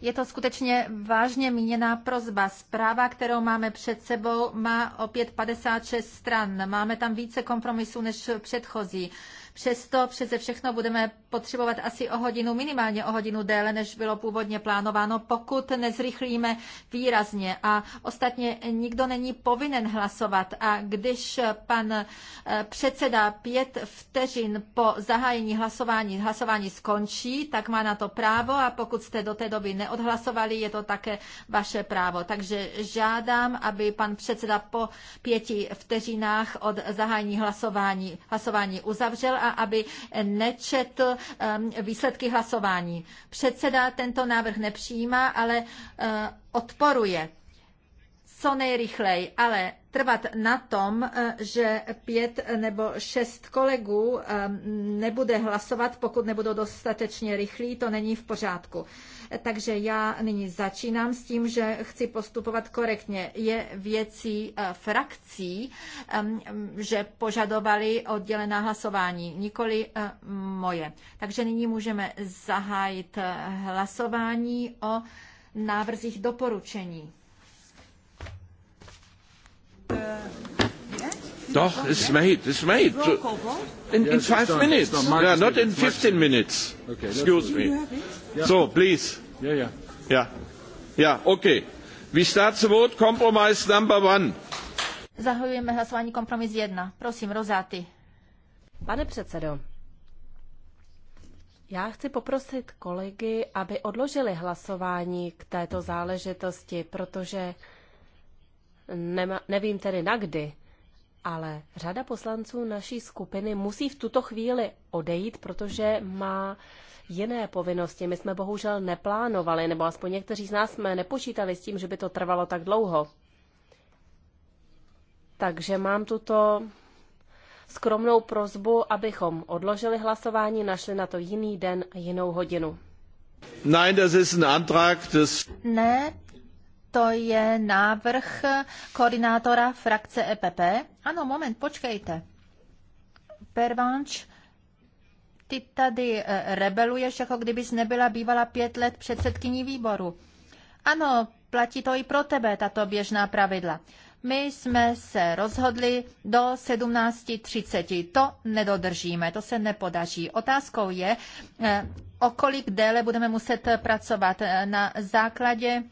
Je to skutečně vážně míněná prozba. Zpráva, kterou máme před sebou, má opět 56 stran. Máme tam více kompromisů než předchozí. Přesto přeze všechno budeme potřebovat asi o hodinu, minimálně o hodinu déle, než bylo původně plánováno, pokud nezrychlíme výrazně. A ostatně nikdo není povinen hlasovat. A když pan eh, předseda pět vteřin po zahájení hlasování hlasování skončí, tak má na to právo a pokud jste do té doby neodhlasovali, je to také vaše právo. Takže žádám, aby pan předseda po pěti vteřinách od zahájení hlasování, hlasování uzavřel a aby nečetl ehm, výsledky hlasování. Předseda tento návrh nepřijímá, ale eh, odporuje co nejrychleji, ale trvat na tom, eh, že pět nebo šest kolegů eh, nebude hlasovat, pokud nebudou dostatečně rychlí, to není v pořádku. Eh, takže já nyní začínám s tím, že chci postupovat korektně. Je věcí frakcí, ehm, že požadovali oddělená hlasování, nikoli moje. Takže nyní můžeme zahájit hlasování o návrzích doporučení. Doch, it's made, it's made. In, in five minutes. Yeah, not in 15 minutes. Okay, Excuse me. Yeah. So, please. Yeah, yeah. Yeah. Yeah, okay. We start the vote, compromise number one. Zahajujeme hlasování kompromis 1. Prosím, Rozáty. Pane předsedo, já chci poprosit kolegy, aby odložili hlasování k této záležitosti, protože Nema, nevím tedy na kdy, ale řada poslanců naší skupiny musí v tuto chvíli odejít, protože má jiné povinnosti. My jsme bohužel neplánovali, nebo aspoň někteří z nás jsme nepočítali s tím, že by to trvalo tak dlouho. Takže mám tuto skromnou prozbu, abychom odložili hlasování, našli na to jiný den a jinou hodinu. Nein, das ist ein Antrag des... Ne, to je návrh koordinátora frakce EPP. Ano, moment, počkejte. Pervanč, ty tady eh, rebeluješ, jako kdybys nebyla bývala pět let předsedkyní výboru. Ano, platí to i pro tebe, tato běžná pravidla. My jsme se rozhodli do 17.30. To nedodržíme, to se nepodaří. Otázkou je, eh, o kolik déle budeme muset pracovat eh, na základě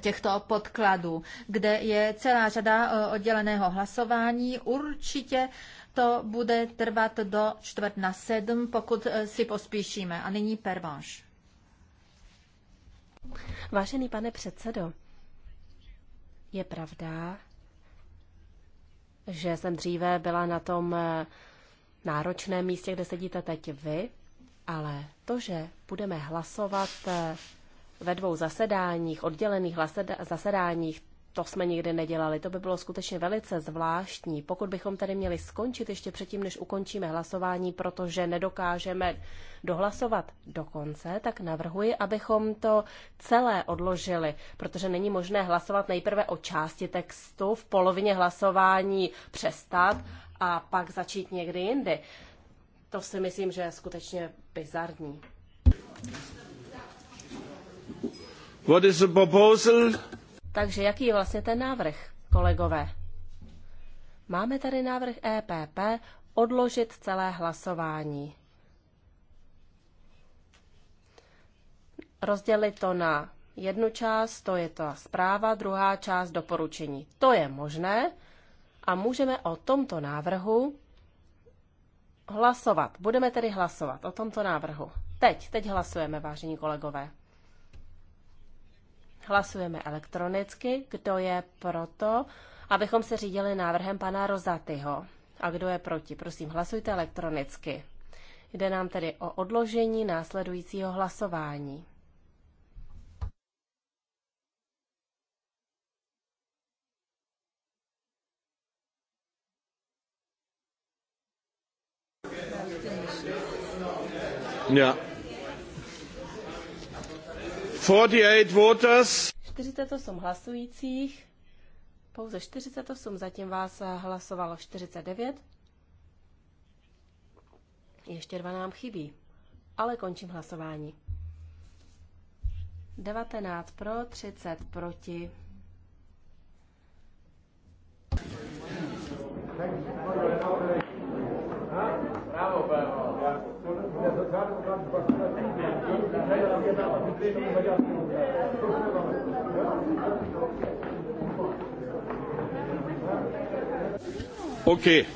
těchto podkladů, kde je celá řada e, odděleného hlasování. Určitě to bude trvat do čtvrt na sedm, pokud e, si pospíšíme. A nyní pervanš. Vážený pane předsedo, je pravda, že jsem dříve byla na tom e, náročném místě, kde sedíte teď vy, ale to, že budeme hlasovat ve dvou zasedáních, oddělených zasedáních, to jsme nikdy nedělali. To by bylo skutečně velice zvláštní, pokud bychom tady měli skončit ještě předtím, než ukončíme hlasování, protože nedokážeme dohlasovat do konce, tak navrhuji, abychom to celé odložili, protože není možné hlasovat nejprve o části textu, v polovině hlasování přestat a pak začít někdy jindy. To si myslím, že je skutečně bizarní. What is the proposal? Takže jaký je vlastně ten návrh, kolegové? Máme tady návrh EPP odložit celé hlasování. Rozdělit to na jednu část, to je ta zpráva, druhá část doporučení. To je možné a můžeme o tomto návrhu hlasovat. Budeme tedy hlasovat o tomto návrhu. Teď, teď hlasujeme, vážení kolegové. Hlasujeme elektronicky. Kdo je proto, abychom se řídili návrhem pana Rozatyho? A kdo je proti? Prosím, hlasujte elektronicky. Jde nám tedy o odložení následujícího hlasování. Yeah. 48 hlasujících. Pouze 48, zatím vás hlasovalo 49. Ještě dva nám chybí, ale končím hlasování. 19 pro, 30 proti. Okay.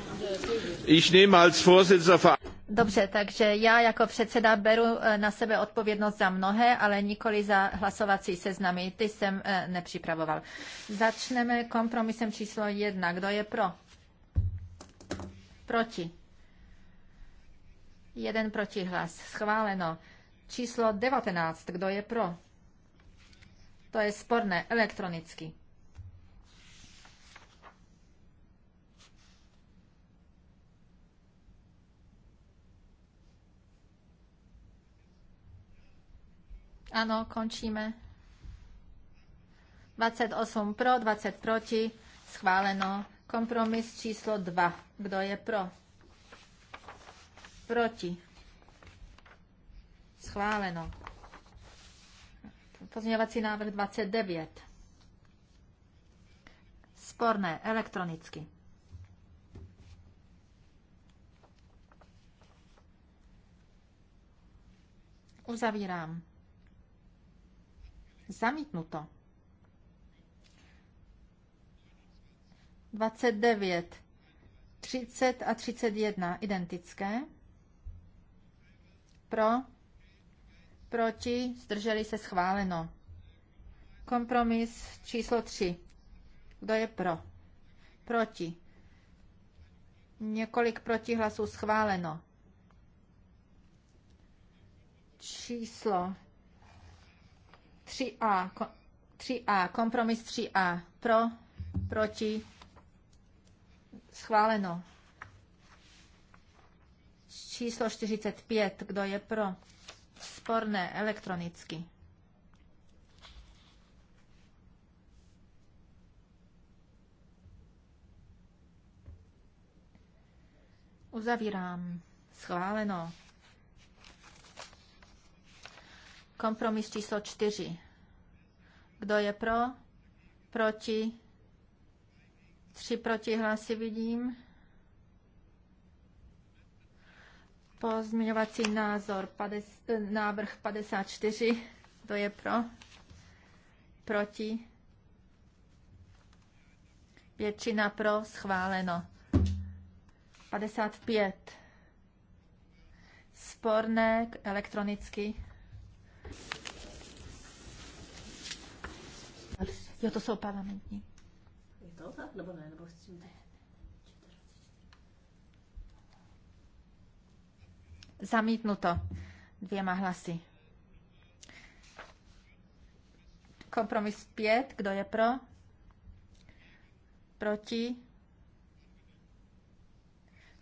Ich nehme als Vorsitzender Dobře, takže já jako předseda beru eh, na sebe odpovědnost za mnohé, ale nikoli za hlasovací seznamy. Ty jsem eh, nepřipravoval. Začneme kompromisem číslo jedna. Kdo je pro? Proti. Jeden protihlas. Schváleno. Číslo 19. Kdo je pro? To je sporné elektronicky. Ano, končíme. 28 pro, 20 proti, schváleno. Kompromis číslo 2. Kdo je pro? Proti. Schváleno. Pozměňovací návrh 29. Sporné, elektronicky. Uzavírám. Zamítnuto. 29, 30 a 31 identické. Pro, proti, zdrželi se schváleno. Kompromis číslo 3. Kdo je pro? Proti. Několik protihlasů schváleno. Číslo 3A, 3A, kompromis 3A, pro, proti, schváleno. Číslo 45, kdo je pro? Sporné elektronicky. Uzavírám. Schváleno. Kompromis číslo 4. Kdo je pro? Proti? Tři protihlasy vidím. Pozměňovací názor, pades, eh, návrh 54. Kdo je pro? Proti? Většina pro, schváleno. 55. Sporné elektronicky. Jo, to jsou parlamentní. Je to tak, nebo ne, nebo Zamítnuto dvěma hlasy. Kompromis 5, kdo je pro? Proti?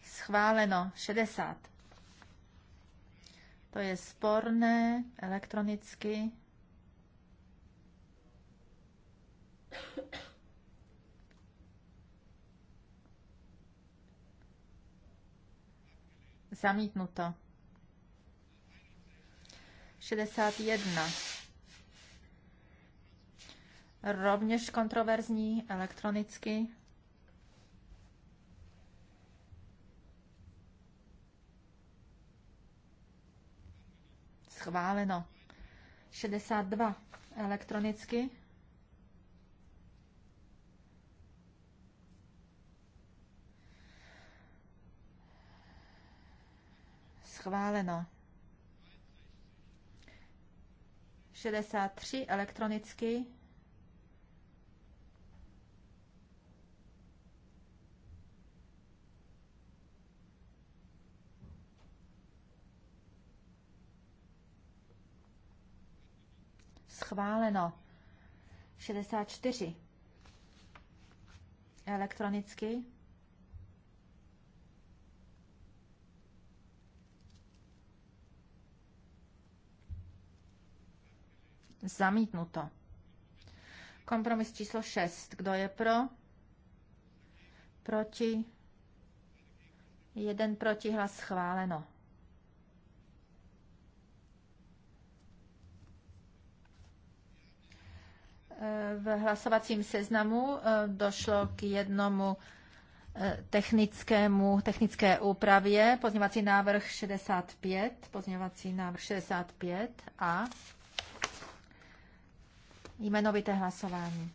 Schváleno 60. To je sporné elektronicky. Zamítnuto. 61. Rovněž kontroverzní elektronicky. Schváleno. 62 elektronicky. Schváleno. 63 elektronicky. schváleno. 64 elektronicky. Zamítnuto. Kompromis číslo 6. Kdo je pro? Proti? Jeden proti hlas schváleno. v hlasovacím seznamu eh, došlo k jednomu eh, technickému, technické úpravě. Pozměňovací návrh 65, pozměňovací návrh 65 a jmenovité hlasování.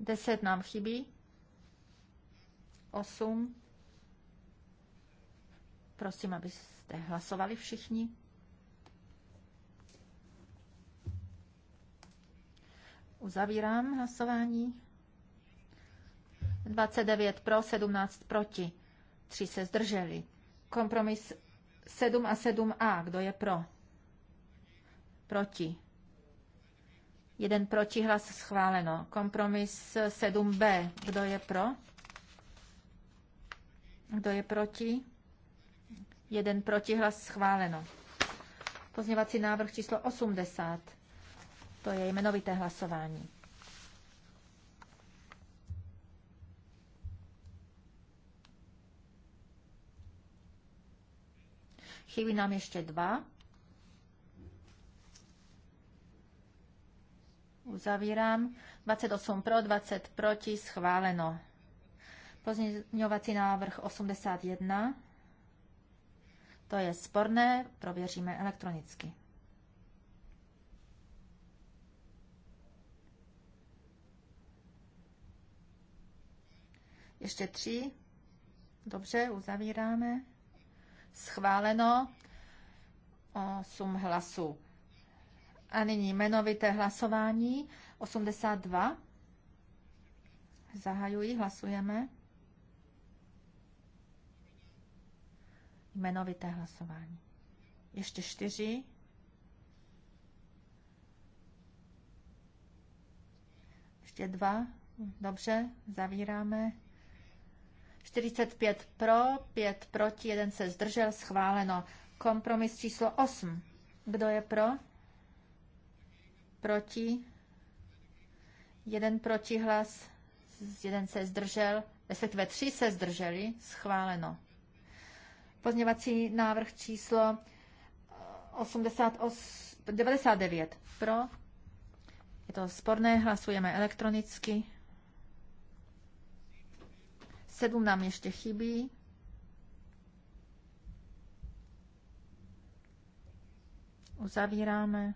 Deset nám chybí. 8. Prosím, abyste hlasovali všichni. Uzavírám hlasování. 29 pro, 17 proti. 3 se zdrželi. Kompromis 7 a 7a. Kdo je pro? Proti. Jeden protihlas schváleno. Kompromis 7b. Kdo je pro? Kdo je proti? Jeden protihlas schváleno. Pozněvací návrh číslo 80. To je jmenovité hlasování. Chybí nám ještě dva. Uzavírám. 28 pro, 20 proti, schváleno. Pozměňovací návrh 81. To je sporné, prověříme elektronicky. Ještě tři. Dobře, uzavíráme. Schváleno. Osm hlasů. A nyní jmenovité hlasování 82. Zahajují, hlasujeme. Jmenovité hlasování. Ještě čtyři. Ještě dva. Dobře, zavíráme. 45 pro, 5 proti, 1 se zdržel, schváleno. Kompromis číslo 8. Kdo je pro? Proti? Jeden protihlas, jeden se zdržel, respektive tři se zdrželi, schváleno. Pozměvací návrh číslo 88, eh, 99 pro. Je to sporné, hlasujeme elektronicky. Sedm nám ještě chybí. Uzavíráme.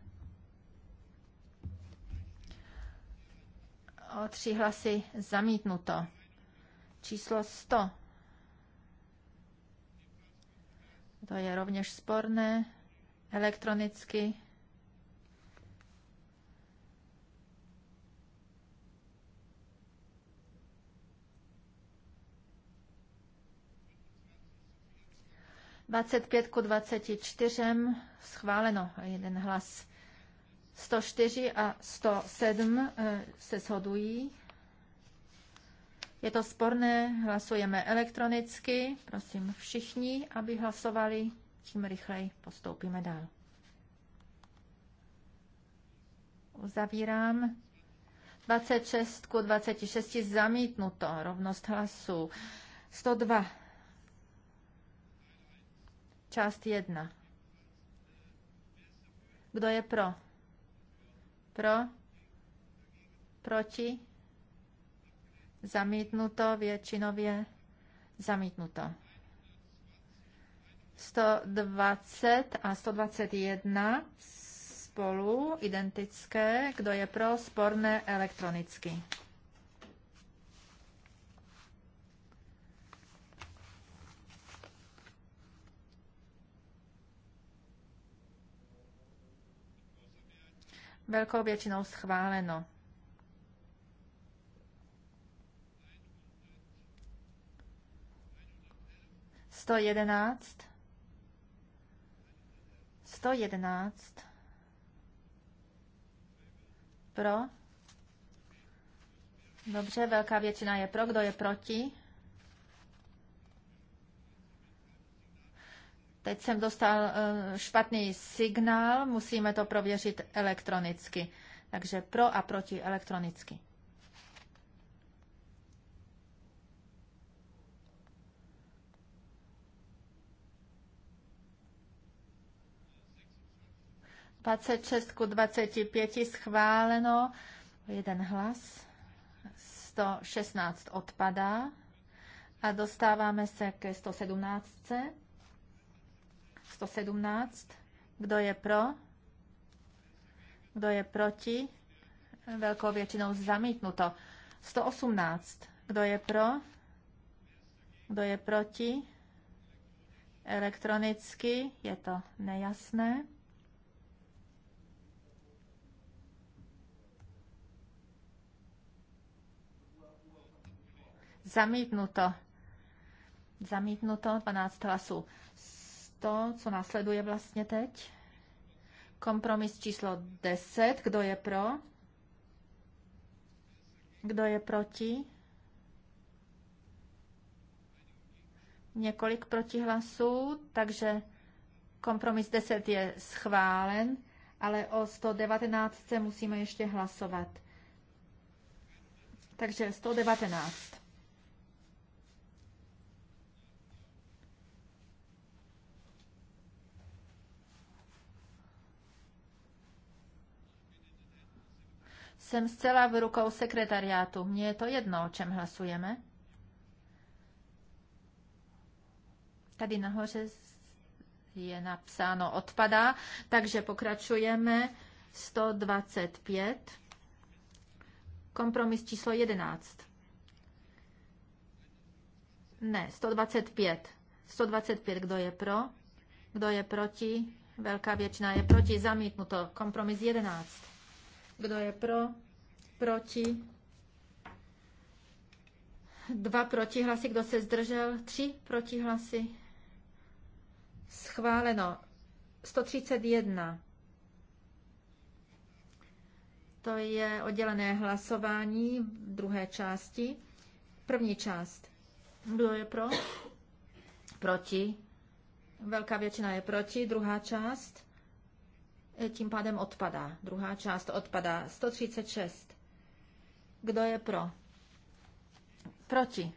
O tři hlasy zamítnuto. Číslo 100 To je rovněž sporné elektronicky. Dvacet pět ku dvaceti čtyřem schváleno jeden hlas. sto čtyři a sto sedm eh, se shodují. Je to sporné, hlasujeme elektronicky. Prosím všichni, aby hlasovali, tím rychleji postoupíme dál. Uzavírám. 26 ku 26 zamítnuto, rovnost hlasů. 102. Část 1. Kdo je pro? Pro? Proti? zamítnuto, většinově zamítnuto. 120 a 121 spolu identické, kdo je pro, sporné elektronicky. Velkou většinou schváleno. 111. 111. Pro. Dobře, velká většina je pro. Kdo je proti? Teď jsem dostal eh, špatný signál, musíme to prověřit elektronicky. Takže pro a proti elektronicky. 26 ku 25 schváleno, jeden hlas, 116 odpadá a dostáváme se ke 117. 117. Kdo je pro? Kdo je proti? Velkou většinou zamítnuto. 118. Kdo je pro? Kdo je proti? Elektronicky je to nejasné. Zamítnuto. Zamítnuto 12 hlasů. To, co následuje vlastně teď. Kompromis číslo 10. Kdo je pro? Kdo je proti? Několik protihlasů, takže kompromis 10 je schválen, ale o 119 musíme ještě hlasovat. Takže 119. jsem zcela v rukou sekretariátu. Mně je to jedno, o čem hlasujeme. Tady nahoře je napsáno odpadá, takže pokračujeme 125. Kompromis číslo 11. Ne, 125. 125, kdo je pro? Kdo je proti? Velká většina je proti. Zamítnuto. Kompromis 11. Kdo je pro? Proti? Dva protihlasy. Kdo se zdržel? Tři protihlasy. Schváleno. 131. To je oddělené hlasování v druhé části. První část. Kdo je pro? Proti. Velká většina je proti. Druhá část tím pádem odpadá. Druhá část odpadá. 136. Kdo je pro? Proti.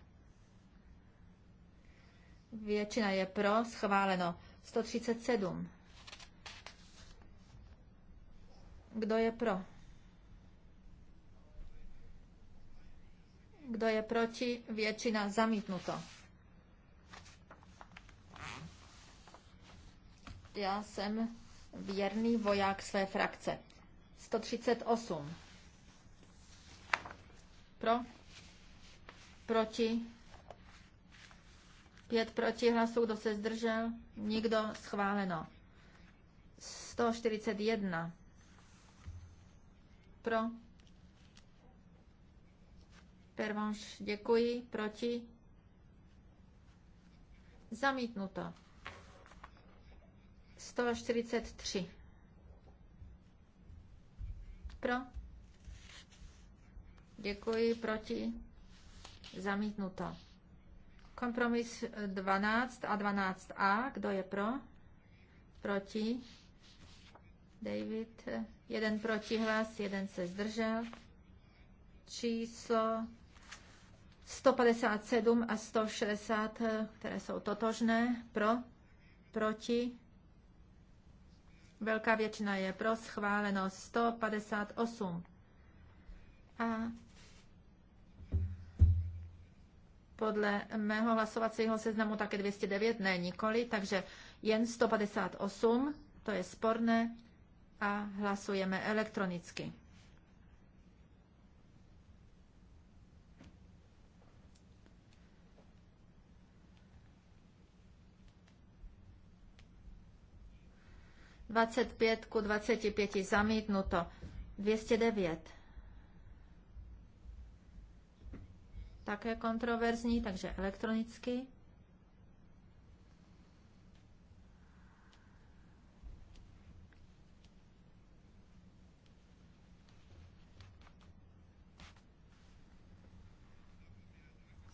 Většina je pro, schváleno. 137. Kdo je pro? Kdo je proti? Většina zamítnuto. Já jsem věrný voják své frakce. 138. Pro? Proti? Pět proti hlasů, kdo se zdržel? Nikdo schváleno. 141. Pro? Pervanš, děkuji. Proti? Zamítnuto. 143. Pro? Děkuji. Proti? Zamítnuto. Kompromis 12 a 12a. Kdo je pro? Proti? David. Jeden protihlas, jeden se zdržel. Číslo 157 a 160, eh, které jsou totožné. Pro? Proti? Velká většina je pro, schváleno 158. A podle mého hlasovacího seznamu také 209, ne nikoli, takže jen 158, to je sporné a hlasujeme elektronicky. 25 ku 25 zamítnuto. 209. Také kontroverzní, takže elektronicky.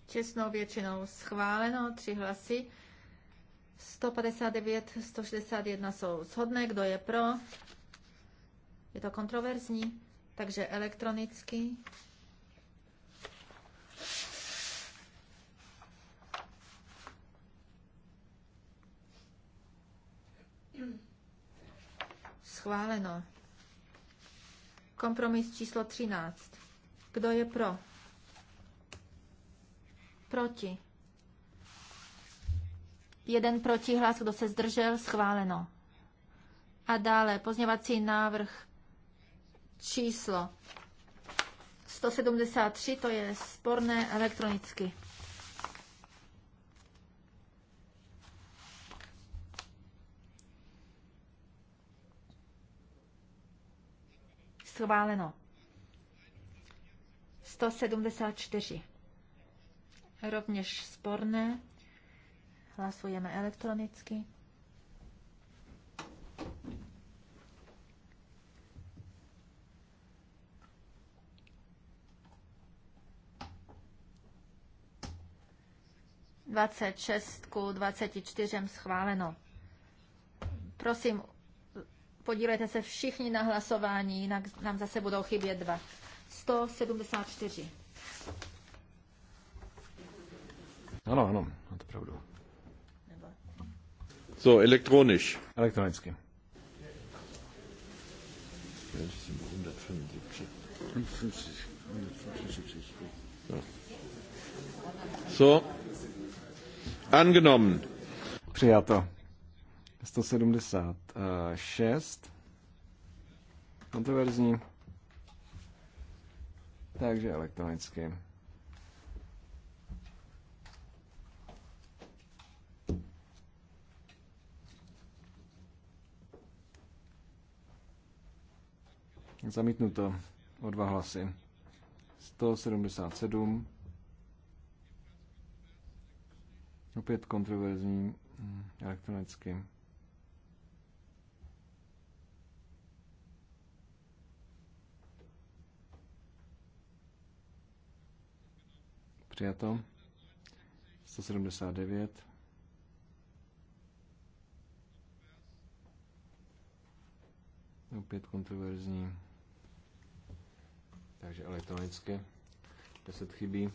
Čestnou většinou schváleno, tři hlasy. 159, 161 jsou shodné, kdo je pro. Je to kontroverzní, takže elektronicky. Schváleno. Kompromis číslo 13. Kdo je pro? Proti jeden protihlas, kdo se zdržel, schváleno. A dále pozněvací návrh číslo 173, to je sporné elektronicky. Schváleno. 174. Rovněž sporné Hlasujeme elektronicky. Dvacet šestku, ku čtyřem schváleno. Prosím, podílejte se všichni na hlasování, jinak nám zase budou chybět dva. 174. Ano, ano, máte pravdu. So, elektronisch. Elektronicky. 175? 175. So. Angenommen. Přijato. 176. Kontroverzní. Takže elektronicky. Zamítnuto o dva hlasy. 177. Opět kontroverzní mm, elektronicky. Přijato. 179. Opět kontroverzní takže elektronicky. 10 chybí.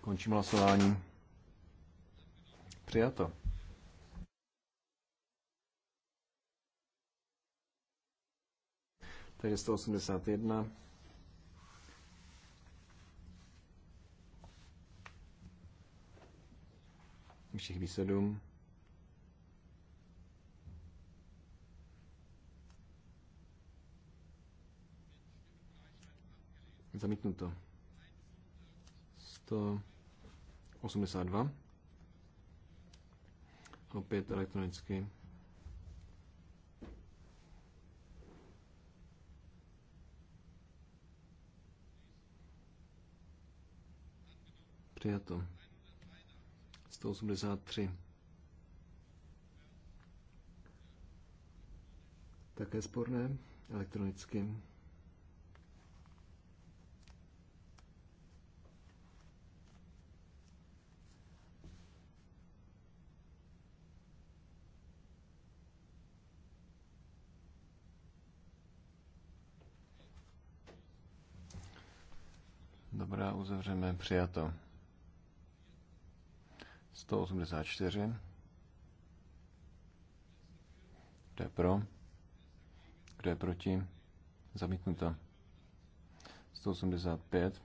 Končím hlasování. Přijato. Takže 181. Ještě chybí sedm. Zamítnuto. 182. Opět elektronicky. Přijato. 183. Také sporné elektronicky. Dobrá, uzavřeme. Přijato. 184. Kdo je pro? Kdo je proti? Zamítnuto. 185.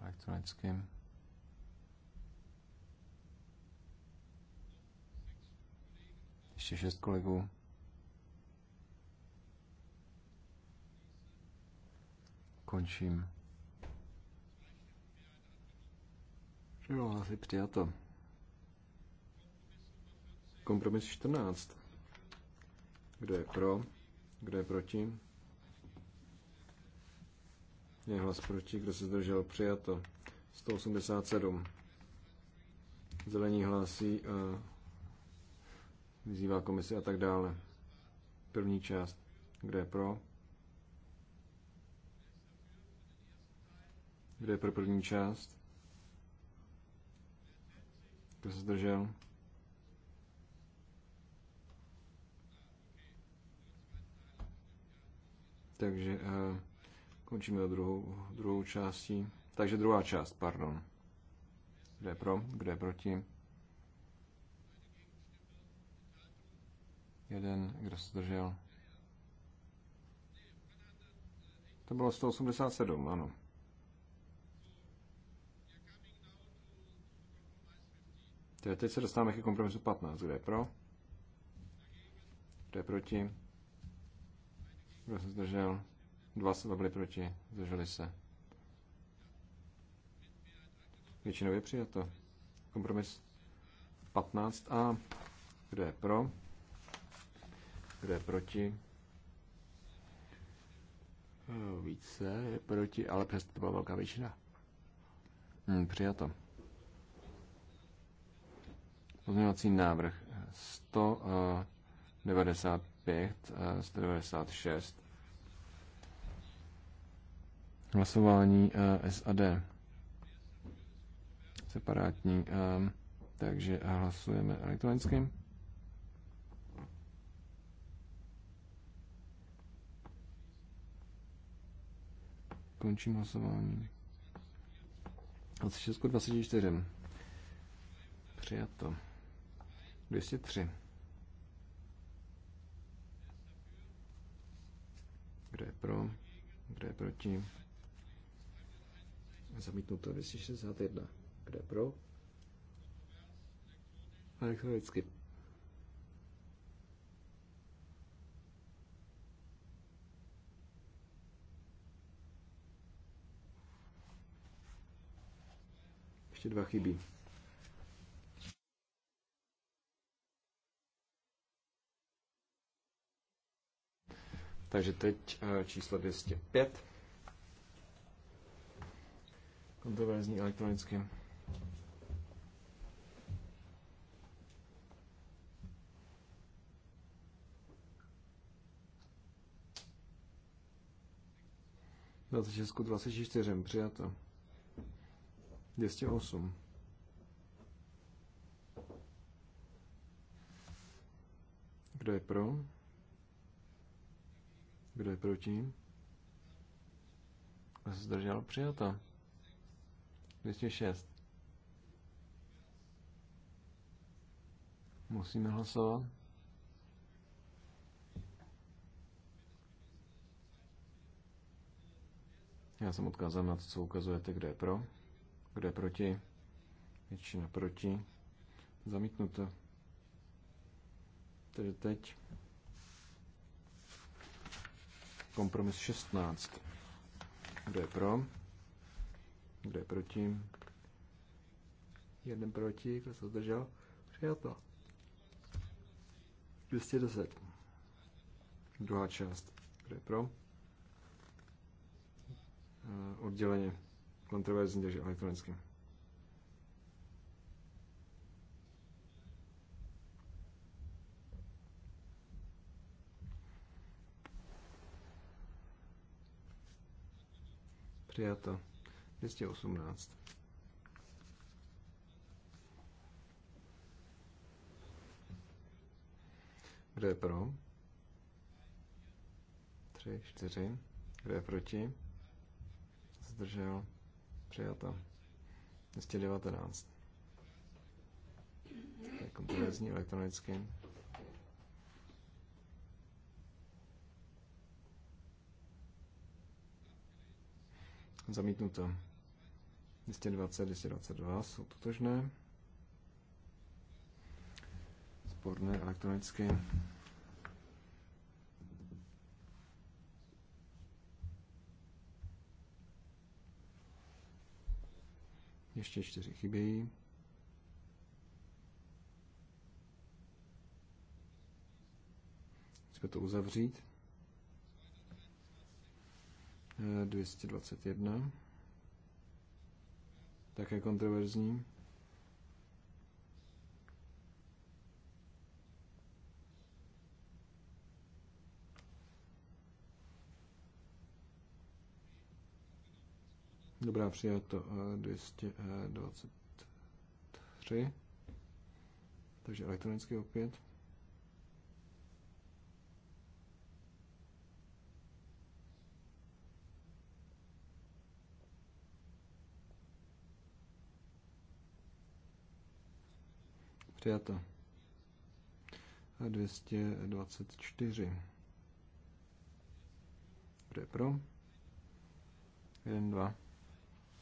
Elektronicky. Ještě šest kolegů. končím. Jo, asi přijato. Kompromis 14. Kdo je pro? Kdo je proti? Je hlas proti, kdo se zdržel, přijato. 187. Zelení hlásí, a vyzývá komisi a tak dále. První část, kde je pro, Kdo je pro první část? Kdo se zdržel? Takže uh, končíme druhou, druhou částí. Takže druhá část, pardon. Kdo je pro, kdo je proti? Jeden, kdo se zdržel? To bylo 187, ano. Tedy teď se dostáváme ke kompromisu 15. Kdo je pro? Kdo je proti? Kdo se zdržel? Dva se byli proti, zdrželi se. Většinově přijato. Kompromis 15a. Kdo je pro? Kdo je proti? Eh, více je proti, ale přesto to byla velká většina. Hmm, přijato. Pozměňovací návrh 195, 196. Eh, eh, hlasování eh, SAD. Separátní. Takže hlasujeme elektronicky. Končím hlasování. 26 24. Přijato. 203. Kdo je pro? Kdo je proti? Zamítnuto 261. Kdo je pro? Elektronicky. Ještě dva chybí. Takže teď eh, číslo 205. Kontroverzní elektronicky. Na 26 24 přijato. 208. Kdo je pro? Kdo je proti? Zdržel přijato. 206. Musíme hlasovat. Já jsem odkázal na to, co ukazujete, kde je pro, kde je proti. Většina proti. Zamítnuto. Takže teď Kompromis 16. Kdo je pro? Kdo je proti? Jeden proti, kdo se zdržel? Přijato. 210. Druhá část. Kdo je pro? Eh, odděleně. Kontroverzní, takže elektronicky. Přijato. 218. Kdo je pro? 3, 4. Kdo je proti? Zdržel. Přijato. 219. Tak To je kompromisní elektronicky. Zamítnuto. 220, 222 jsou totožné. Sporné elektronicky. Ještě čtyři chybějí. Musíme to uzavřít. 221. Eh, Také kontroverzní. Dobrá, přijato 223. Eh, Takže elektronicky opět. Přijato. 224. Kdo je pro? 1, 2,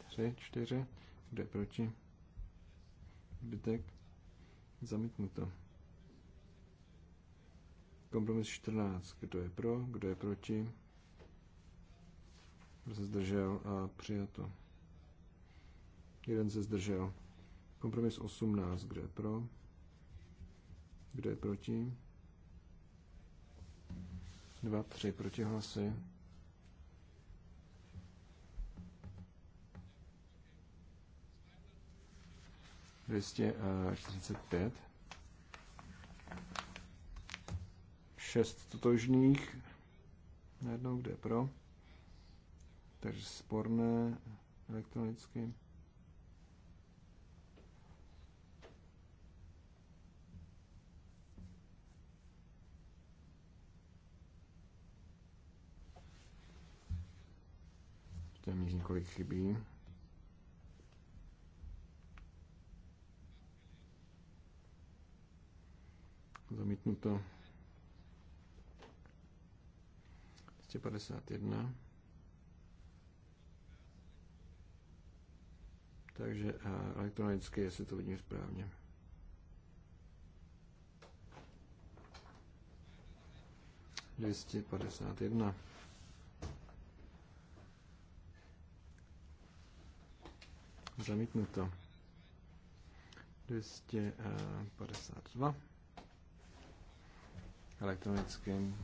3, 4. Kdo je proti? Zbytek. Zamítnuto. Kompromis 14. Kdo je pro? Kdo je proti? Kdo se zdržel? A přijato. Jeden se zdržel. Kompromis 18. Kdo je pro? Kdo je proti? Dva, tři protihlasy. Dvěstě a eh, pět. Šest totožných. Najednou kde pro. Takže sporné eh, elektronicky. téměř několik chybí. Zamítnuto 251. Takže eh, elektronicky, jestli to vidím správně. Dvěstě padesát jedna. Zamítnuto. 252 elektronickým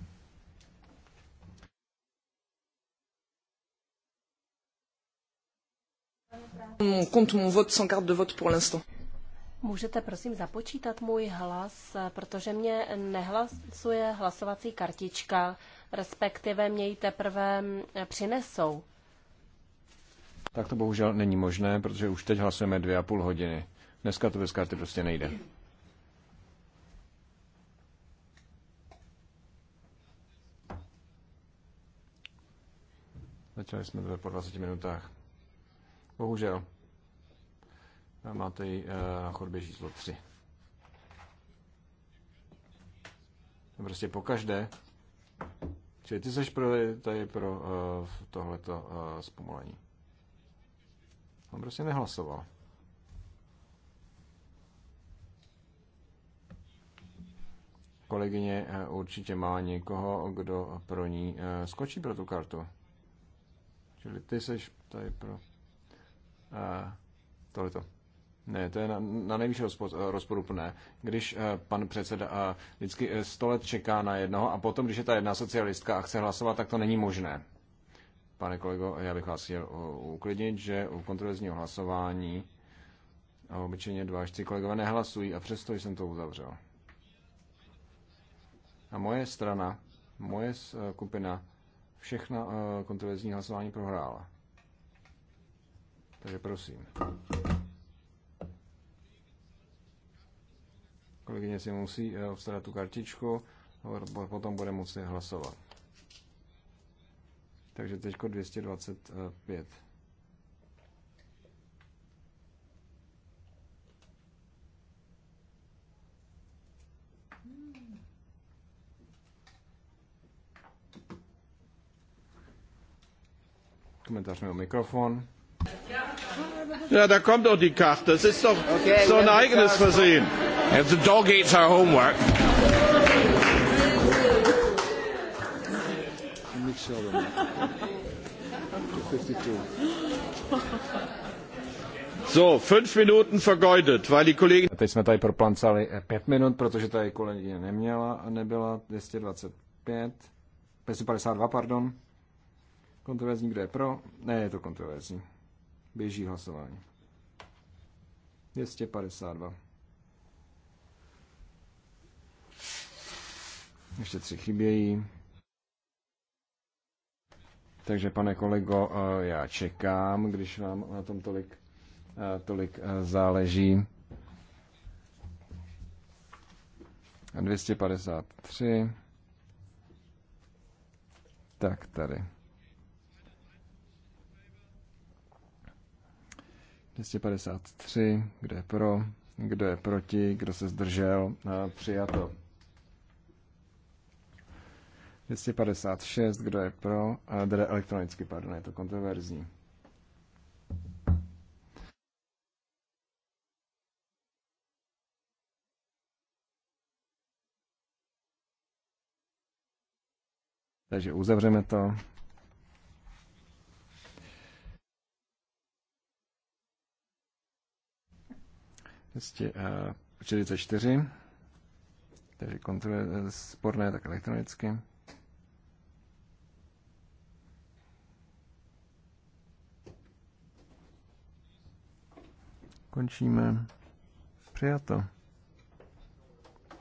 On compte mon vote de l'instant. Můžete prosím započítat můj hlas, protože mě nehlasuje hlasovací kartička, respektive mě ji teprve přinesou. Tak to bohužel není možné, protože už teď hlasujeme dvě a půl hodiny. Dneska to bez karty prostě nejde. Začali jsme to po 20 minutách. Bohužel. Máte ji eh, na chodbě číslo 3. Prostě po každé. Čili ty seš pro, tady pro uh, tohleto uh, zpomalení. On prostě nehlasoval. Kolegyně eh, určitě má někoho, kdo pro ní eh, skočí pro tu kartu. Čili ty seš tady pro... tohle eh, tohleto. Ne, to je na, na nejvyšší rozpo, rozporuplné. Když uh, pan předseda uh, vždycky 100 let čeká na jednoho a potom, když je ta jedna socialistka a chce hlasovat, tak to není možné. Pane kolego, já bych vás chtěl eh, uklidnit, že u kontroverzního hlasování obyčejně dva až tři kolegové nehlasují a přesto jsem to uzavřel. A moje strana, moje eh, skupina, všechna eh, kontroverzní hlasování prohrála. Takže prosím. Kolegyně si musí obstarat tu kartičku, potom bude moci hlasovat. Takže teď 225. Komentář mimo mikrofon. Ja, da kommt doch die Karte. Das ist doch okay, so ein eigenes Versehen. And the dog eats her homework. Nick Sheldon. So, fünf Minuten vergeudet, weil die Kollegin... Teď jsme tady proplancali eh, pět minut, protože tady kolegyně neměla, a nebyla 225, 552, pardon. Kontroverzní, kde je pro? Ne, je to kontroverzní. Běží hlasování. 252. Ještě tři chybějí. Takže pane kolego, eh, já čekám, když vám na tom tolik, eh, tolik eh, záleží. 253. Tak tady. 253, kdo je pro, kdo je proti, kdo se zdržel, přijato. 256, kdo je pro, tedy elektronicky, pardon, je to kontroverzní. Takže uzavřeme to. uh, eh, 44. Takže kontroluje eh, sporné tak elektronicky. Končíme. Přijato.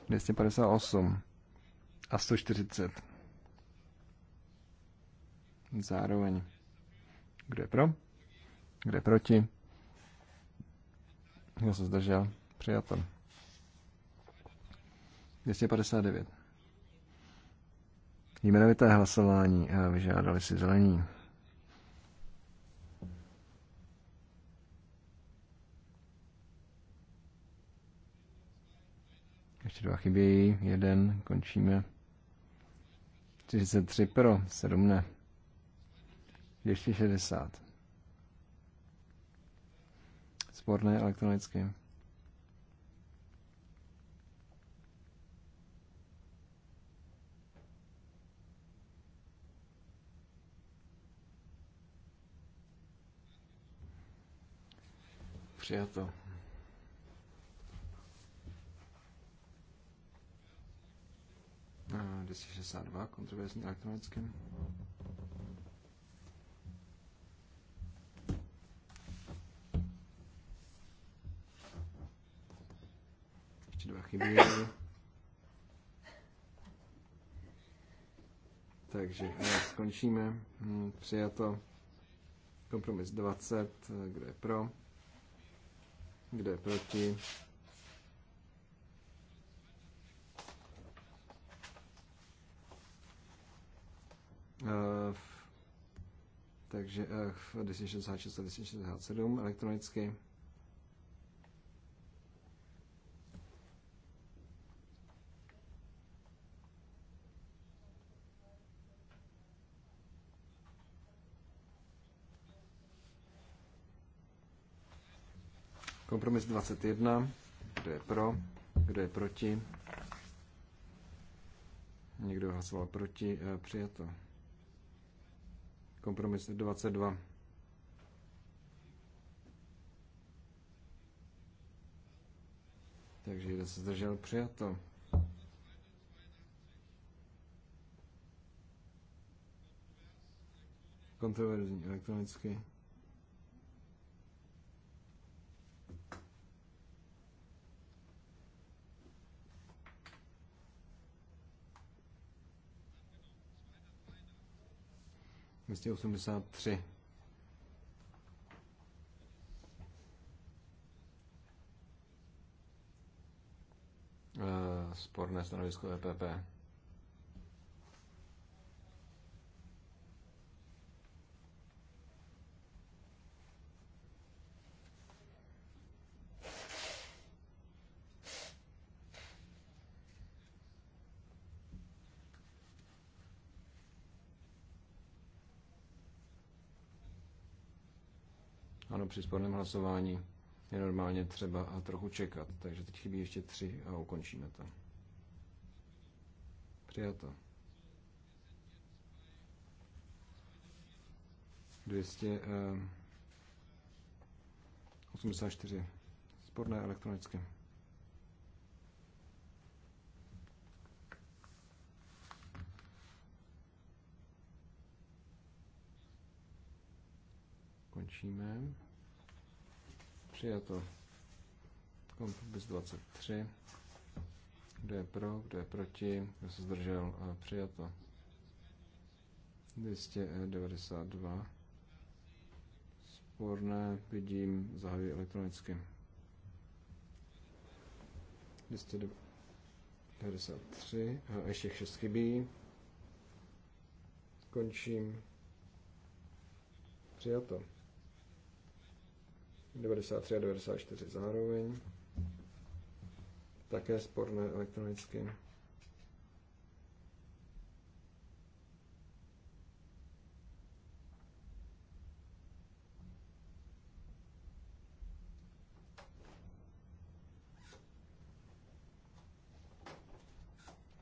258 a 140. Zároveň. Kdo je pro? Kdo je proti? Já se zdržel? Přijato. 259. Jmenovité hlasování eh, vyžádali si zelení. ještě dva chybějí, jeden, končíme. 43 pro, 7 ne. 260. Sporné elektronicky. Přijato. 262 kontroverzní elektronicky. Ještě dva chybí. Takže skončíme. Hm, přijato kompromis 20. Kdo je pro? Kdo je proti? Eh, takže 266 eh, a 267 elektronicky. Kompromis 21. Kdo je pro? Kdo je proti? Někdo hlasoval proti? Eh, přijato. Kompromis 22. Takže jde se zdržel přijato. Kontroverzní elektronicky. 283. Eh, sporné stanovisko EPP. při sporném hlasování je normálně třeba a trochu čekat. Takže teď chybí ještě tři a ukončíme to. Přijato. 284. Eh, Sporné elektronicky. Končíme. Přijato. Kompromis 23. Kdo je pro, kdo je proti, kdo se zdržel, eh, přijato. 292. Sporné vidím, zahajuji elektronicky. 293, eh, a ještě 6 chybí. Končím. Přijato. 93 a 94 zároveň. Také sporné elektronicky.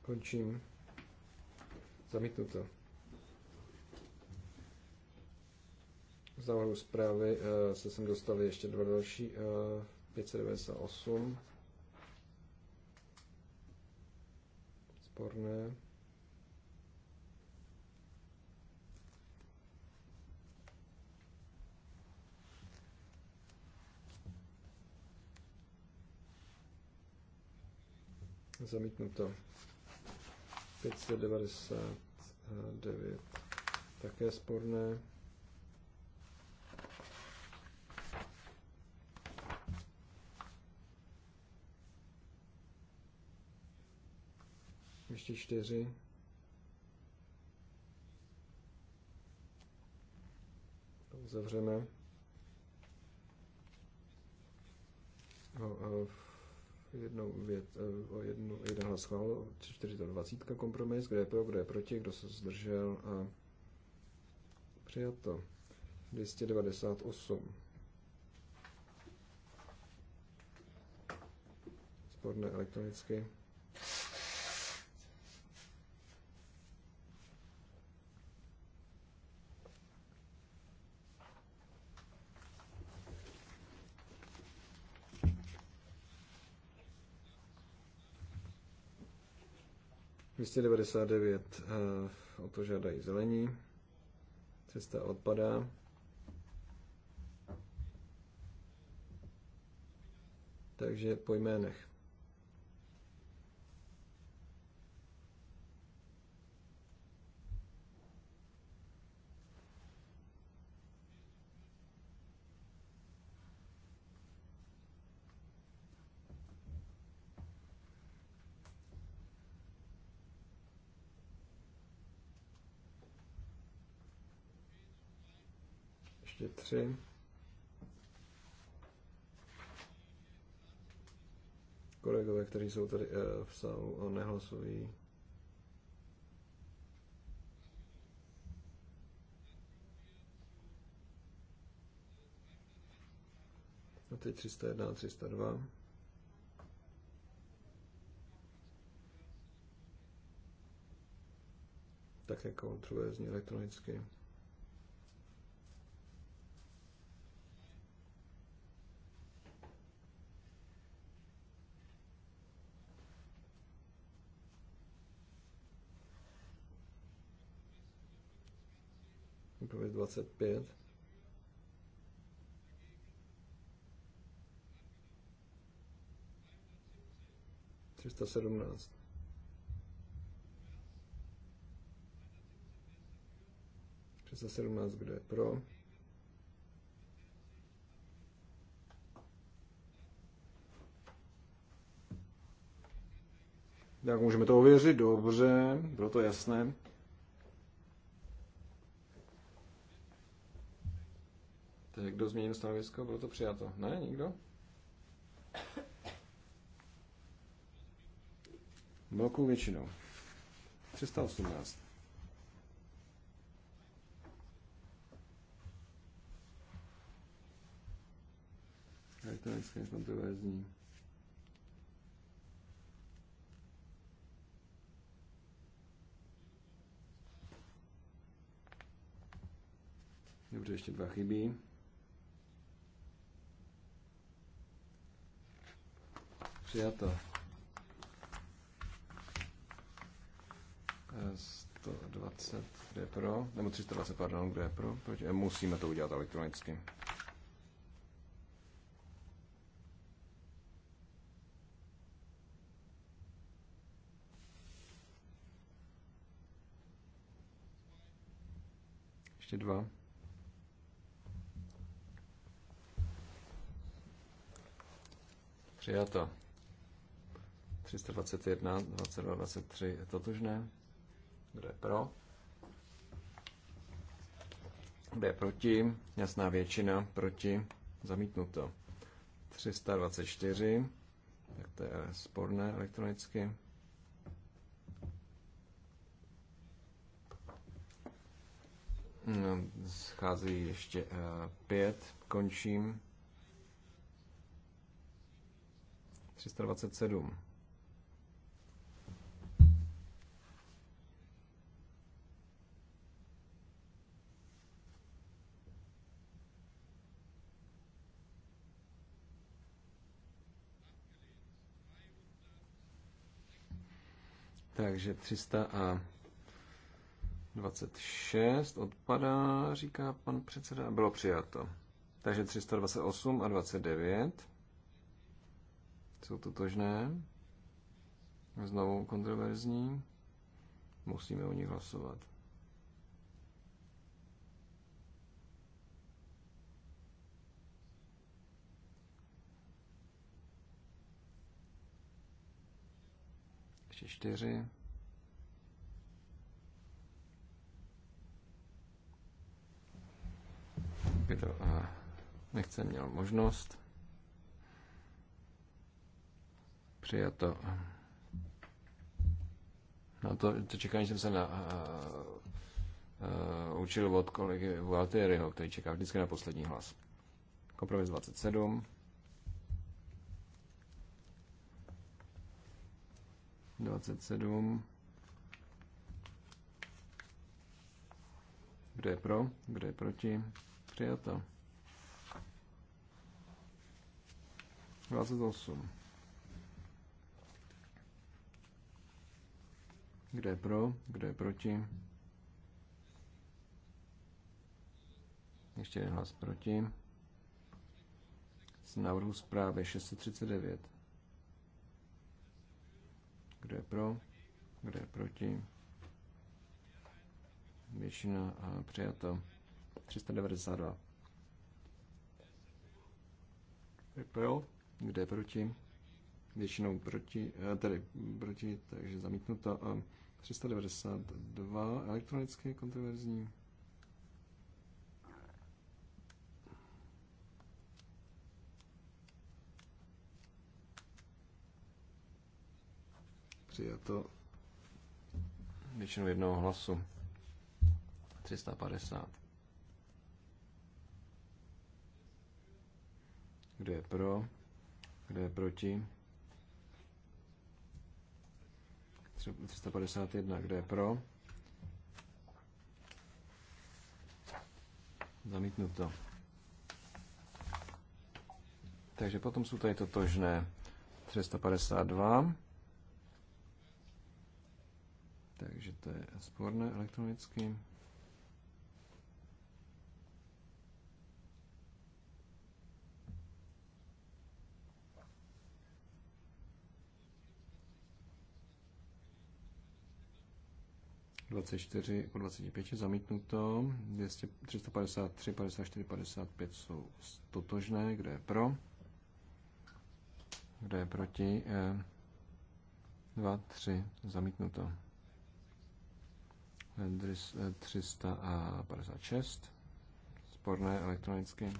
Končím. Zamítnuto. Z návrhu zprávy eh, se sem dostali ještě dva další 598. Eh, sporné. Zamítnuto. 599. Také sporné. Ještě čtyři. zavřeme. O, o, jednou věc, o jednu, jeden hlas schválil, 420 kompromis, kdo je pro, kdo je proti, kdo se zdržel a přijato. 298. Sporné elektronicky. 299 eh, o to žádají zelení. cesta odpadá. Takže po jménech. 3. Kolegové, kteří jsou tady eh, v sálu a nehlasují, A teď 301 a 302. Také kontroverzní elektronicky. 25. Třista sedmnáct. kde je pro? Tak můžeme to ověřit? Dobře, bylo to jasné. Takže kdo změnil stanovisko, bylo to přijato. Ne, nikdo? Velkou většinou. 318. Elektronické kontroverzní. Dobře, ještě dva chybí. Přijato. 120, eh, kde je pro, nebo 320, pardon, kde je pro, Proč? proti, musíme to udělat elektronicky. Ještě dva. Přijato. 321, 22, 23 je totožné. Kdo je pro? Kdo je proti? Jasná většina proti. Zamítnuto. 324, tak to je sporné elektronicky. No, schází ještě uh, pět, končím. 327. Takže 326 odpadá, říká pan předseda. Bylo přijato. Takže 328 a 29 jsou totožné. Znovu kontroverzní. Musíme o nich hlasovat. čtyři. Kdo a eh, nechce, měl možnost. Přijato. No to, to čekání jsem se na, uh, uh, učil od kolegy Valtieriho, který čeká vždycky na poslední hlas. Kompromis 27. 27. Kdo je pro? Kdo je proti? Přijato. 28. Kdo je pro? Kdo je proti? Ještě jeden hlas proti. Z návrhu zprávy 639. Kdo je pro? Kdo je proti? Většina a přijato. 392. Kdo je pro? Kdo je proti? Většinou proti, tedy proti, takže zamítnuto. 392 elektronické kontroverzní. Přijato většinou jednoho hlasu. 350. Kdo je pro? Kdo je proti? 351. Kdo je pro? Zamítnuto. Takže potom jsou tady totožné 352. Takže to je sporné elektronicky. po 25 zamítnuto, 253, 54, 55 jsou totožné, kdo je pro, kdo je proti, 2, eh, 3 zamítnuto. 356, eh, sporné elektronicky.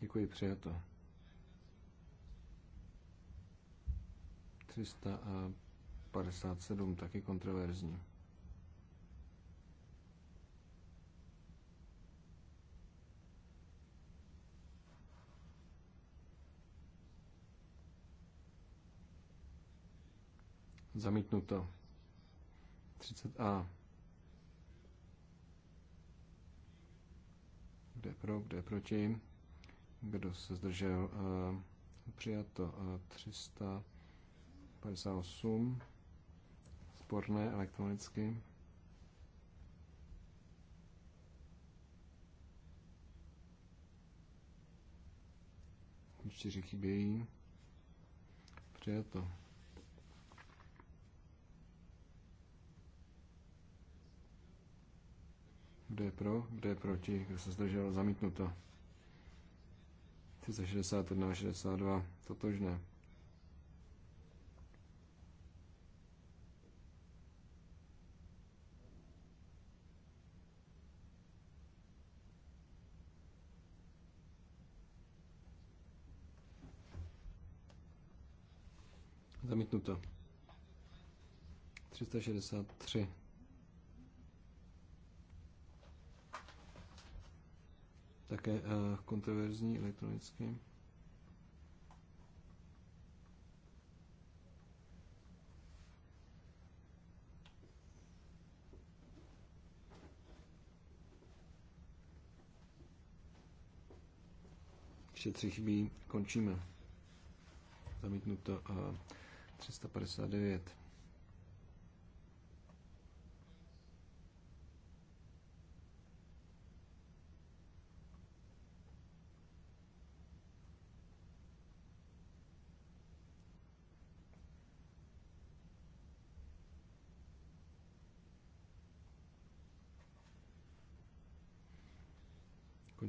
Děkuji, přijato. 357, taky kontroverzní. Zamítnuto. 30a. Kde pro, kde proti? Kdo se zdržel? Eh, přijato 358. Eh, Sporné elektronicky. Čtyři chybějí. Přijato. Kdo je pro? Kdo je proti? Kdo se zdržel? Zamítnuto. 361 62. Totožné. Zamítnuto. 363. také eh, kontroverzní elektronicky. Ještě tři chybí, končíme. Zamítnuto 359. Eh,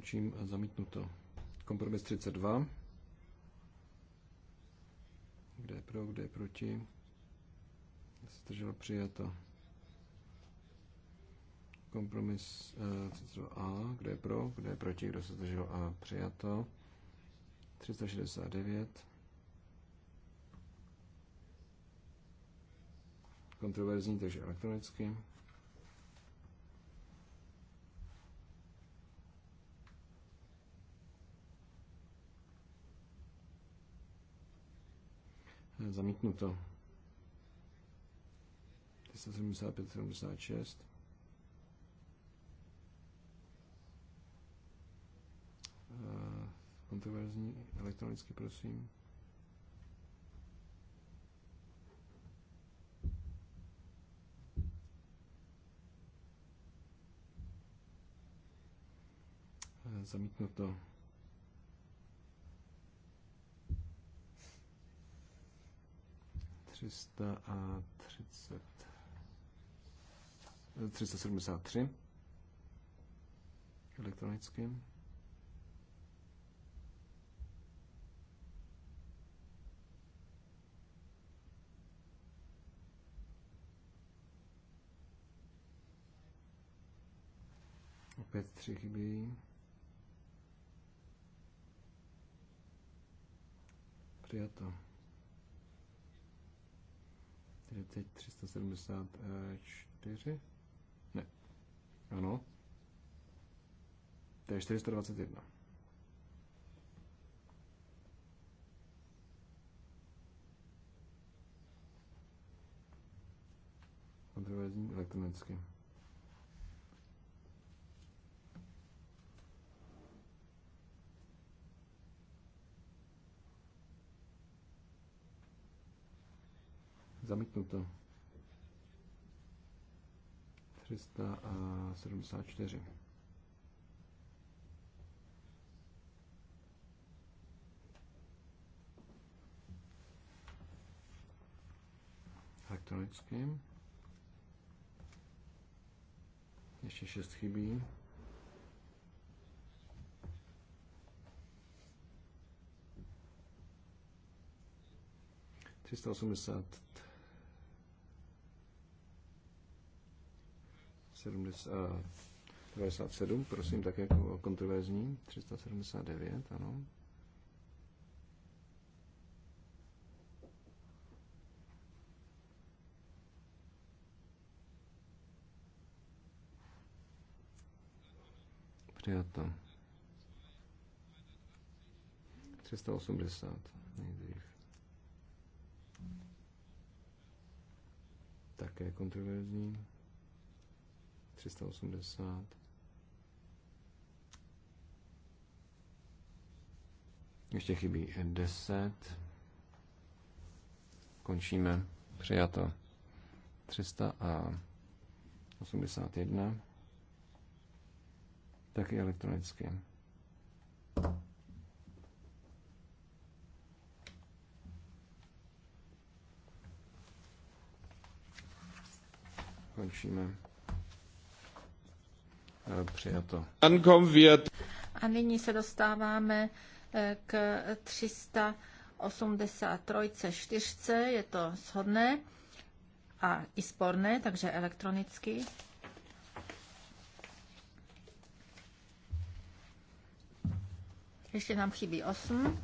Končím a zamítnuto. Kompromis 32. Kde je pro, kde je proti? Zdrželo přijato. Kompromis 32a. Eh, kde je pro, kde je proti? Kdo se zdržel a přijato? 369. Kontroverzní, takže elektronicky. Zamítnuto. 375, 76. Eh, kontroverzní elektronicky, prosím. Eh, zamítnuto. 373 elektronicky. Opět tři chybějí. Přijato. Tedy Ne. Ano. To je 421. kontroverzní elektronicky. Zamítnuto. 374. elektronicky. Ještě šest chybí. Třista osmdesát 377, 97, eh, prosím, tak jako kontroverzní, 379, ano. Přijato. 380 nejdřív. Také kontroverzní. 380. Ještě chybí 10. Končíme. Přijato. 381. Taky elektronicky. Končíme. Přijato. A nyní se dostáváme eh, k 383 čtyřce, je to shodné a i sporné, takže elektronicky. Ještě nám chybí 8.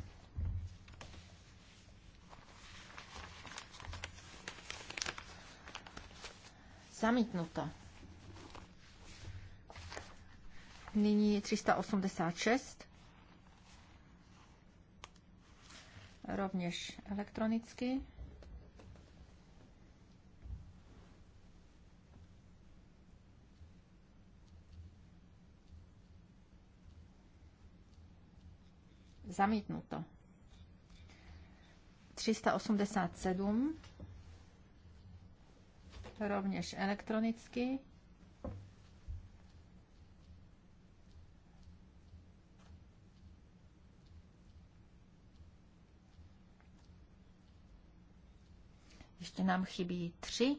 Zamítnuto. Nyní 386. Rovněž elektronicky. Zamítnuto. 387. Rovněž elektronicky. Ještě nám chybí tři.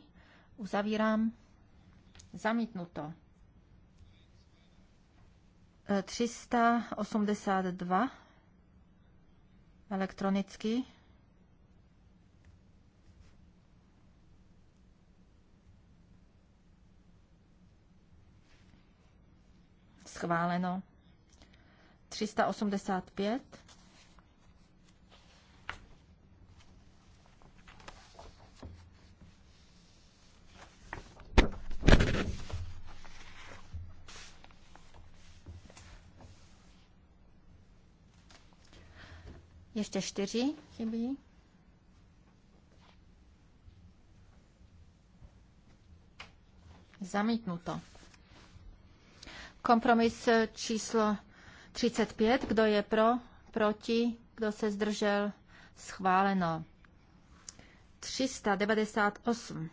Uzavírám. Zamítnuto. 382 e, elektronicky. Schváleno. 385 Ještě čtyři chybí. Zamítnuto. Kompromis číslo 35. Kdo je pro? Proti? Kdo se zdržel? Schváleno. 398.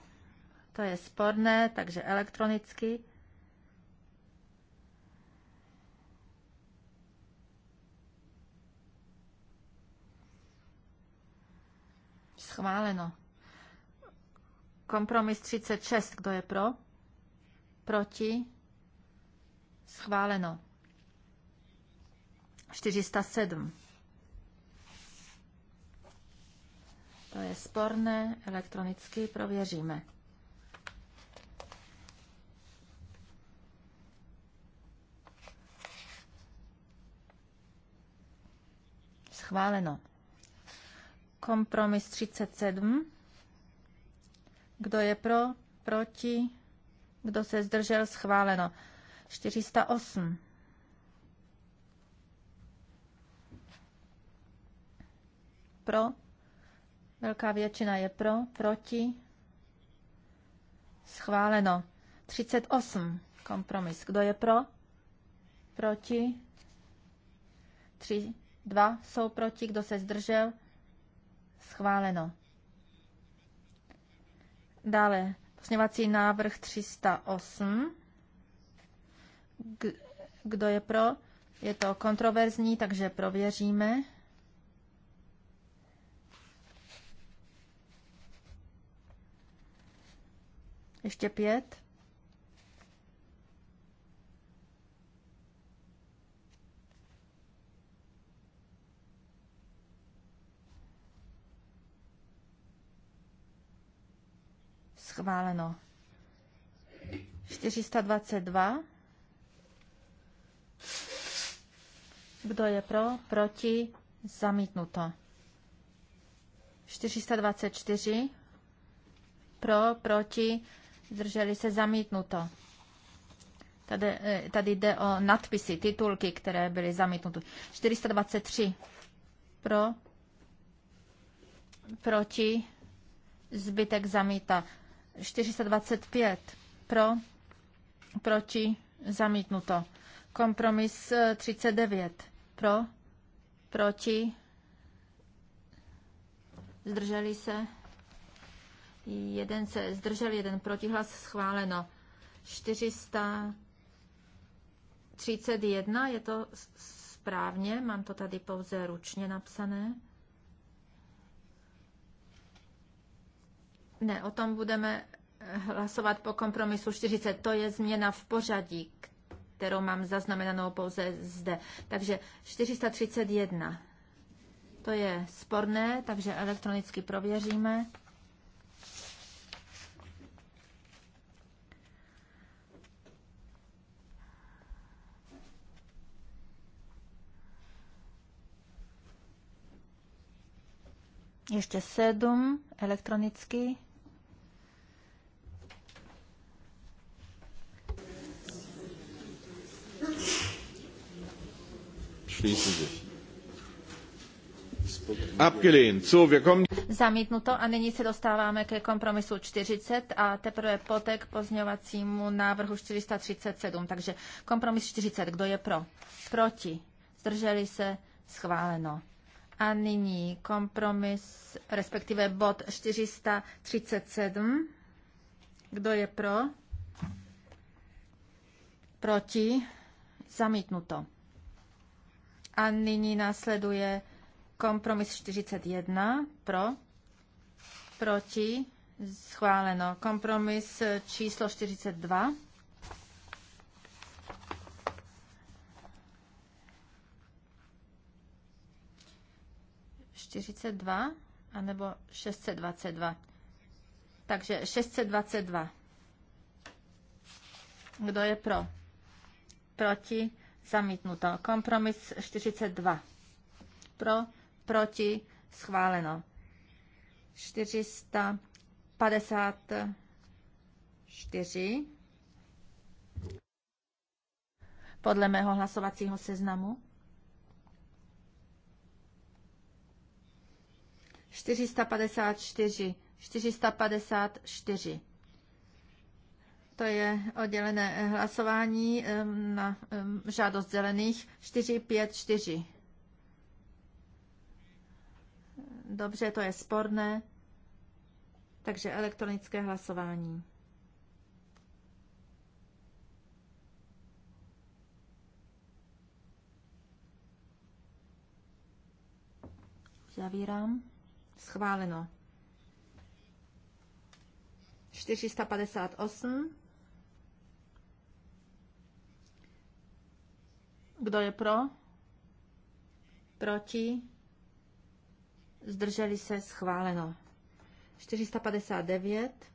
To je sporné, takže elektronicky. Schváleno. Kompromis 36. Kdo je pro? Proti? Schváleno. 407. To je sporné, elektronicky prověříme. Schváleno. Kompromis 37. Kdo je pro? Proti? Kdo se zdržel? Schváleno. 408. Pro. Velká většina je pro. Proti? Schváleno. 38. Kompromis. Kdo je pro? Proti? 3. 2 jsou proti. Kdo se zdržel? Schváleno. Dále pozměvací návrh 308. Kdo je pro? Je to kontroverzní, takže prověříme. Ještě pět. Schváleno. 422. Kdo je pro? Proti? Zamítnuto. 424. Pro, proti, zdrželi se zamítnuto. Tady, eh, tady jde o nadpisy, titulky, které byly zamítnuty. 423. Pro, proti, zbytek zamítá. 425 pro, proti, zamítnuto. Kompromis 39 eh, pro, proti, zdrželi se, jeden se zdržel, jeden protihlas, schváleno. 431, je to správně, mám to tady pouze ručně napsané. Ne, o tom budeme eh, hlasovat po kompromisu 40. To je změna v pořadí, kterou mám zaznamenanou pouze zde. Takže 431. To je sporné, takže elektronicky prověříme. Ještě sedm elektronicky. Schließen sich. Abgelehnt. So, wir kommen... Zamítnuto a nyní se dostáváme ke kompromisu 40 a teprve poté k pozměňovacímu návrhu 437. Takže kompromis 40. Kdo je pro? Proti. Zdrželi se? Schváleno. A nyní kompromis, respektive bod 437. Kdo je pro? Proti? Zamítnuto. A nyní následuje kompromis 41 pro, proti, schváleno. Kompromis číslo 42. a anebo 622. Takže 622. Kdo je pro? Proti? Zamítnuto. Kompromis 42. Pro, proti, schváleno. 454. Podle mého hlasovacího seznamu. 454. 454. To je oddělené eh, hlasování ehm, na ehm, žádost zelených 454. Dobře, to je sporné. Takže elektronické hlasování. Zavírám. Schváleno. 458. Kdo je pro? Proti? Zdrželi se schváleno. 459.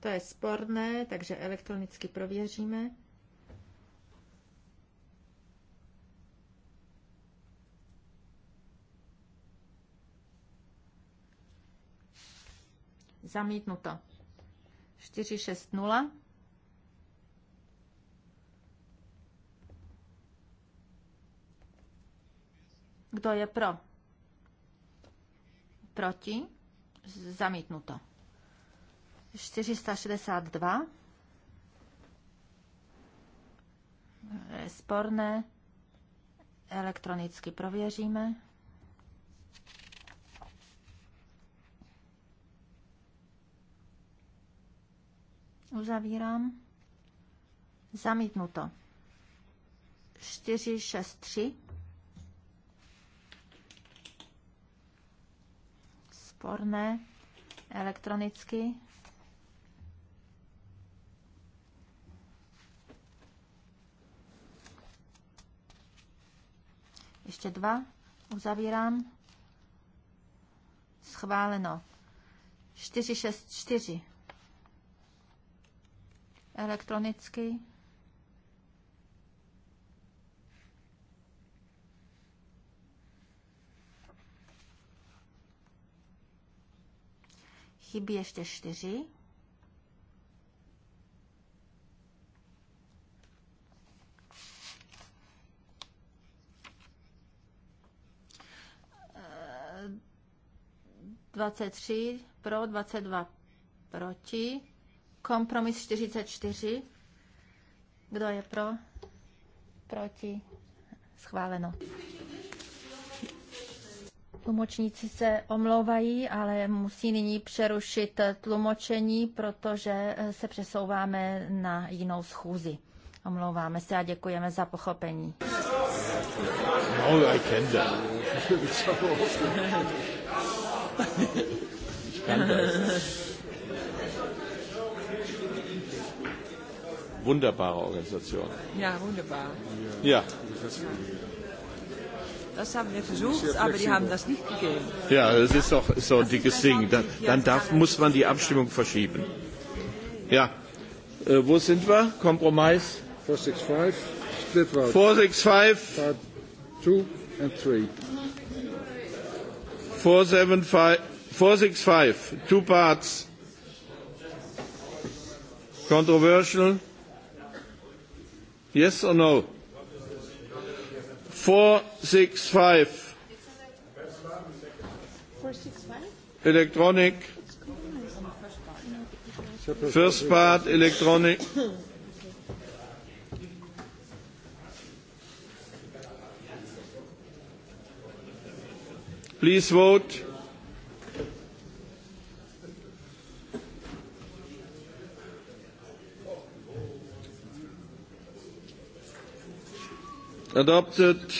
To je sporné, takže elektronicky prověříme. Zamítnuto. 460. Kdo je pro? Proti? Zamítnuto. 462. Sporné. Elektronicky prověříme. Uzavírám. Zamítnuto. 463. odporné elektronicky. Ještě dva. Uzavírám. Schváleno. 464. Elektronicky. Chybí ještě čtyři. Dvacet tři pro, dvacet dva proti. Kompromis 44. Kdo je pro? Proti. Schváleno. Tlumočníci se omlouvají, ale musí nyní přerušit tlumočení, protože eh, se přesouváme na jinou schůzi. Omlouváme se a děkujeme za pochopení. No, I can do. ich kann das. Wunderbare Organisation. Ja, wunderbar. Ja. ja. Das haben wir versucht, aber die haben das nicht gegeben. Ja, das ist doch so ein dickes Ding. Dann, dann darf, muss man die Abstimmung verschieben. Ja, äh, wo sind wir? Kompromiss? 465, split vote. 465. Part 2 and 3. 475, 465, two parts. Controversial? Yes or no? 465. Electronic. First part, electronic. Please vote. adopted.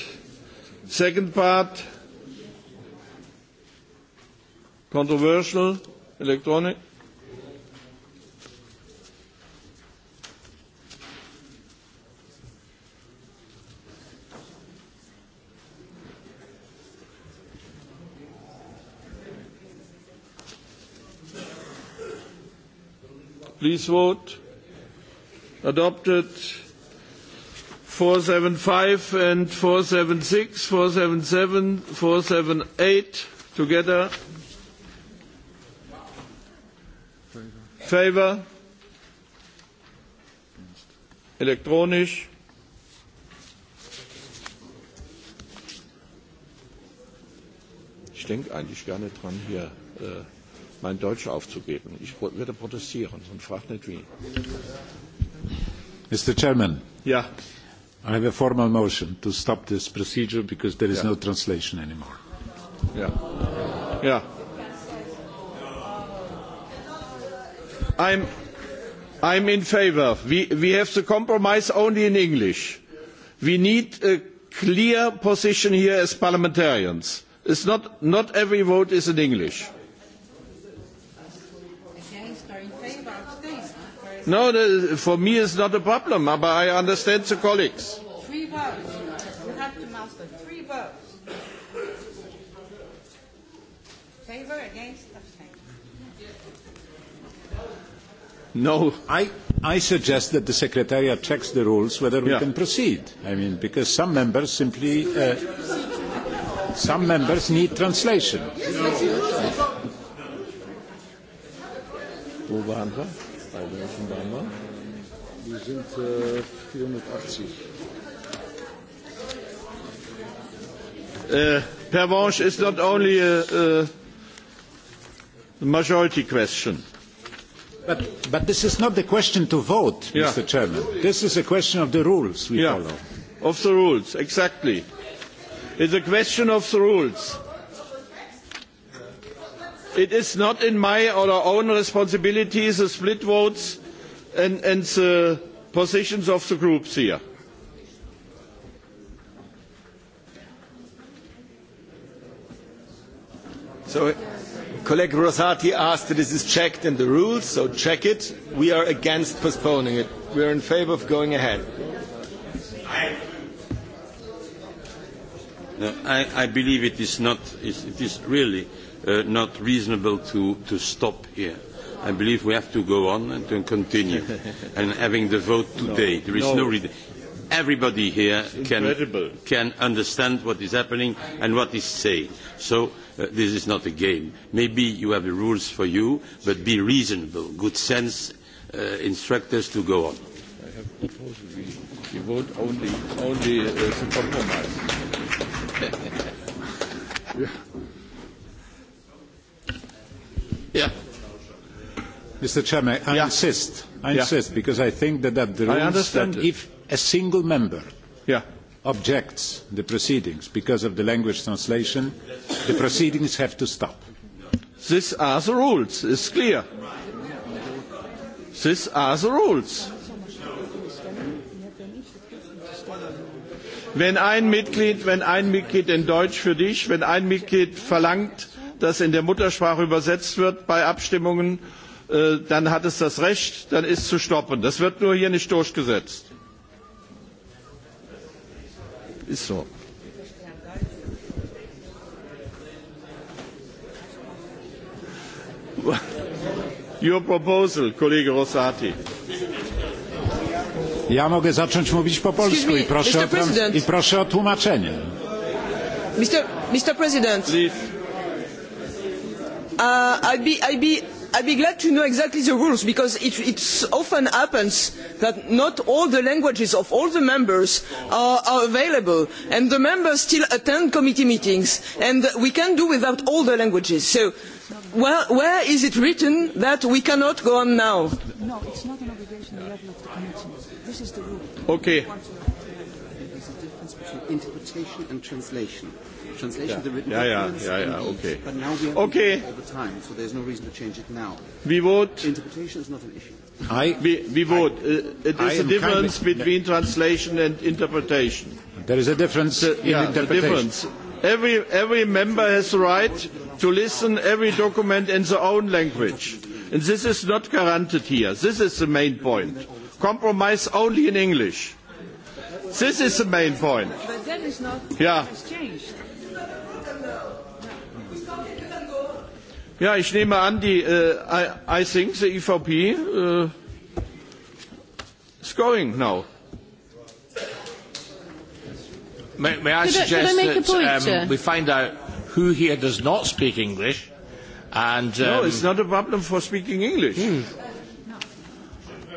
Second part, controversial, electronic. Please vote. Adopted. 475 and 476, 477, 478 together. Favor? Elektronisch. Ich denke eigentlich gerne dran, hier äh, mein Deutsch aufzugeben. Ich würde protestieren und frage nicht wie. Mr. Chairman. Ja. I have a formal motion to stop this procedure because there is yeah. no translation anymore. Yeah. Yeah. I'm, I'm in favor. We, we have the compromise only in English. We need a clear position here as parliamentarians. It's not, not every vote is in English. No, for me it's not a problem, but I understand the colleagues. Three votes. You have to master three votes. Favor, against, abstain. No. I, I suggest that the Secretariat checks the rules whether we yeah. can proceed. I mean, because some members simply... Uh, some members need translation. No. Bei 480. Uh, Pervenche is not only a, a majority question. But, but this is not the question to vote, yeah. Mr. Chairman. This is a question of the rules we yeah. follow. Of the rules, exactly. It's a question of the rules it is not in my or our own responsibility the split votes and, and the positions of the groups here. So, colleague Rosati asked that this is checked in the rules, so check it. We are against postponing it. We are in favour of going ahead. No, I, I believe it is not, it is really uh, not reasonable to, to stop here. I believe we have to go on and to continue. and having the vote no. today, no, there is no, no reason. Everybody here can, can understand what is happening and what is said. So uh, this is not a game. Maybe you have the rules for you, but be reasonable. Good sense uh, instruct us to go on. I have proposed we, vote only, only uh, the compromise. yeah. Mr. Chairman, I insist. I insist because I think that, that the rules that if a single member objects to the proceedings because of the language translation, the proceedings have to stop. These are the rules. it is clear. These are the rules. Wenn ein Mitglied, wenn ein Mitglied in Deutsch für dich, wenn ein Mitglied verlangt, das in der Muttersprache übersetzt wird bei Abstimmungen, äh, dann hat es das Recht, dann ist zu stoppen. Das wird nur hier nicht durchgesetzt. Ist so. Your proposal, Kollege Rosati. Ja mogę zacząć mówić po polsku i, proszę o, i proszę o tłumaczenie. Mr. Mr. President. Please. Uh, I'd, be, I'd, be, I'd be glad to know exactly the rules because it it's often happens that not all the languages of all the members are, are available and the members still attend committee meetings and we can do without all the languages. So well, where is it written that we cannot go on now? No, it's not an obligation level of the committee. This is the rule. Okay. There's a difference between interpretation and translation translation, yeah. the written yeah, Yeah, yeah, yeah, indeed, okay. But now we have okay. all time, so there's no reason to change it now. We vote. Interpretation is not an issue. I, we, we vote. I, uh, it is a difference kind of, between translation and interpretation. There is a difference uh, in yeah, interpretation. Difference. Every, every member has the right to listen every document in their own language. And this is not guaranteed here. This is the main point. Compromise only in English. This is the main point. But that is not yeah. changed. Ja, ich nehme an, die uh, I, I think the EVP uh, äh, is going now. May, may I suggest I, I that point, um, we find out who here does not speak English? And no, um, no, it's not a problem for speaking English. Hmm.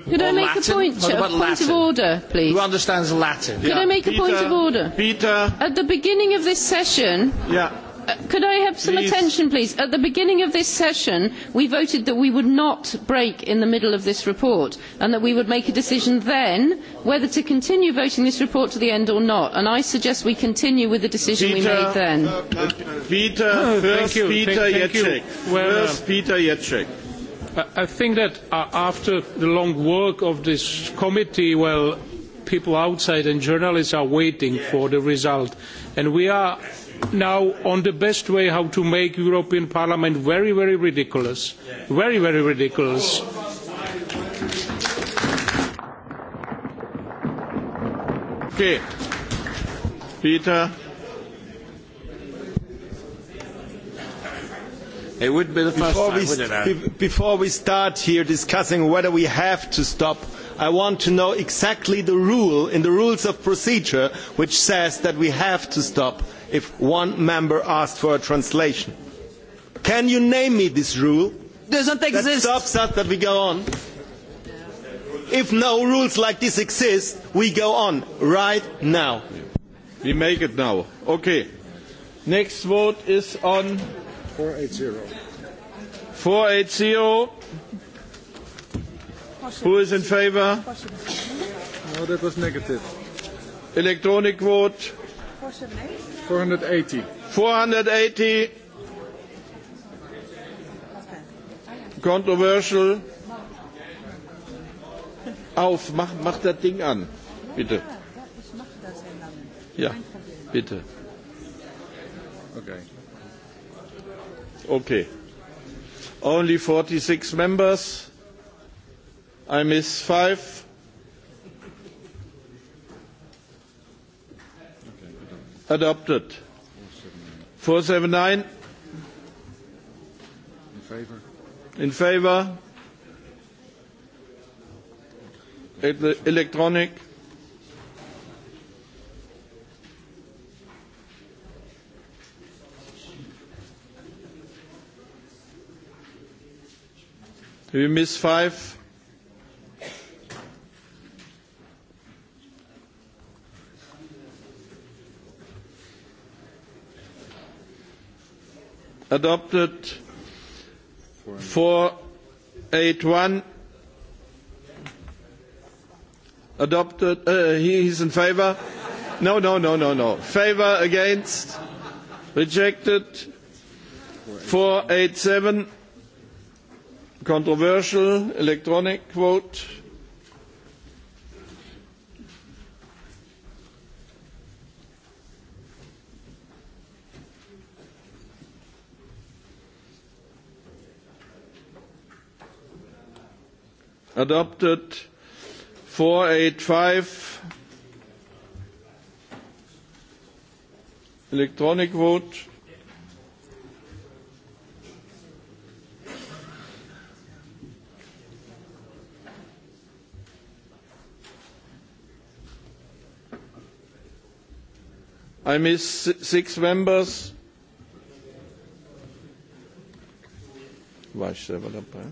Could or I make Latin? a point, a point Latin? of order, please? Who understands Latin? Could yeah. I make Peter, a point of order? Peter. At the beginning of this session, yeah could I have some please. attention, please? At the beginning of this session, we voted that we would not break in the middle of this report and that we would make a decision then whether to continue voting this report to the end or not. And I suggest we continue with the decision Peter, we made then. Uh, uh, Peter, no, uh, first Peter Jacek. I think that after the long work of this committee, well, people outside and journalists are waiting yes. for the result. And we are. Yes now on the best way how to make European Parliament very, very ridiculous. Very, very ridiculous. Okay. Peter. It would be the first before time, we, wouldn't it? Before we start here discussing whether we have to stop, I want to know exactly the rule in the rules of procedure which says that we have to stop if one member asked for a translation. Can you name me this rule? Doesn't exist. That stops us that we go on. If no rules like this exist, we go on right now. We make it now. Okay. Next vote is on 480. 480. Who is in favor? No, that was negative. Electronic vote. 478. 480. 480. Controversial. Auf, mach, mach das Ding an. Bitte. Ja, bitte. Okay. Okay. Only 46 members. I miss five. adopted. 479 in favour. In favour. Electronic. Do We miss five. adopted 481 adopted uh, he is in favor no no no no no favor against rejected 487 controversial electronic vote adopted 485 electronic vote I miss six members. Váš se dabei.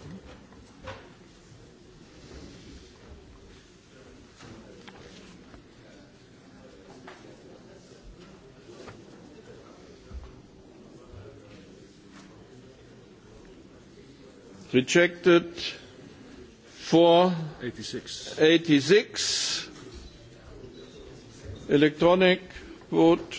rejected 486 86. electronic vote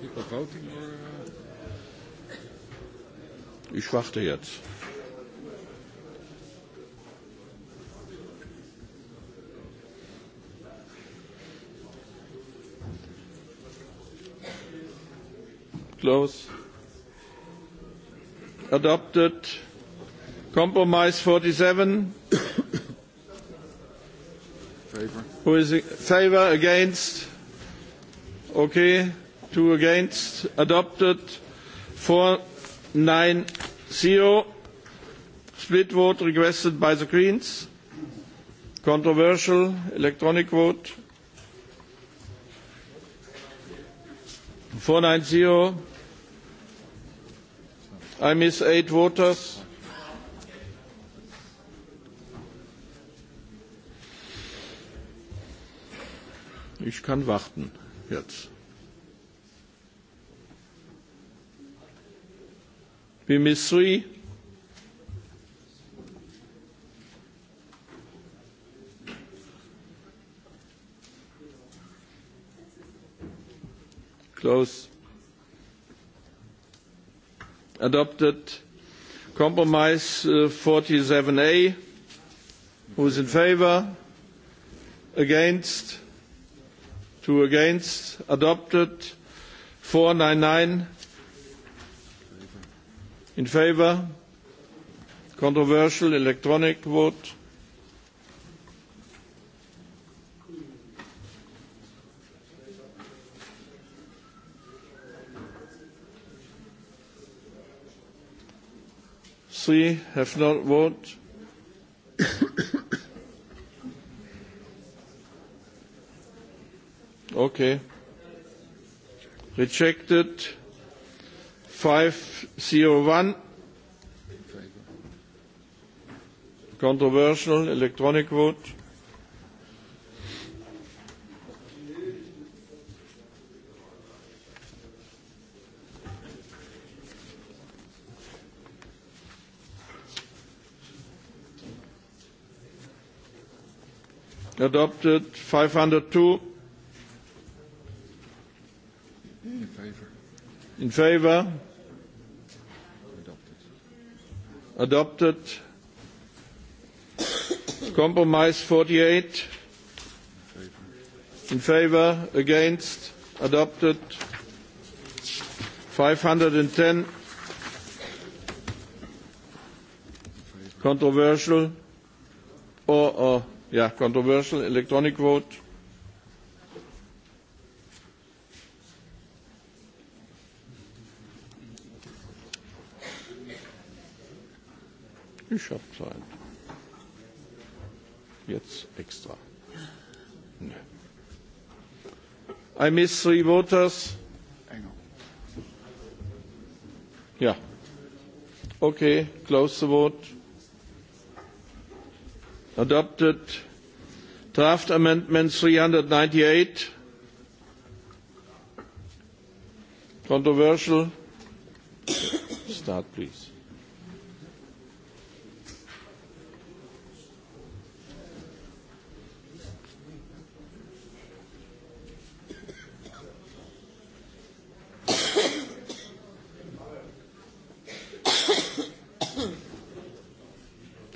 people voting or uh... ich warte jetzt Close. Adopted. Compromise 47. Favor. Who is in favor? Against? Okay. Two against. Adopted. 490. Split vote requested by the Greens. Controversial. Electronic vote. 490. I miss eight voters. Ich kann warten jetzt. We miss three. Close adopted. Compromise uh, forty 47A. Who's in favor? Against? Two against. Adopted. 499. In favor? Controversial electronic vote. three have not voted. okay. Rejected. 501. Controversial electronic vote. adopted 502 in favor in favor adopted compromise 48 in favor against adopted 510 controversial or, or Yeah, controversial electronic vote. Ich hab Zeit. Jetzt extra. Nee. I miss three voters. Yeah. Okay, close the vote adopted. Draft Amendment 398, controversial. Start, please.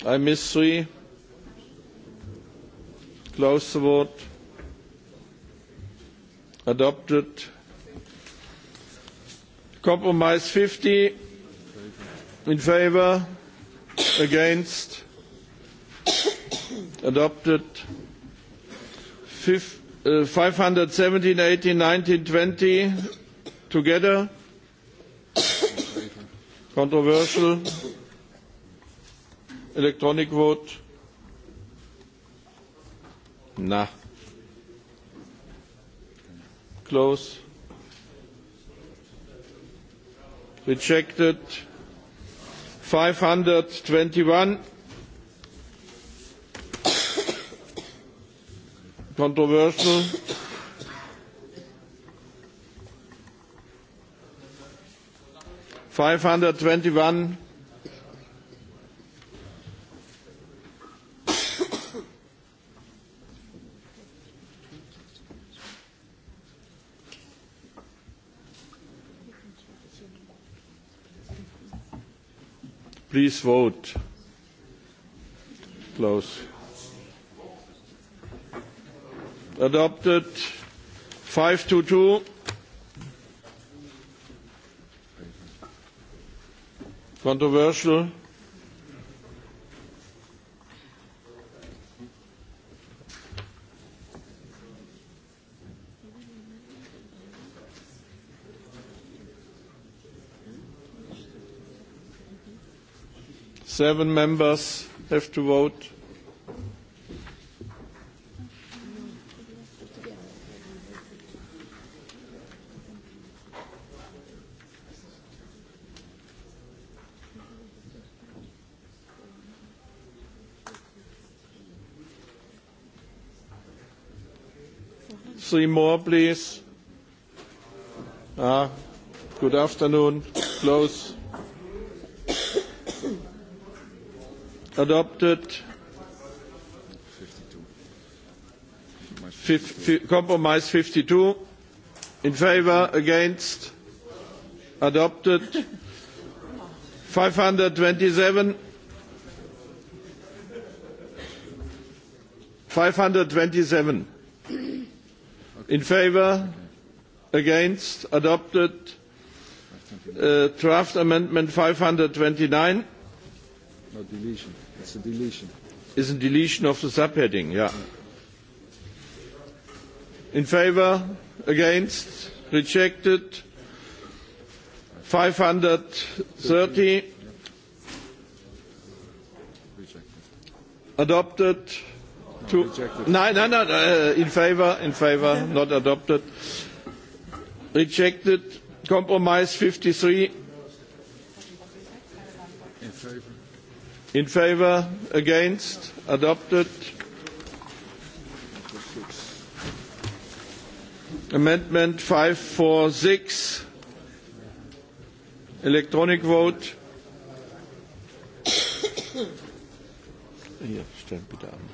I miss three. Close the vote. Adopted. Compromise 50. In favor? Against? Adopted. Fif, uh, 517, 18, 19, 20 together. Controversial. Electronic vote. Na. Close. Rejected. 521. Controversial. Five hundred twenty one Please vote. Close. Adopted. 522. Controversial. Seven members have to vote. Three more, please. Ah, good afternoon. Close. adopted. compromise 52 in favor against adopted 527 527 in favor against adopted uh, draft amendment 529 No deletion. It's a deletion. It's a deletion of the subheading, yeah. In favor? Against? Rejected? 530? Adopted? To, no, no, no, no, uh, in favor, in favor, not adopted. Rejected. Compromise 53. In favor. In favor? Against? Adopted. Amendment 546. Electronic vote. Hier, stellen bitte an.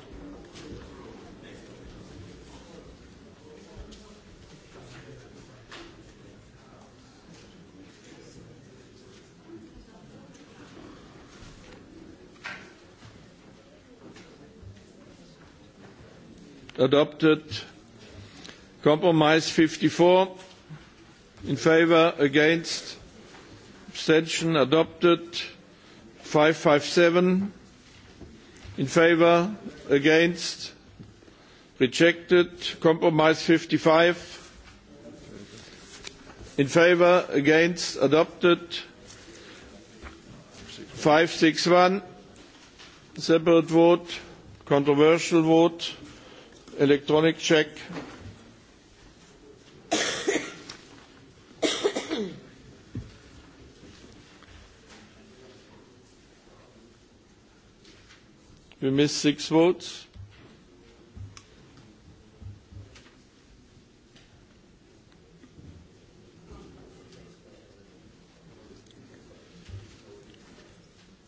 adopted. Compromise 54 in favor, against, abstention adopted. 557 in favor, against, rejected. Compromise 55 in favor, against, adopted. 561 separate vote, controversial vote electronic check. We missed six votes.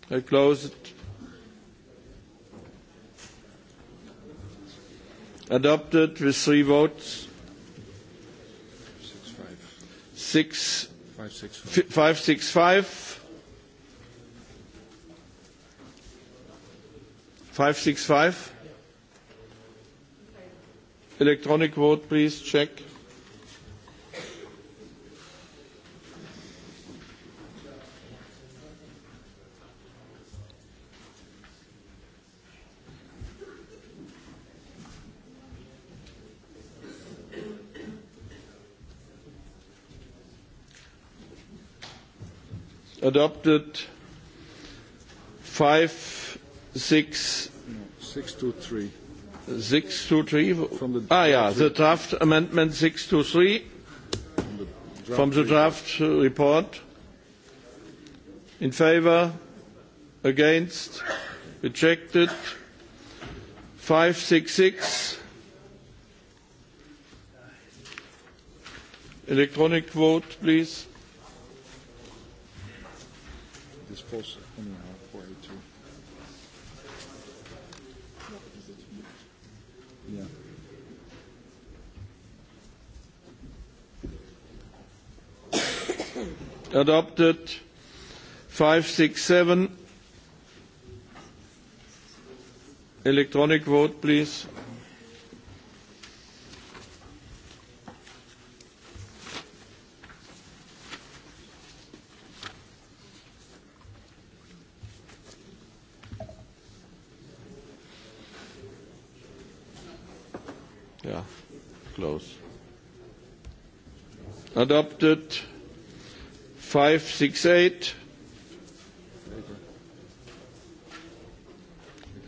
I close it. adopted with three votes. Six, five. Six, five, six, five. five, six, five. Five, Electronic vote, please. Check. adopted. Five, six, six to three. Six to three. From the ah, yeah, the draft amendment six to three from the draft, from the draft report. In favour, against, rejected. Five, six, six. Electronic vote, please. falls anyhow for you 2 Yeah. adopted. Five, six, seven. Electronic vote, please. adopted. 568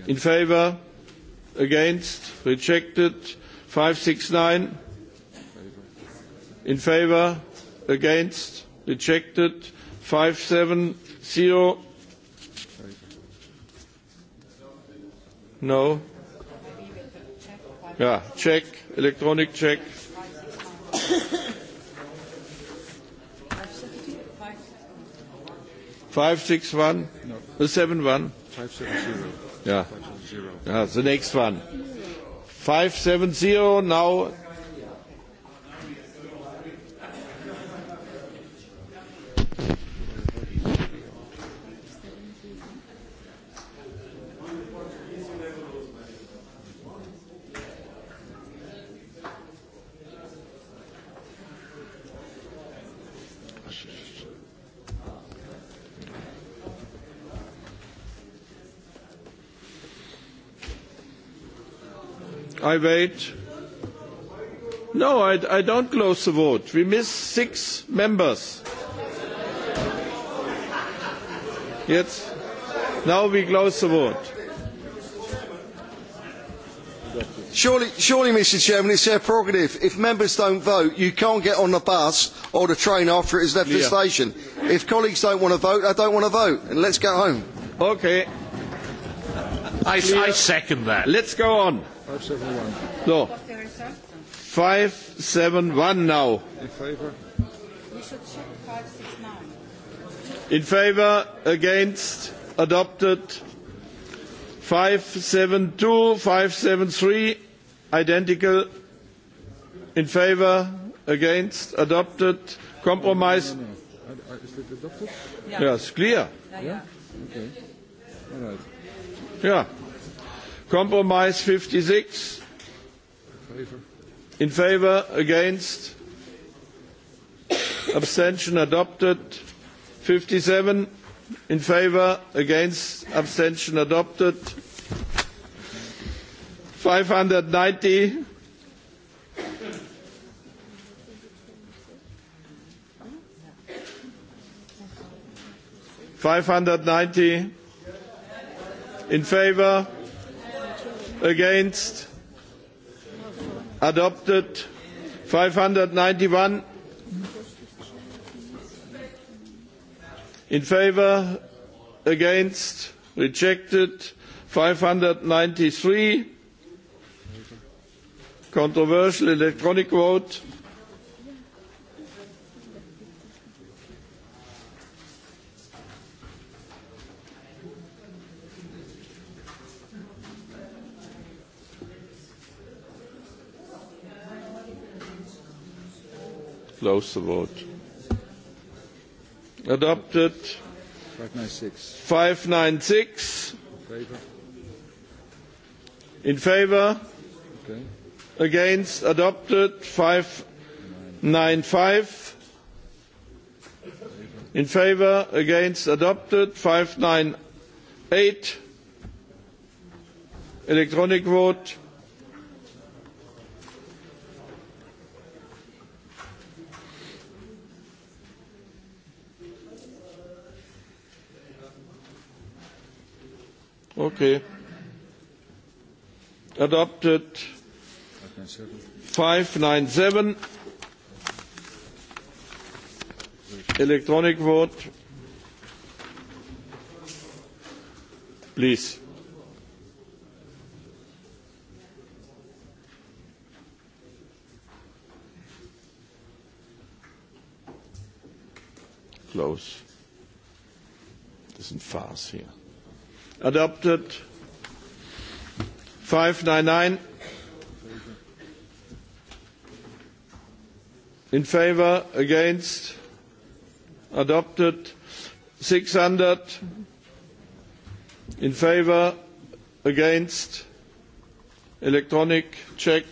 in favor, against, rejected. 569 in favor, against, rejected. 570 no. Yeah, check, electronic check. 561, six one? No. The seven one? Five seven zero. Yeah. Five, Yeah, the next one. Five now I wait. No, I, I don't close the vote. We miss six members. Yes. Now we close the vote. Surely, surely, Mr Chairman, it's their prerogative. If members don't vote, you can't get on the bus or the train after it has left yeah. the station. If colleagues don't want to vote, I don't want to vote, and let's go home. Okay. I, I second that. Let's go on. 571. So, 571 now. In favor? We should check 569. In favor, against, adopted. 572, 573, identical. In favor, against, adopted. Compromise. No, no, no. Is it adopted? Yeah. Yes, clear. Yeah? yeah. Okay. All right. Yeah. Compromise 56. In favour, against, abstention adopted. 57 in favour, against, abstention adopted. 590 590 in favour against adopted 591 in favor against rejected 593 controversial electronic vote close the vote. Adopted. 596. In favor? Against? Adopted. 595. In favor? Against? Adopted. 598. Electronic vote. Okay. Adopted. 597. Electronic vote. Please. Close. This ist Farce here adopted. 599 in favor, against, adopted. 600 in favor, against, electronic check.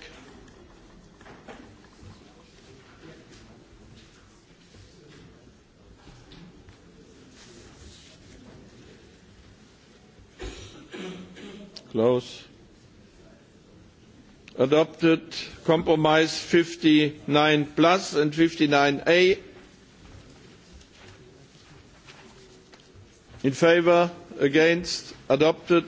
Close. Adopted compromise 59 plus and 59A. In favor, against, adopted.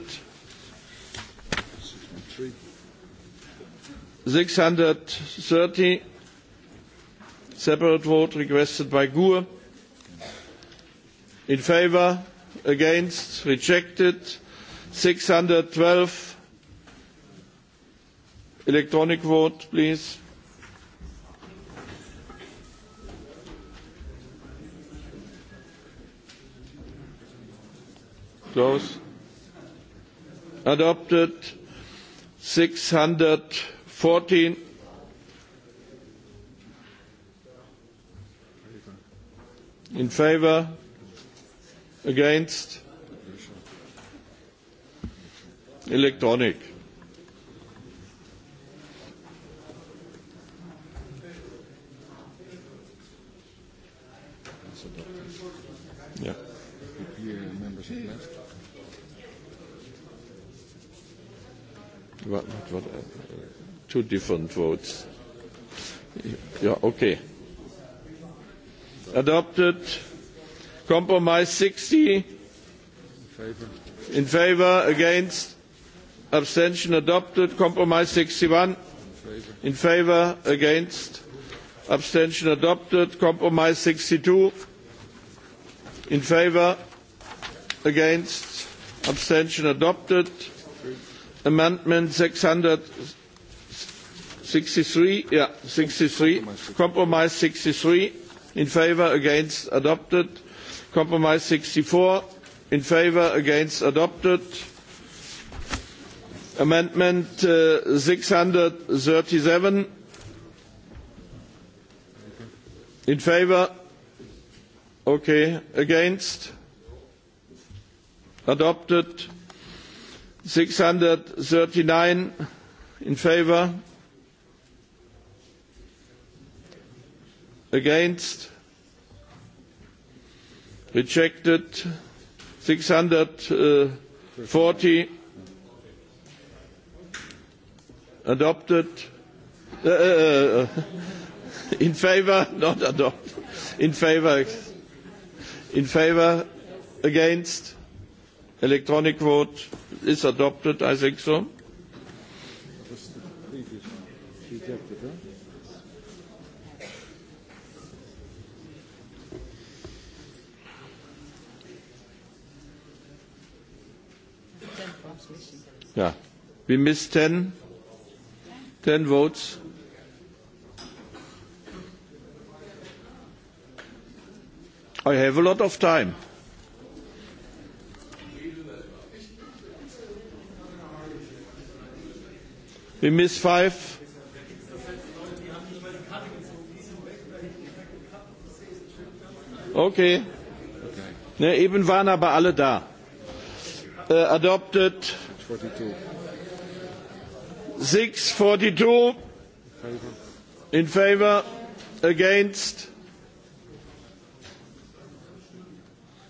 630 separate vote requested by GUE. In favor, against, rejected. 612 electronic vote please close adopted 614 in favor against Elektronik. What, what, what, uh, two different votes. Yeah, okay. Adopted. Compromise 60. In favor. In favor against abstention adopted compromise 61 in favor against abstention adopted compromise 62 in favor against abstention adopted amendment 663 yeah 63 compromise 63 in favor against adopted compromise 64 in favor against adopted Amendment uh, 637 in favor. Okay. Against? Adopted. 639 in favor. Against? Rejected. 640 adopted uh, uh, uh, in favor not adopted in favor in favor against electronic vote is adopted i think so yeah we missed 10 10 votes. I have a lot of time. We miss five. Okay. Ne, eben waren aber alle da. Uh, adopted. 42 six forty two in favor, against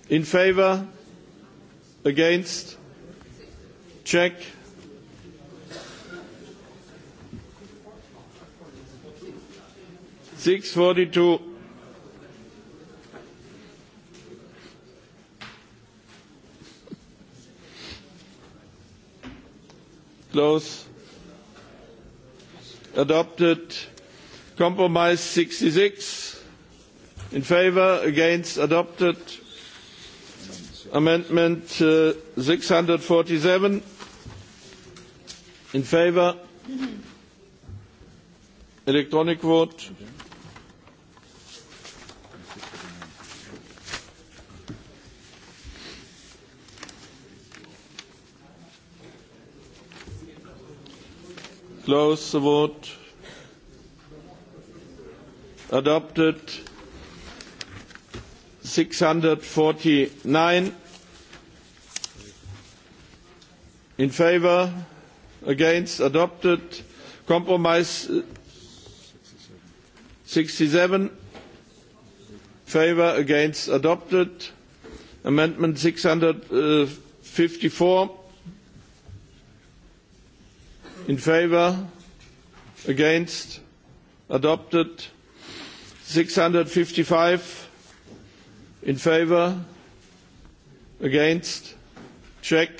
in favor, against check six forty two close adopted compromise sixty six in favour against adopted amendment uh, seven in favour mm-hmm. electronic vote Close the vote. Adopted. 649 in favor against adopted compromise 67 uh, favor against adopted amendment 654 in favor against adopted 655 in favor against check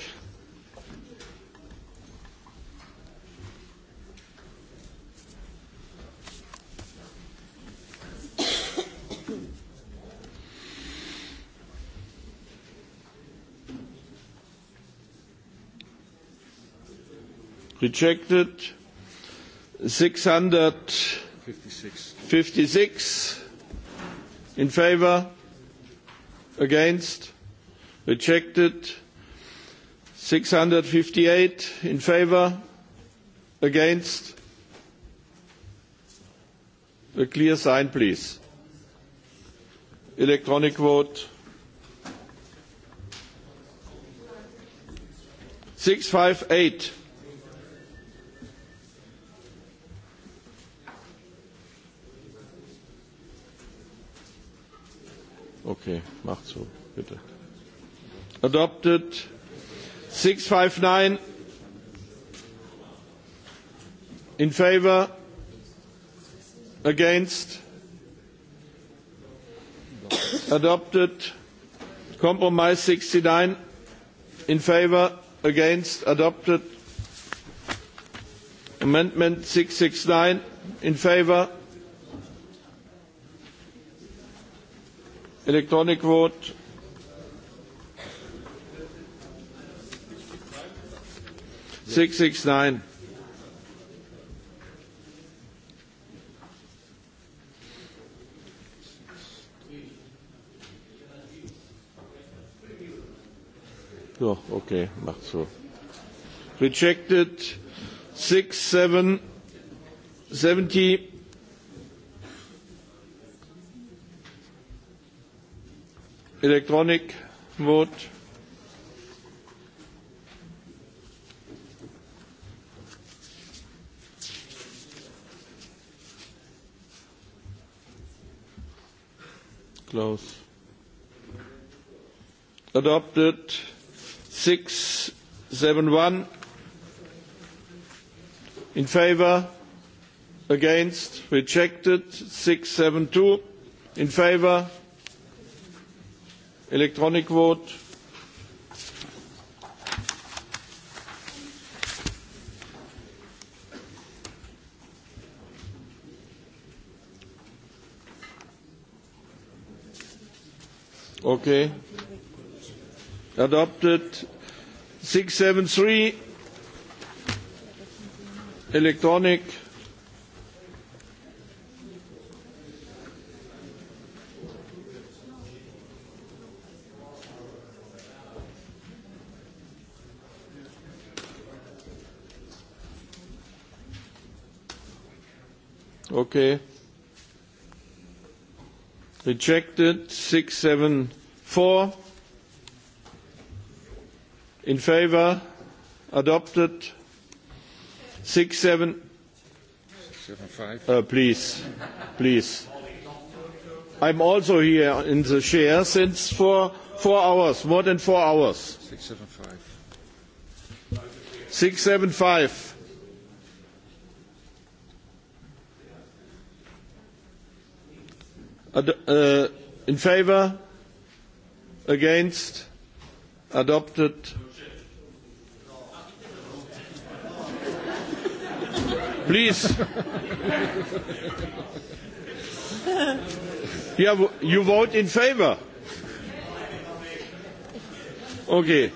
rejected 656 in favour. against rejected 658 in favour. against a clear sign please electronic vote 658 Okay, macht so, bitte. Adopted. 659. In favor? Against? Adopted. Compromise 69. In favor? Against? Adopted. Amendment 669. In favor? Electronic vote. Six six nine. So, oh, okay, macht so. Rejected six seven seventy Electronic vote. Close. Adopted. 671. In favor? Against? Rejected. 672. In favor? Electronic vote. Okay. Adopted. 673. Electronic. Okay. Rejected. 4. In favor. Adopted. 67. Uh, please. Please. I'm also here in the chair since four, four hours, more than four hours. 675. 675. Uh, in favour? Against? Adopted? Please. yeah, you vote in favour. Okay.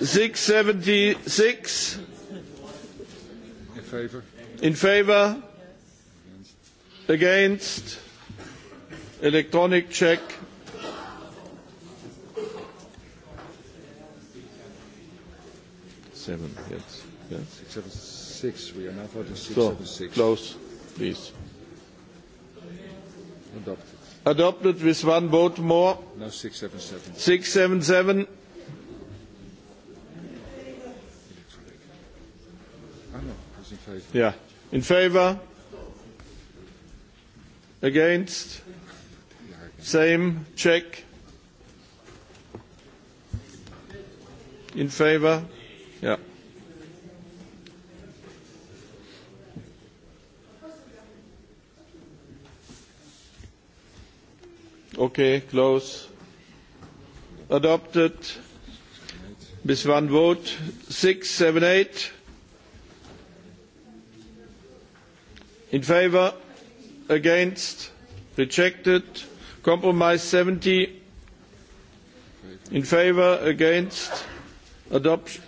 676. In favour. In favour. Against. Electronic check. Seven, yes. yes. Six, seven, six. We are now voting six, so, seven, six. Close, please. Adopted. Adopted with one vote more. Now six, seven, seven. Six, seven, seven. Ah, no, yeah. In favor? Against? Same. Check. In favor? Yeah. Okay, close. Adopted. This one vote. Six, seven, eight. In favor? Against? Rejected. Compromise 70 in favour, against, adopt,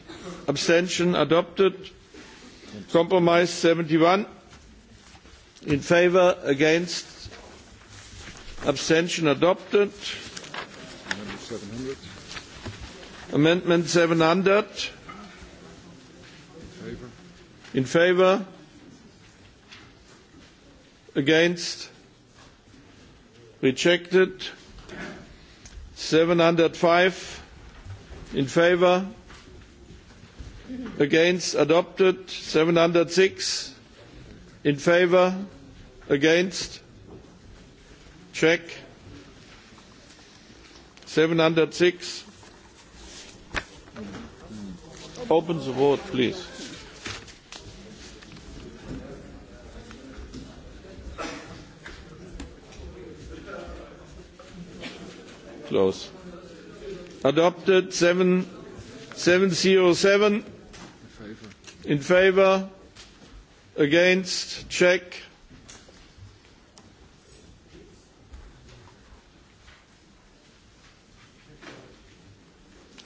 abstention adopted. Compromise 71 in favour, against, abstention adopted. Amendment 700. Amendment In favour? Against? rejected 705 in favor against adopted 706 in favor against check 706 open the vote please Close. Adopted. zero 707. In favor. Against. Check.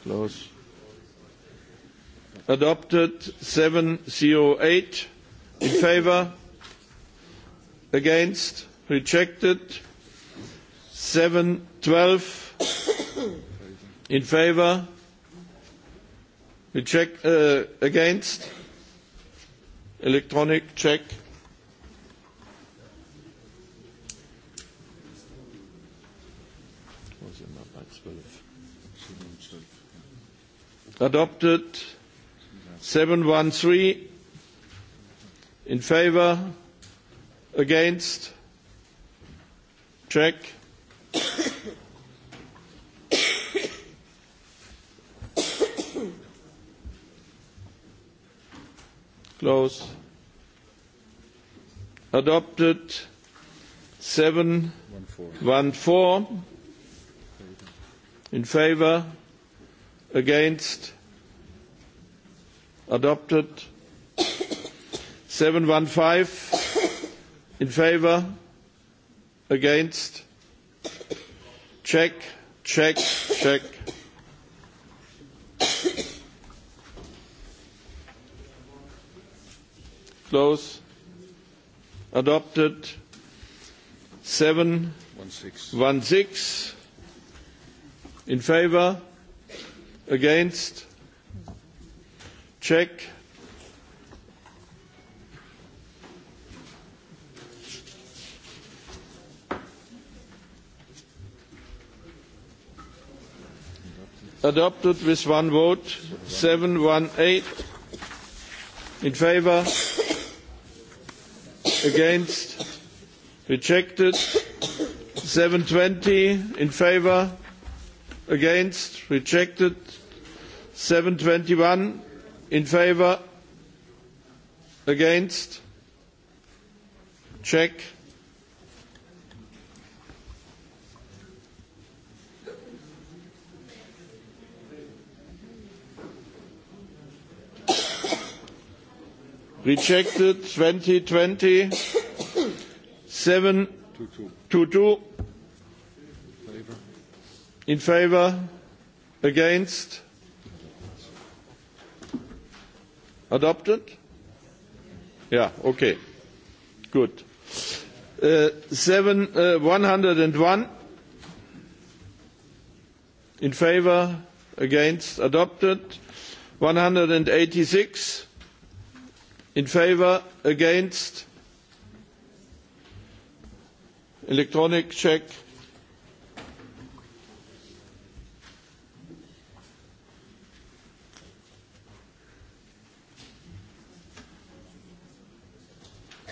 Close. Adopted. 708. In favor. Against. Rejected seven twelve in favour check uh, against electronic check adopted 713, in favour against check Close. Adopted. 714. In favor? Against? Adopted. 715. In favor? Against? Check, check, check. close. Adopted. 716 in favor, against, check. Adopted with one vote, 718 in favor, against rejected 720 in favor against rejected 721 in favor against check rejected 2020 two in favor against adopted yeah okay good uh, 7 uh, 101 in favor against adopted 186 in favour against electronic check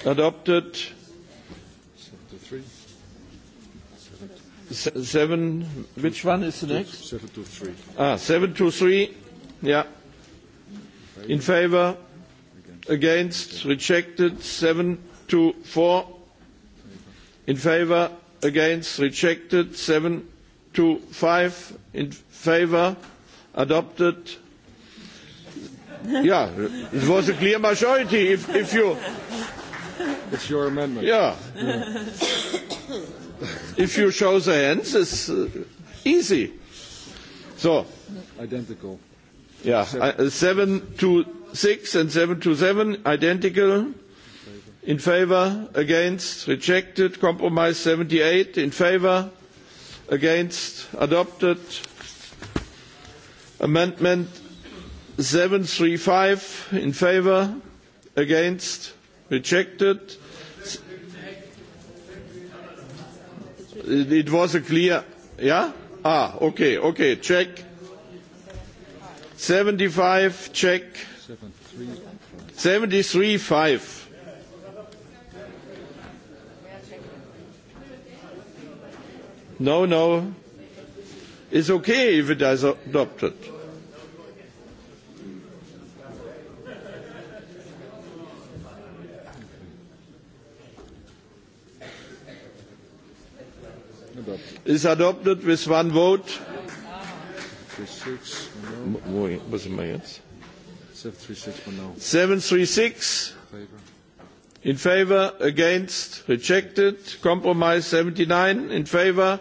adopted seven which one is the next 723 ah 723 yeah in favour against rejected seven to four. in favor against rejected seven to five in favor adopted yeah it was a clear majority if, if you it's your amendment yeah, yeah. if you show the hands it's uh, easy so identical yeah uh, to six and seven to seven identical in favour against rejected compromise seventy eight in favour against adopted amendment seven three five in favour against rejected it was a clear yeah ah okay okay check 75 check 73.5. No, no. It's okay if it is adopted. is adopted with one vote. Wo, wo sind wir jetzt? 736 no. in favour, against, rejected. Compromise 79 in favour,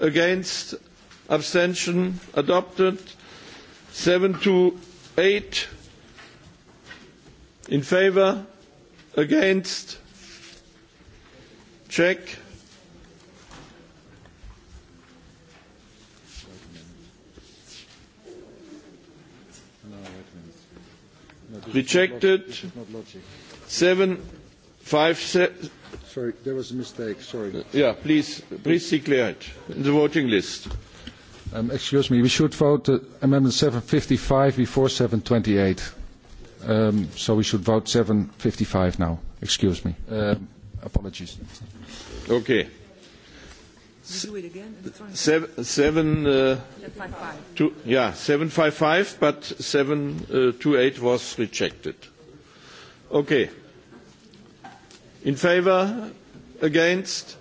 against, abstention, adopted. 728 in favour, against, check. Rejected. Seven, five, se- Sorry, there was a mistake. Sorry. Yeah, please, please clear it in the voting list. Um, excuse me, we should vote uh, Amendment 755 before 728. Um, so we should vote 755 now. Excuse me. Um, apologies. Okay. We uh, yeah, 755, but 728 uh, was rejected. Okay. In favor? Against?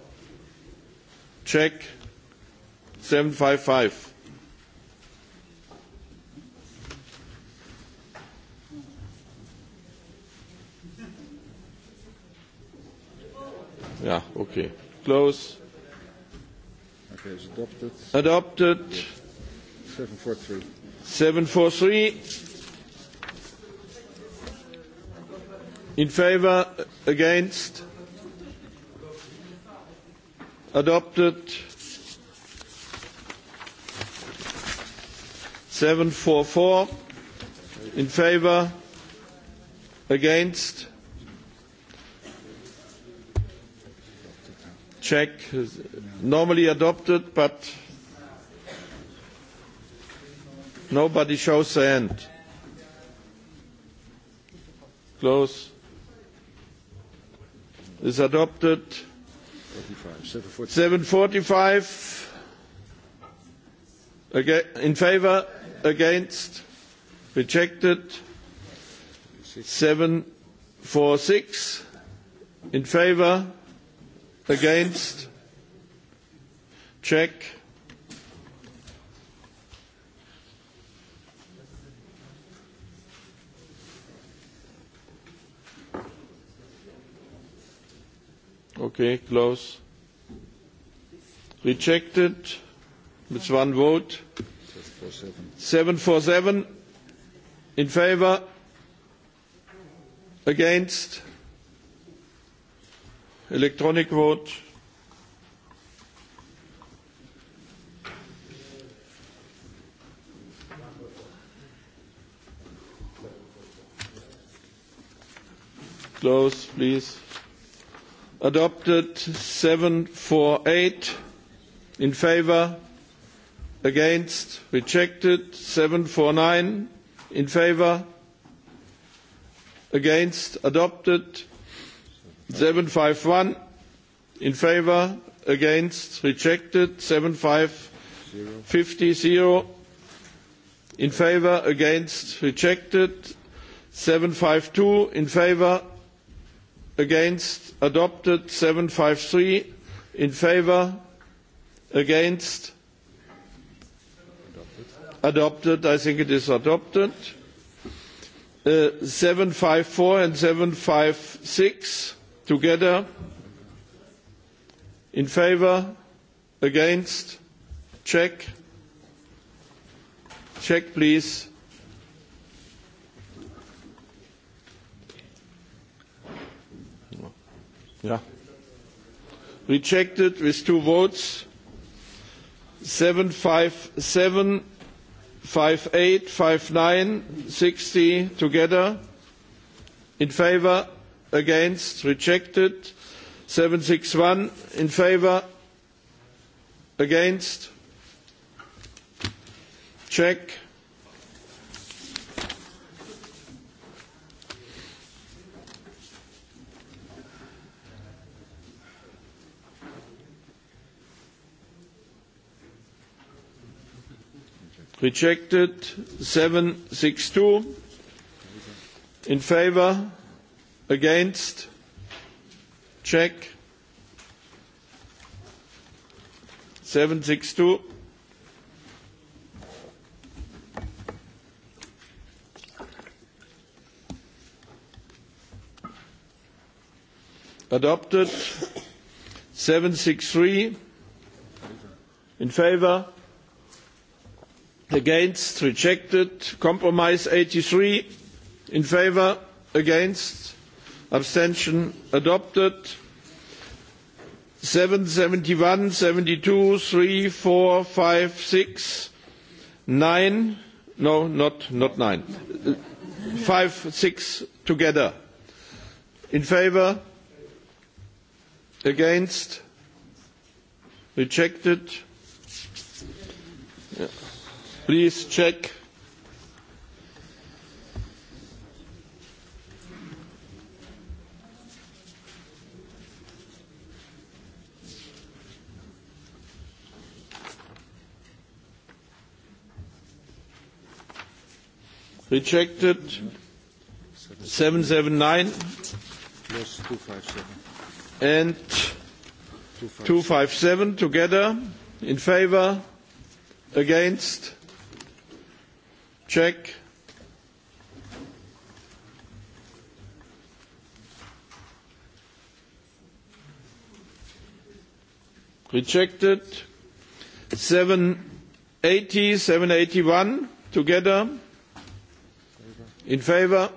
Check. 755. Yeah, okay. Close. Okay, it's adopted. Adopted. Yes. 743. 743. In favor, against, adopted. 744. In favor, against, check. Normally adopted, but nobody shows the hand. Close. Is adopted. 745. Again, in favor, against, rejected. 746. In favor, Against? Czech Okay, close. Rejected. With one vote. Seven seven. in favor. Against? Electronic vote. Close, please. Adopted 748 in favor, against, rejected 749 in favor, against, adopted 751 in favor, against, rejected. 7550 zero. in favor, against, rejected. 752 in favor, against, adopted. 753 in favor, against, adopted. I think it is adopted. 754 uh, and 756 together in favor against check check please yeah rejected with two votes 757 58 59 60 together in favor against rejected 761 in favor against check rejected 762 in favor Against? Check. 762. Adopted. 763. In favor? Against? Rejected. Compromise 83. In favor? Against? abstention adopted 771 72 3 4 5 6 9 no not not 9 5 6 together in favor against rejected yeah. please check rejected. 779 and 257 together in favor against check rejected 780 781 together in favour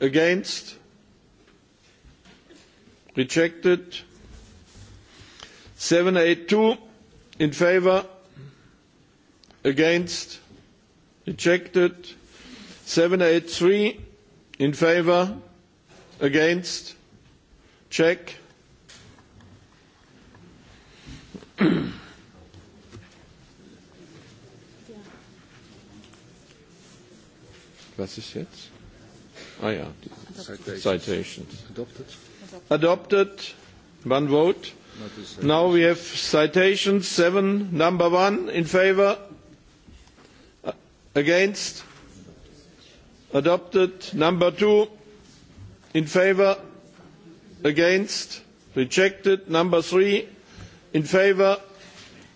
against rejected 782 in favour against rejected 783 in favour against check was ist jetzt? Ah ja, Citations. Citations. Adopted. Adopted. One vote. Now we have citations seven, number one, in favor, against, adopted. Number two, in favor, against, rejected. Number three, in favor,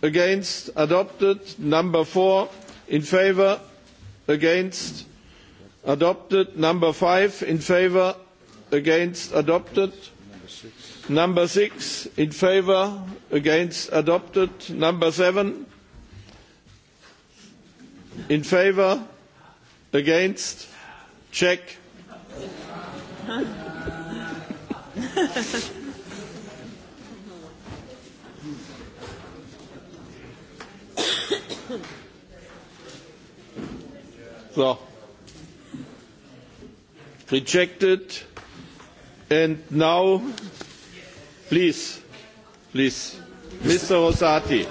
against, adopted. Number four, in favor, against, adopted number five in favour, against adopted number six in favour, against adopted number seven in favour, against check so rejected and now please please mr rosati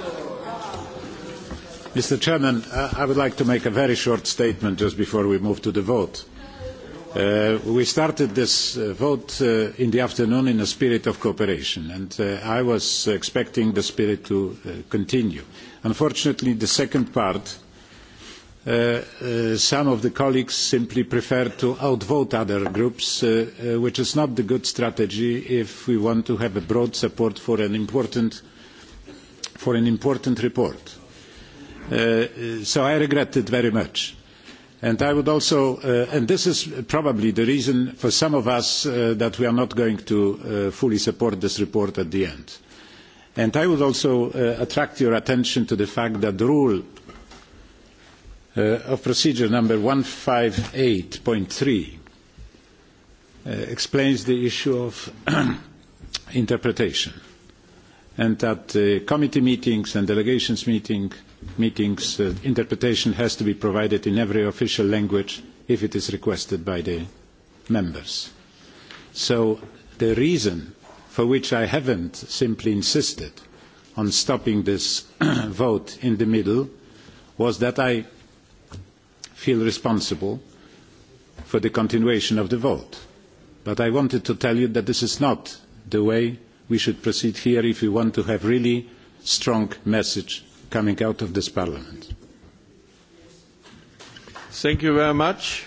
mr chairman i would like to make a very short statement just before we move to the vote uh, we started this uh, vote uh, in the afternoon in a spirit of cooperation, and uh, I was expecting the spirit to uh, continue. Unfortunately, the second part Uh, uh, some of the colleagues simply prefer to outvote other groups, uh, which is not the good strategy if we want to have a broad support for an important, for an important report. so I regret it very much. And I would also, uh, and this is probably the reason for some of us uh, that we are not going to uh, fully support this report at the end. And I would also attract your attention to the fact that the rule Uh, of procedure number 158.3 uh, explains the issue of interpretation. And at uh, committee meetings and delegations meeting, meetings, uh, interpretation has to be provided in every official language if it is requested by the members. So the reason for which I haven't simply insisted on stopping this vote in the middle was that I feel responsible for the continuation of the vote. But I wanted to tell you that this is not the way we should proceed here if we want to have really strong message coming out of this parliament. Thank you very much.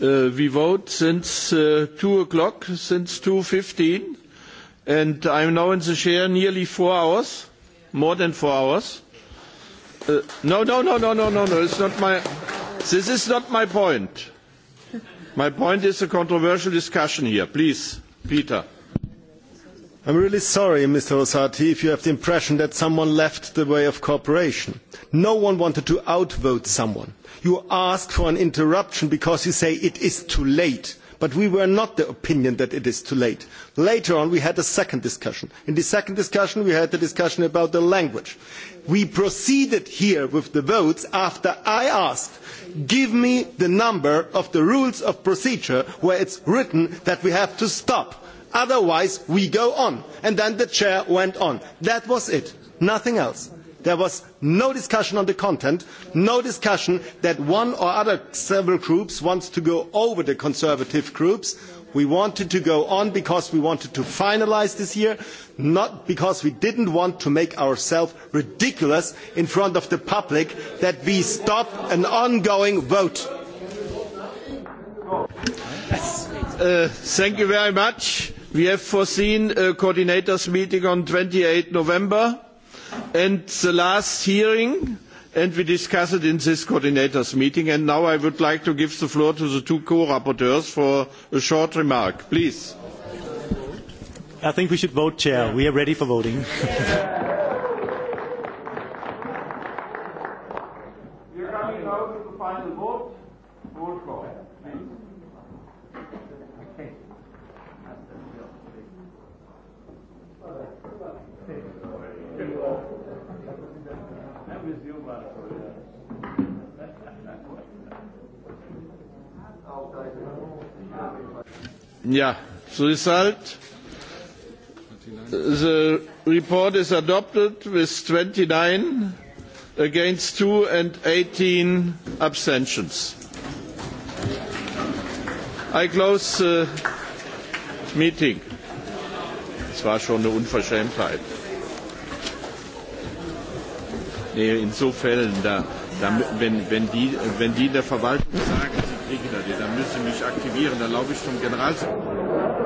Uh, we vote since uh, 2 o'clock, since 2.15, and I'm now in the chair nearly four hours, more than four hours Uh, no, no, no, no, no, no, no. It's not my. This is not my point. My point is a controversial discussion here. Please, Peter. I'm really sorry, Mr. Rosati, if you have the impression that someone left the way of cooperation. No one wanted to outvote someone. You ask for an interruption because you say it is too late but we were not of the opinion that it is too late. Later on, we had a second discussion. In the second discussion, we had the discussion about the language. We proceeded here with the votes after I asked, give me the number of the rules of procedure where it is written that we have to stop. Otherwise, we go on. And then the chair went on. That was it. Nothing else. There was no discussion on the content, no discussion that one or other several groups wants to go over the conservative groups. We wanted to go on because we wanted to finalise this year, not because we didn't want to make ourselves ridiculous in front of the public that we stop an ongoing vote. Uh, thank you very much. We have foreseen a coordinators meeting on 28 November and the last hearing, and we discussed it in this coordinators' meeting. And now I would like to give the floor to the two co-rapporteurs for a short remark. Please. I think we should vote, Chair. Yeah. We are ready for voting. we are coming now to the final vote. Vote for please. Okay. Ja, so ist halt. The report is adopted with 29 against 2 and 18 abstentions. I close the meeting. Es war schon eine Unverschämtheit. Nee, äh, in so Fällen, da, da, wenn, wenn, die, wenn die in der Verwaltung sagen, sie kriegen das, dann müssen sie mich aktivieren, dann laufe ich zum Generalsekretär.